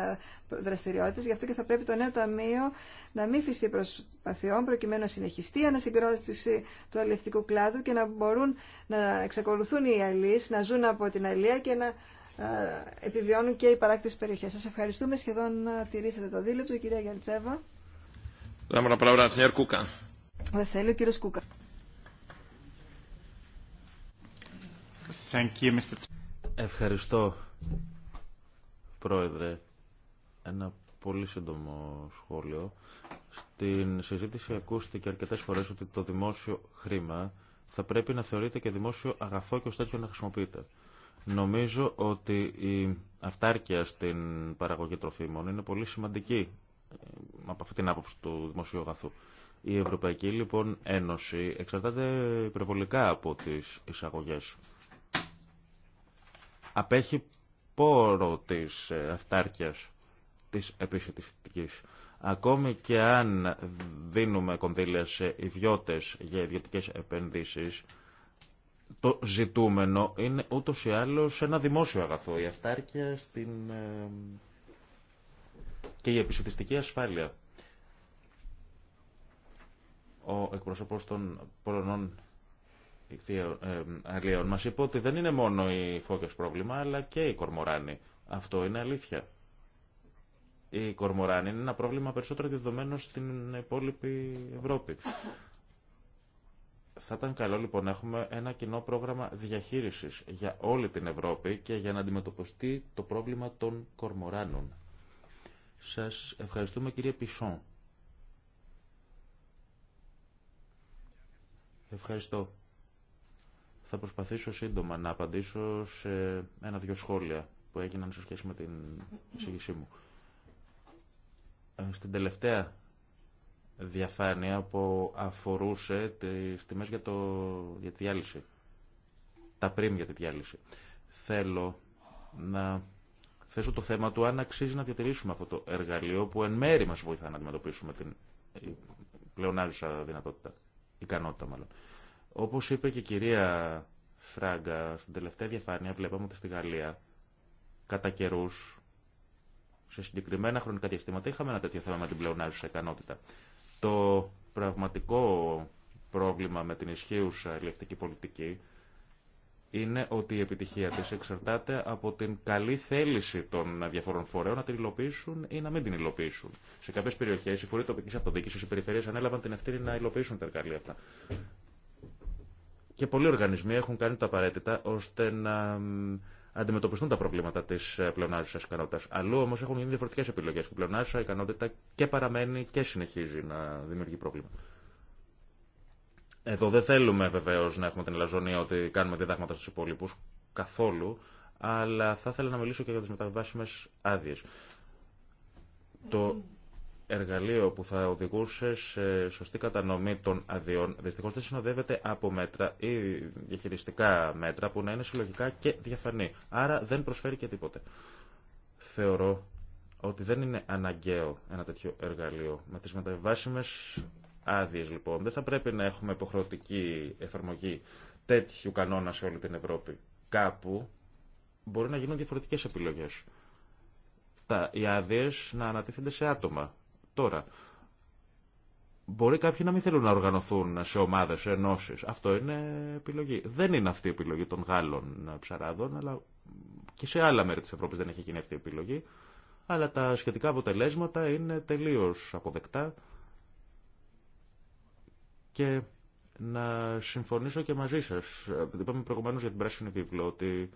δραστηριότητες. Γι' αυτό και θα πρέπει το νέο ταμείο να μην φυστεί προσπαθειών, προκειμένου να συνεχιστεί η ανασυγκρότηση του αλευτικού κλάδου και να μπορούν να εξακολουθούν οι αλείς, να ζουν από την αλεία και να επιβιώνουν και οι παράκτιες περιοχές. Σας ευχαριστούμε. Σχεδόν τηρήσατε το δίλεπτο, κυρία Γιαντσέβα. Δεν θέλει ο κύριος Κούκα. Ευχαριστώ, Πρόεδρε. Ένα πολύ σύντομο σχόλιο. Στην συζήτηση ακούστηκε αρκετές φορές ότι το δημόσιο χρήμα θα πρέπει να θεωρείται και δημόσιο αγαθό και ως τέτοιο να χρησιμοποιείται. Νομίζω ότι η αυτάρκεια στην παραγωγή τροφίμων είναι πολύ σημαντική ε, από αυτή την άποψη του δημοσίου αγαθού. Η Ευρωπαϊκή λοιπόν Ένωση εξαρτάται υπερβολικά από τις εισαγωγές. Απέχει πόρο της ε, αυτάρκειας της επίσης Ακόμη και αν δίνουμε κονδύλια σε ιδιώτες για ιδιωτικές επενδύσεις, το ζητούμενο είναι ούτως ή άλλως ένα δημόσιο αγαθό. Η αυτάρκεια στην... Ε, και η επισητιστική ασφάλεια ο εκπρόσωπος των Πολωνών ε, αλλιών μα είπε ότι δεν είναι μόνο η φώκε πρόβλημα, αλλά και η κορμοράνη. Αυτό είναι αλήθεια. Η κορμοράνη είναι ένα πρόβλημα περισσότερο δεδομένο στην υπόλοιπη Ευρώπη. Θα ήταν καλό λοιπόν να έχουμε ένα κοινό πρόγραμμα διαχείρισης για όλη την Ευρώπη και για να αντιμετωπιστεί το πρόβλημα των κορμοράνων. Σας ευχαριστούμε κύριε Πισόν. Ευχαριστώ. Θα προσπαθήσω σύντομα να απαντήσω σε ένα-δυο σχόλια που έγιναν σε σχέση με την εισήγησή μου. Ε, στην τελευταία διαφάνεια που αφορούσε τις τιμές για, το, για τη διάλυση, τα πριμ για τη διάλυση, θέλω να θέσω το θέμα του αν αξίζει να διατηρήσουμε αυτό το εργαλείο που εν μέρη μας βοηθά να αντιμετωπίσουμε την πλεονάζουσα δυνατότητα ικανότητα μάλλον. Όπως είπε και η κυρία Φράγκα, στην τελευταία διαφάνεια βλέπαμε ότι στη Γαλλία κατά καιρού, σε συγκεκριμένα χρονικά διαστήματα, είχαμε ένα τέτοιο θέμα με την πλεονάζουσα ικανότητα. Το πραγματικό πρόβλημα με την ισχύουσα ελευθερική πολιτική είναι ότι η επιτυχία της εξαρτάται από την καλή θέληση των διαφορών φορέων να την υλοποιήσουν ή να μην την υλοποιήσουν. Σε κάποιες περιοχές οι φορείς τοπικής αυτοδιοίκησης, οι περιφερειές ανέλαβαν την ευθύνη να υλοποιήσουν τα εργαλεία αυτά. Και πολλοί οργανισμοί έχουν κάνει τα απαραίτητα ώστε να αντιμετωπιστούν τα προβλήματα τη ε, πλεονάζουσα ικανότητα. Αλλού όμω έχουν γίνει διαφορετικέ επιλογέ. Η πλεονάζουσα ικανότητα και παραμένει και συνεχίζει να δημιουργεί πρόβλημα. Εδώ δεν θέλουμε βεβαίω να έχουμε την ελαζονία ότι κάνουμε διδάγματα στου υπόλοιπου καθόλου, αλλά θα ήθελα να μιλήσω και για τι μεταβάσιμε άδειε. Το εργαλείο που θα οδηγούσε σε σωστή κατανομή των αδειών δυστυχώ δεν συνοδεύεται από μέτρα ή διαχειριστικά μέτρα που να είναι συλλογικά και διαφανή. Άρα δεν προσφέρει και τίποτε. Θεωρώ ότι δεν είναι αναγκαίο ένα τέτοιο εργαλείο. Με τι μεταβάσιμε άδειε λοιπόν. Δεν θα πρέπει να έχουμε υποχρεωτική εφαρμογή τέτοιου κανόνα σε όλη την Ευρώπη. Κάπου μπορεί να γίνουν διαφορετικέ επιλογέ. οι άδειε να ανατίθενται σε άτομα. Τώρα, μπορεί κάποιοι να μην θέλουν να οργανωθούν σε ομάδε σε ενώσει. Αυτό είναι επιλογή. Δεν είναι αυτή η επιλογή των Γάλλων ψαράδων, αλλά και σε άλλα μέρη τη Ευρώπη δεν έχει γίνει αυτή η επιλογή. Αλλά τα σχετικά αποτελέσματα είναι τελείω αποδεκτά και να συμφωνήσω και μαζί σας. Είπαμε προηγουμένως για την Πράσινη Βίβλο ότι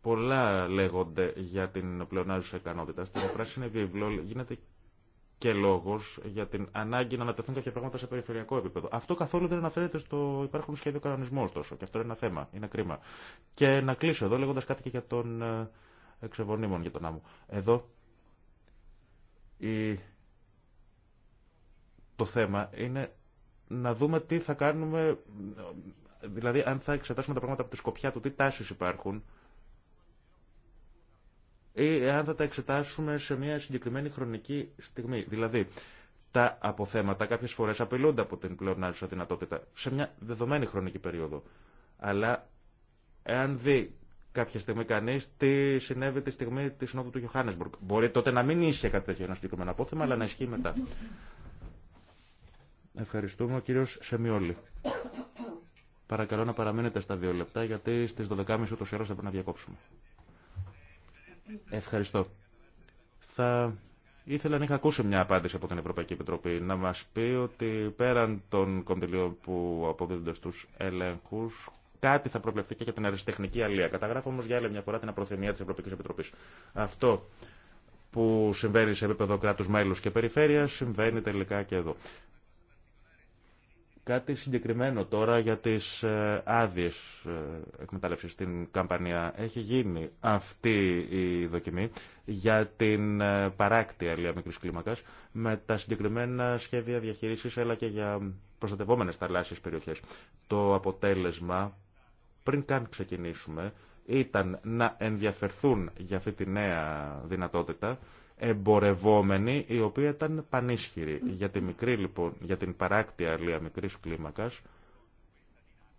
πολλά λέγονται για την πλεονάζουσα ικανότητα. Στην Πράσινη Βίβλο γίνεται και λόγο για την ανάγκη να ανατεθούν κάποια πράγματα σε περιφερειακό επίπεδο. Αυτό καθόλου δεν αναφέρεται στο υπάρχον σχέδιο κανονισμό, τόσο. Και αυτό είναι ένα θέμα. Είναι κρίμα. Και να κλείσω εδώ λέγοντα κάτι και για τον ε, εξεβονίμων για τον άμμο. Εδώ η το θέμα είναι να δούμε τι θα κάνουμε, δηλαδή αν θα εξετάσουμε τα πράγματα από τη σκοπιά του, τι τάσεις υπάρχουν ή αν θα τα εξετάσουμε σε μια συγκεκριμένη χρονική στιγμή. Δηλαδή, τα αποθέματα κάποιες φορές απειλούνται από την πλεονάζουσα δυνατότητα σε μια δεδομένη χρονική περίοδο. Αλλά εάν δει κάποια στιγμή κανεί τι συνέβη τη στιγμή τη συνόδου του Γιωχάνεσμπουργκ. Μπορεί τότε να μην ίσχυε κάτι τέτοιο ένα συγκεκριμένο απόθεμα, αλλά να ισχύει μετά. Ευχαριστούμε ο κύριο Σεμιόλη. Παρακαλώ να παραμείνετε στα δύο λεπτά γιατί στι 12.30 ούτω ή θα πρέπει να διακόψουμε. Ευχαριστώ. Θα ήθελα να είχα ακούσει μια απάντηση από την Ευρωπαϊκή Επιτροπή να μα πει ότι πέραν των κοντιλίων που αποδίδονται στου ελέγχου, κάτι θα προβλεφθεί και για την αριστεχνική αλία. Καταγράφω όμω για άλλη μια φορά την απροθυμία τη Ευρωπαϊκή Επιτροπή. Αυτό που συμβαίνει σε επίπεδο κράτου μέλου και περιφέρεια συμβαίνει τελικά και εδώ. Κάτι συγκεκριμένο τώρα για τις ε, άδειε εκμετάλλευσης στην Καμπανία. Έχει γίνει αυτή η δοκιμή για την ε, παράκτη αλληλεία μικρής κλίμακας με τα συγκεκριμένα σχέδια διαχείρισης αλλά και για προστατευόμενες θαλάσσιες περιοχές. Το αποτέλεσμα πριν καν ξεκινήσουμε ήταν να ενδιαφερθούν για αυτή τη νέα δυνατότητα εμπορευόμενη η οποία ήταν πανίσχυρη. Για, τη μικρή, λοιπόν, για την παράκτια αλία μικρής κλίμακα,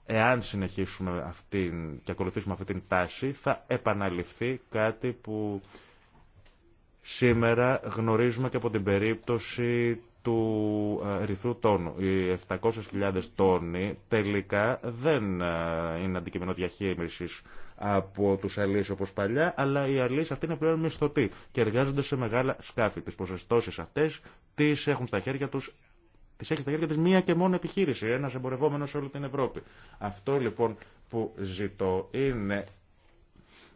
εάν συνεχίσουμε αυτήν και ακολουθήσουμε αυτή την τάση, θα επαναληφθεί κάτι που σήμερα γνωρίζουμε και από την περίπτωση του ε, ρυθρού τόνου. Οι 700.000 τόνοι τελικά δεν ε, είναι αντικείμενο διαχείρισης από του αλείς όπω παλιά, αλλά οι αλεί αυτοί είναι πλέον μισθωτοί και εργάζονται σε μεγάλα σκάφη. Τι ποσοστώσει αυτέ τι έχουν στα χέρια του Τη έχει στα χέρια τη μία και μόνο επιχείρηση, ένα εμπορευόμενο σε όλη την Ευρώπη. Αυτό λοιπόν που ζητώ είναι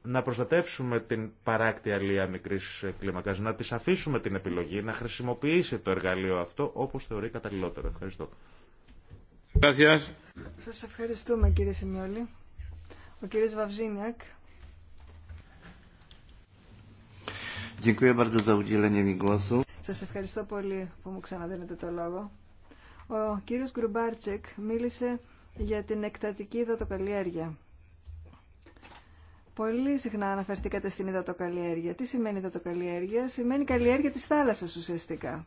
να προστατεύσουμε την παράκτη αλία μικρή κλίμακα, να τη αφήσουμε την επιλογή, να χρησιμοποιήσει το εργαλείο αυτό όπω θεωρεί καταλληλότερο. Ευχαριστώ. Σα ευχαριστούμε κύριε Σιμιόλη. Ο κύριος Βαυζίνιακ. Σας ευχαριστώ πολύ που μου ξαναδίνετε το λόγο. Ο κύριος Γκρουμπάρτσεκ μίλησε για την εκτατική υδατοκαλλιέργεια. Πολύ συχνά αναφερθήκατε στην υδατοκαλλιέργεια. Τι σημαίνει υδατοκαλλιέργεια? Σημαίνει καλλιέργεια της θάλασσας ουσιαστικά.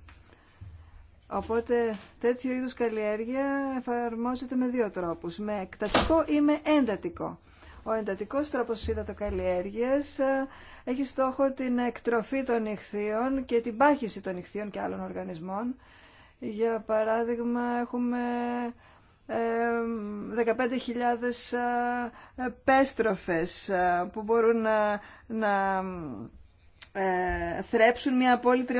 Οπότε τέτοιο είδους καλλιέργεια εφαρμόζεται με δύο τρόπους, με εκτατικό ή με εντατικό. Ο εντατικός τρόπος καλλιέργεια. Ε, έχει στόχο την εκτροφή των ηχθείων και την πάχυση των ηχθείων και άλλων οργανισμών. Για παράδειγμα, έχουμε 15.000 ε, ε, πέστροφες που μπορούν να, θρέψουν μια πόλη 3.000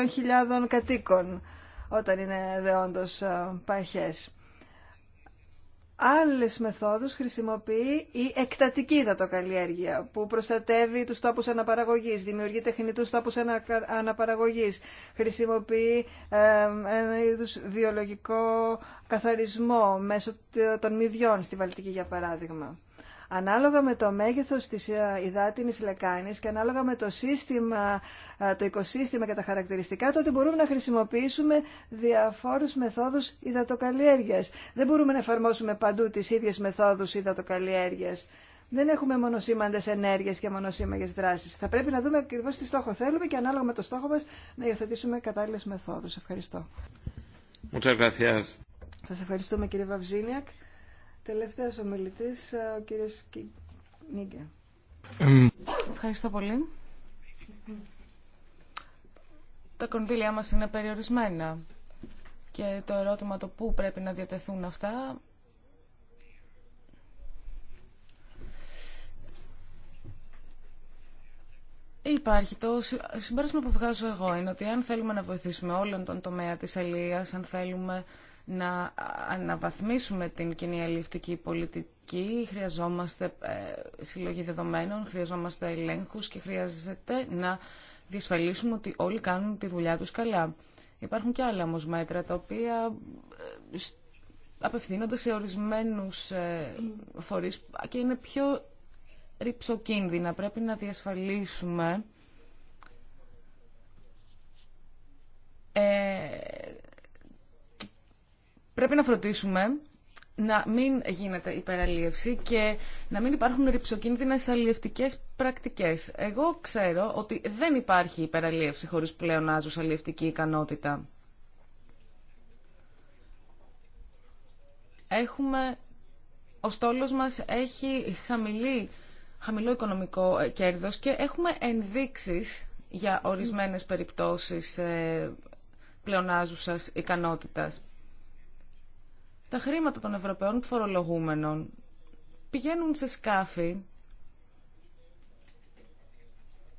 κατοίκων όταν είναι δεόντως παχές άλλες μεθόδους χρησιμοποιεί η εκτατική υδατοκαλλιέργεια που προστατεύει τους τόπους αναπαραγωγής, δημιουργεί τεχνητούς τόπους αναπαραγωγής, χρησιμοποιεί ένα είδους βιολογικό καθαρισμό μέσω των μυδιών στη Βαλτική για παράδειγμα. Ανάλογα με το μέγεθος της ε, υδάτινης λεκάνης και ανάλογα με το, σύστημα, ε, το οικοσύστημα και τα χαρακτηριστικά, τότε μπορούμε να χρησιμοποιήσουμε διαφόρους μεθόδους υδατοκαλλιέργειας. Δεν μπορούμε να εφαρμόσουμε παντού τις ίδιες μεθόδους υδατοκαλλιέργειας. Δεν έχουμε μονοσήμαντε ενέργειες και μονοσήμαγε δράσει. Θα πρέπει να δούμε ακριβώ τι στόχο θέλουμε και ανάλογα με το στόχο μα να υιοθετήσουμε κατάλληλε μεθόδου. Ευχαριστώ. Muchas ευχαριστούμε κύριε Βαυζίνιακ. Τελευταίος ομιλητής, ε, ο κύριος Νίγκε. Ευχαριστώ πολύ. Τα κονδύλια μας είναι περιορισμένα και το ερώτημα το πού πρέπει να διατεθούν αυτά Υπάρχει. Το συμπέρασμα που βγάζω εγώ είναι ότι αν θέλουμε να βοηθήσουμε όλον τον τομέα της αλίας, αν θέλουμε να αναβαθμίσουμε την κοινή πολιτική. Χρειαζόμαστε ε, συλλογή δεδομένων, χρειαζόμαστε ελέγχους και χρειάζεται να διασφαλίσουμε ότι όλοι κάνουν τη δουλειά τους καλά. Υπάρχουν και άλλα όμως μέτρα τα οποία ε, απευθύνονται σε ορισμένους ε, φορείς και είναι πιο ρηψοκίνδυνα. Πρέπει να διασφαλίσουμε Πρέπει να φροντίσουμε να μην γίνεται υπεραλίευση και να μην υπάρχουν ρηψοκίνδυνες αλλιευτικές πρακτικές. Εγώ ξέρω ότι δεν υπάρχει υπεραλίευση χωρίς πλεονάζουσα αλλιευτική ικανότητα. Έχουμε, ο στόλος μας έχει χαμηλή, χαμηλό οικονομικό ε, κέρδος και έχουμε ενδείξεις για ορισμένες περιπτώσεις ε, πλεονάζουσας ικανότητας. Τα χρήματα των Ευρωπαίων φορολογούμενων πηγαίνουν σε σκάφη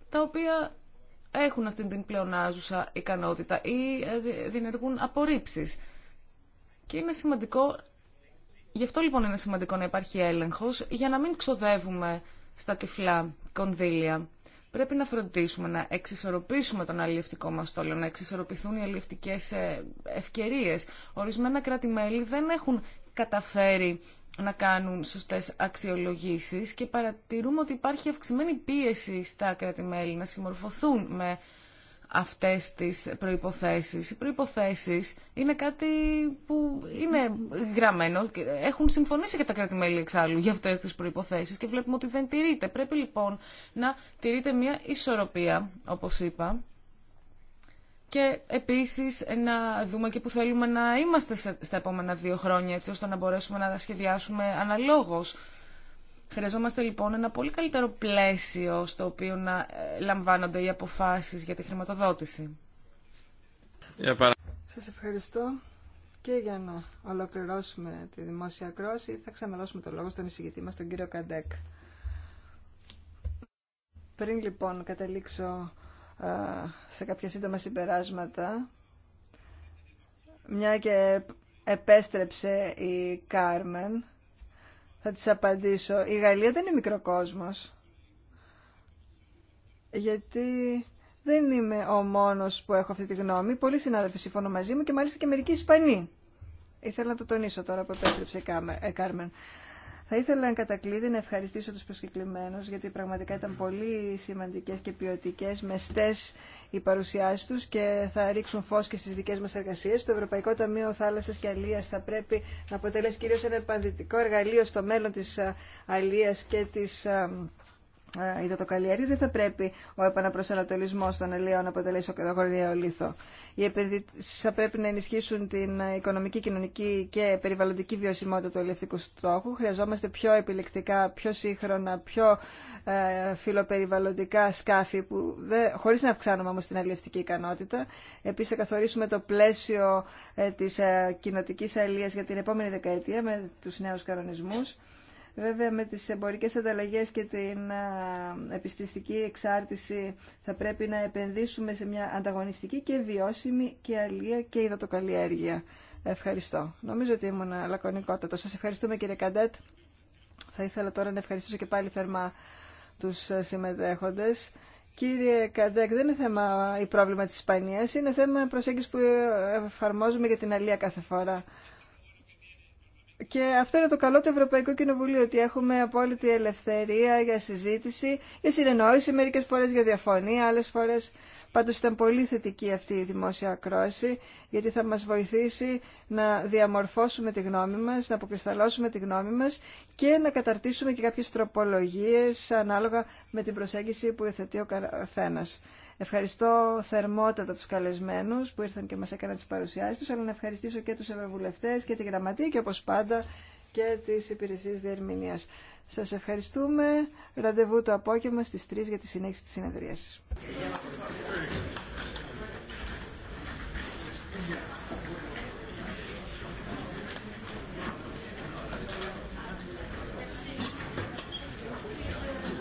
τα οποία έχουν αυτή την πλεονάζουσα ικανότητα ή ε, δημιουργούν απορρίψεις. Και είναι σημαντικό, γι' αυτό λοιπόν είναι σημαντικό να υπάρχει έλεγχος, για να μην ξοδεύουμε στα τυφλά κονδύλια. Πρέπει να φροντίσουμε να εξισορροπήσουμε τον αλληλευτικό μα στόλο, να εξισορροπηθούν οι αλληλευτικες ευκαιριε ευκαιρίε. Ορισμένα κράτη-μέλη δεν έχουν καταφέρει να κάνουν σωστές αξιολογήσεις και παρατηρούμε ότι υπάρχει αυξημένη πίεση στα κράτη-μέλη να συμμορφωθούν με αυτές τις προϋποθέσεις. Οι προϋποθέσεις είναι κάτι που είναι γραμμένο και έχουν συμφωνήσει και τα κράτη-μέλη εξάλλου για αυτές τις προϋποθέσεις και βλέπουμε ότι δεν τηρείται. Πρέπει λοιπόν να τηρείται μια ισορροπία, όπως είπα, και επίσης να δούμε και που θέλουμε να είμαστε στα επόμενα δύο χρόνια, έτσι ώστε να μπορέσουμε να σχεδιάσουμε αναλόγως Χρειαζόμαστε λοιπόν ένα πολύ καλύτερο πλαίσιο στο οποίο να ε, λαμβάνονται οι αποφάσεις για τη χρηματοδότηση. Για Σας ευχαριστώ. Και για να ολοκληρώσουμε τη δημόσια κρόση θα ξαναδώσουμε το λόγο στον εισηγητή μας, τον κύριο Καντέκ. Πριν λοιπόν καταλήξω ε, σε κάποια σύντομα συμπεράσματα, μια και επέστρεψε η Κάρμεν, θα της απαντήσω. Η Γαλλία δεν είναι μικροκόσμος. Γιατί δεν είμαι ο μόνος που έχω αυτή τη γνώμη. Πολλοί συνάδελφοι συμφωνούν μαζί μου και μάλιστα και μερικοί Ισπανοί. Ήθελα να το τονίσω τώρα που επέστρεψε η ε, Κάρμεν. Θα ήθελα να κατακλείδη να ευχαριστήσω τους προσκεκλημένους γιατί πραγματικά ήταν πολύ σημαντικές και ποιοτικέ μεστές οι παρουσιάσεις τους και θα ρίξουν φως και στις δικές μας εργασίες. Το Ευρωπαϊκό Ταμείο Θάλασσας και Αλίας θα πρέπει να αποτελέσει κυρίως ένα επανδυτικό εργαλείο στο μέλλον της ε, αλίας και της ε, το καλλιέργειε, δεν θα πρέπει ο επαναπροσανατολισμός των ελαιών να αποτελέσει ο καταγορία λίθο. Οι επενδύσει θα πρέπει να ενισχύσουν την οικονομική, κοινωνική και περιβαλλοντική βιωσιμότητα του ελευτικού στόχου. Χρειαζόμαστε πιο επιλεκτικά, πιο σύγχρονα, πιο ε, φιλοπεριβαλλοντικά σκάφη, που να αυξάνουμε όμω την αλληλευτική ικανότητα. Επίση, θα καθορίσουμε το πλαίσιο ε, της ε, κοινοτικής για την επόμενη δεκαετία με του νέου κανονισμού. Βέβαια με τις εμπορικές ανταλλαγές και την επιστηστική εξάρτηση θα πρέπει να επενδύσουμε σε μια ανταγωνιστική και βιώσιμη και αλία και υδατοκαλλιέργεια. Ευχαριστώ. Νομίζω ότι ήμουν λακωνικότατο. Σας ευχαριστούμε κύριε Καντέτ. Θα ήθελα τώρα να ευχαριστήσω και πάλι θερμά τους συμμετέχοντες. Κύριε Καντέκ, δεν είναι θέμα η πρόβλημα της Ισπανίας, είναι θέμα προσέγγισης που ε, εφαρμόζουμε για την αλία κάθε φορά. Και αυτό είναι το καλό του Ευρωπαϊκού Κοινοβουλίου, ότι έχουμε απόλυτη ελευθερία για συζήτηση, για συνεννόηση, μερικέ φορέ για διαφωνία, Άλλε φορέ Πάντω ήταν πολύ θετική αυτή η δημόσια ακρόαση, γιατί θα μα βοηθήσει να διαμορφώσουμε τη γνώμη μα, να αποκρισταλώσουμε τη γνώμη μα και να καταρτήσουμε και κάποιε τροπολογίε ανάλογα με την προσέγγιση που υιοθετεί ο καθένα. Ευχαριστώ θερμότατα τους καλεσμένους που ήρθαν και μας έκαναν τις παρουσιάσεις τους, αλλά να ευχαριστήσω και τους ευρωβουλευτές και τη γραμματεία και όπως πάντα και τις υπηρεσίες διερμηνίας. Σας ευχαριστούμε. Ραντεβού το απόγευμα στις 3 για τη συνέχιση της συνεδρίασης.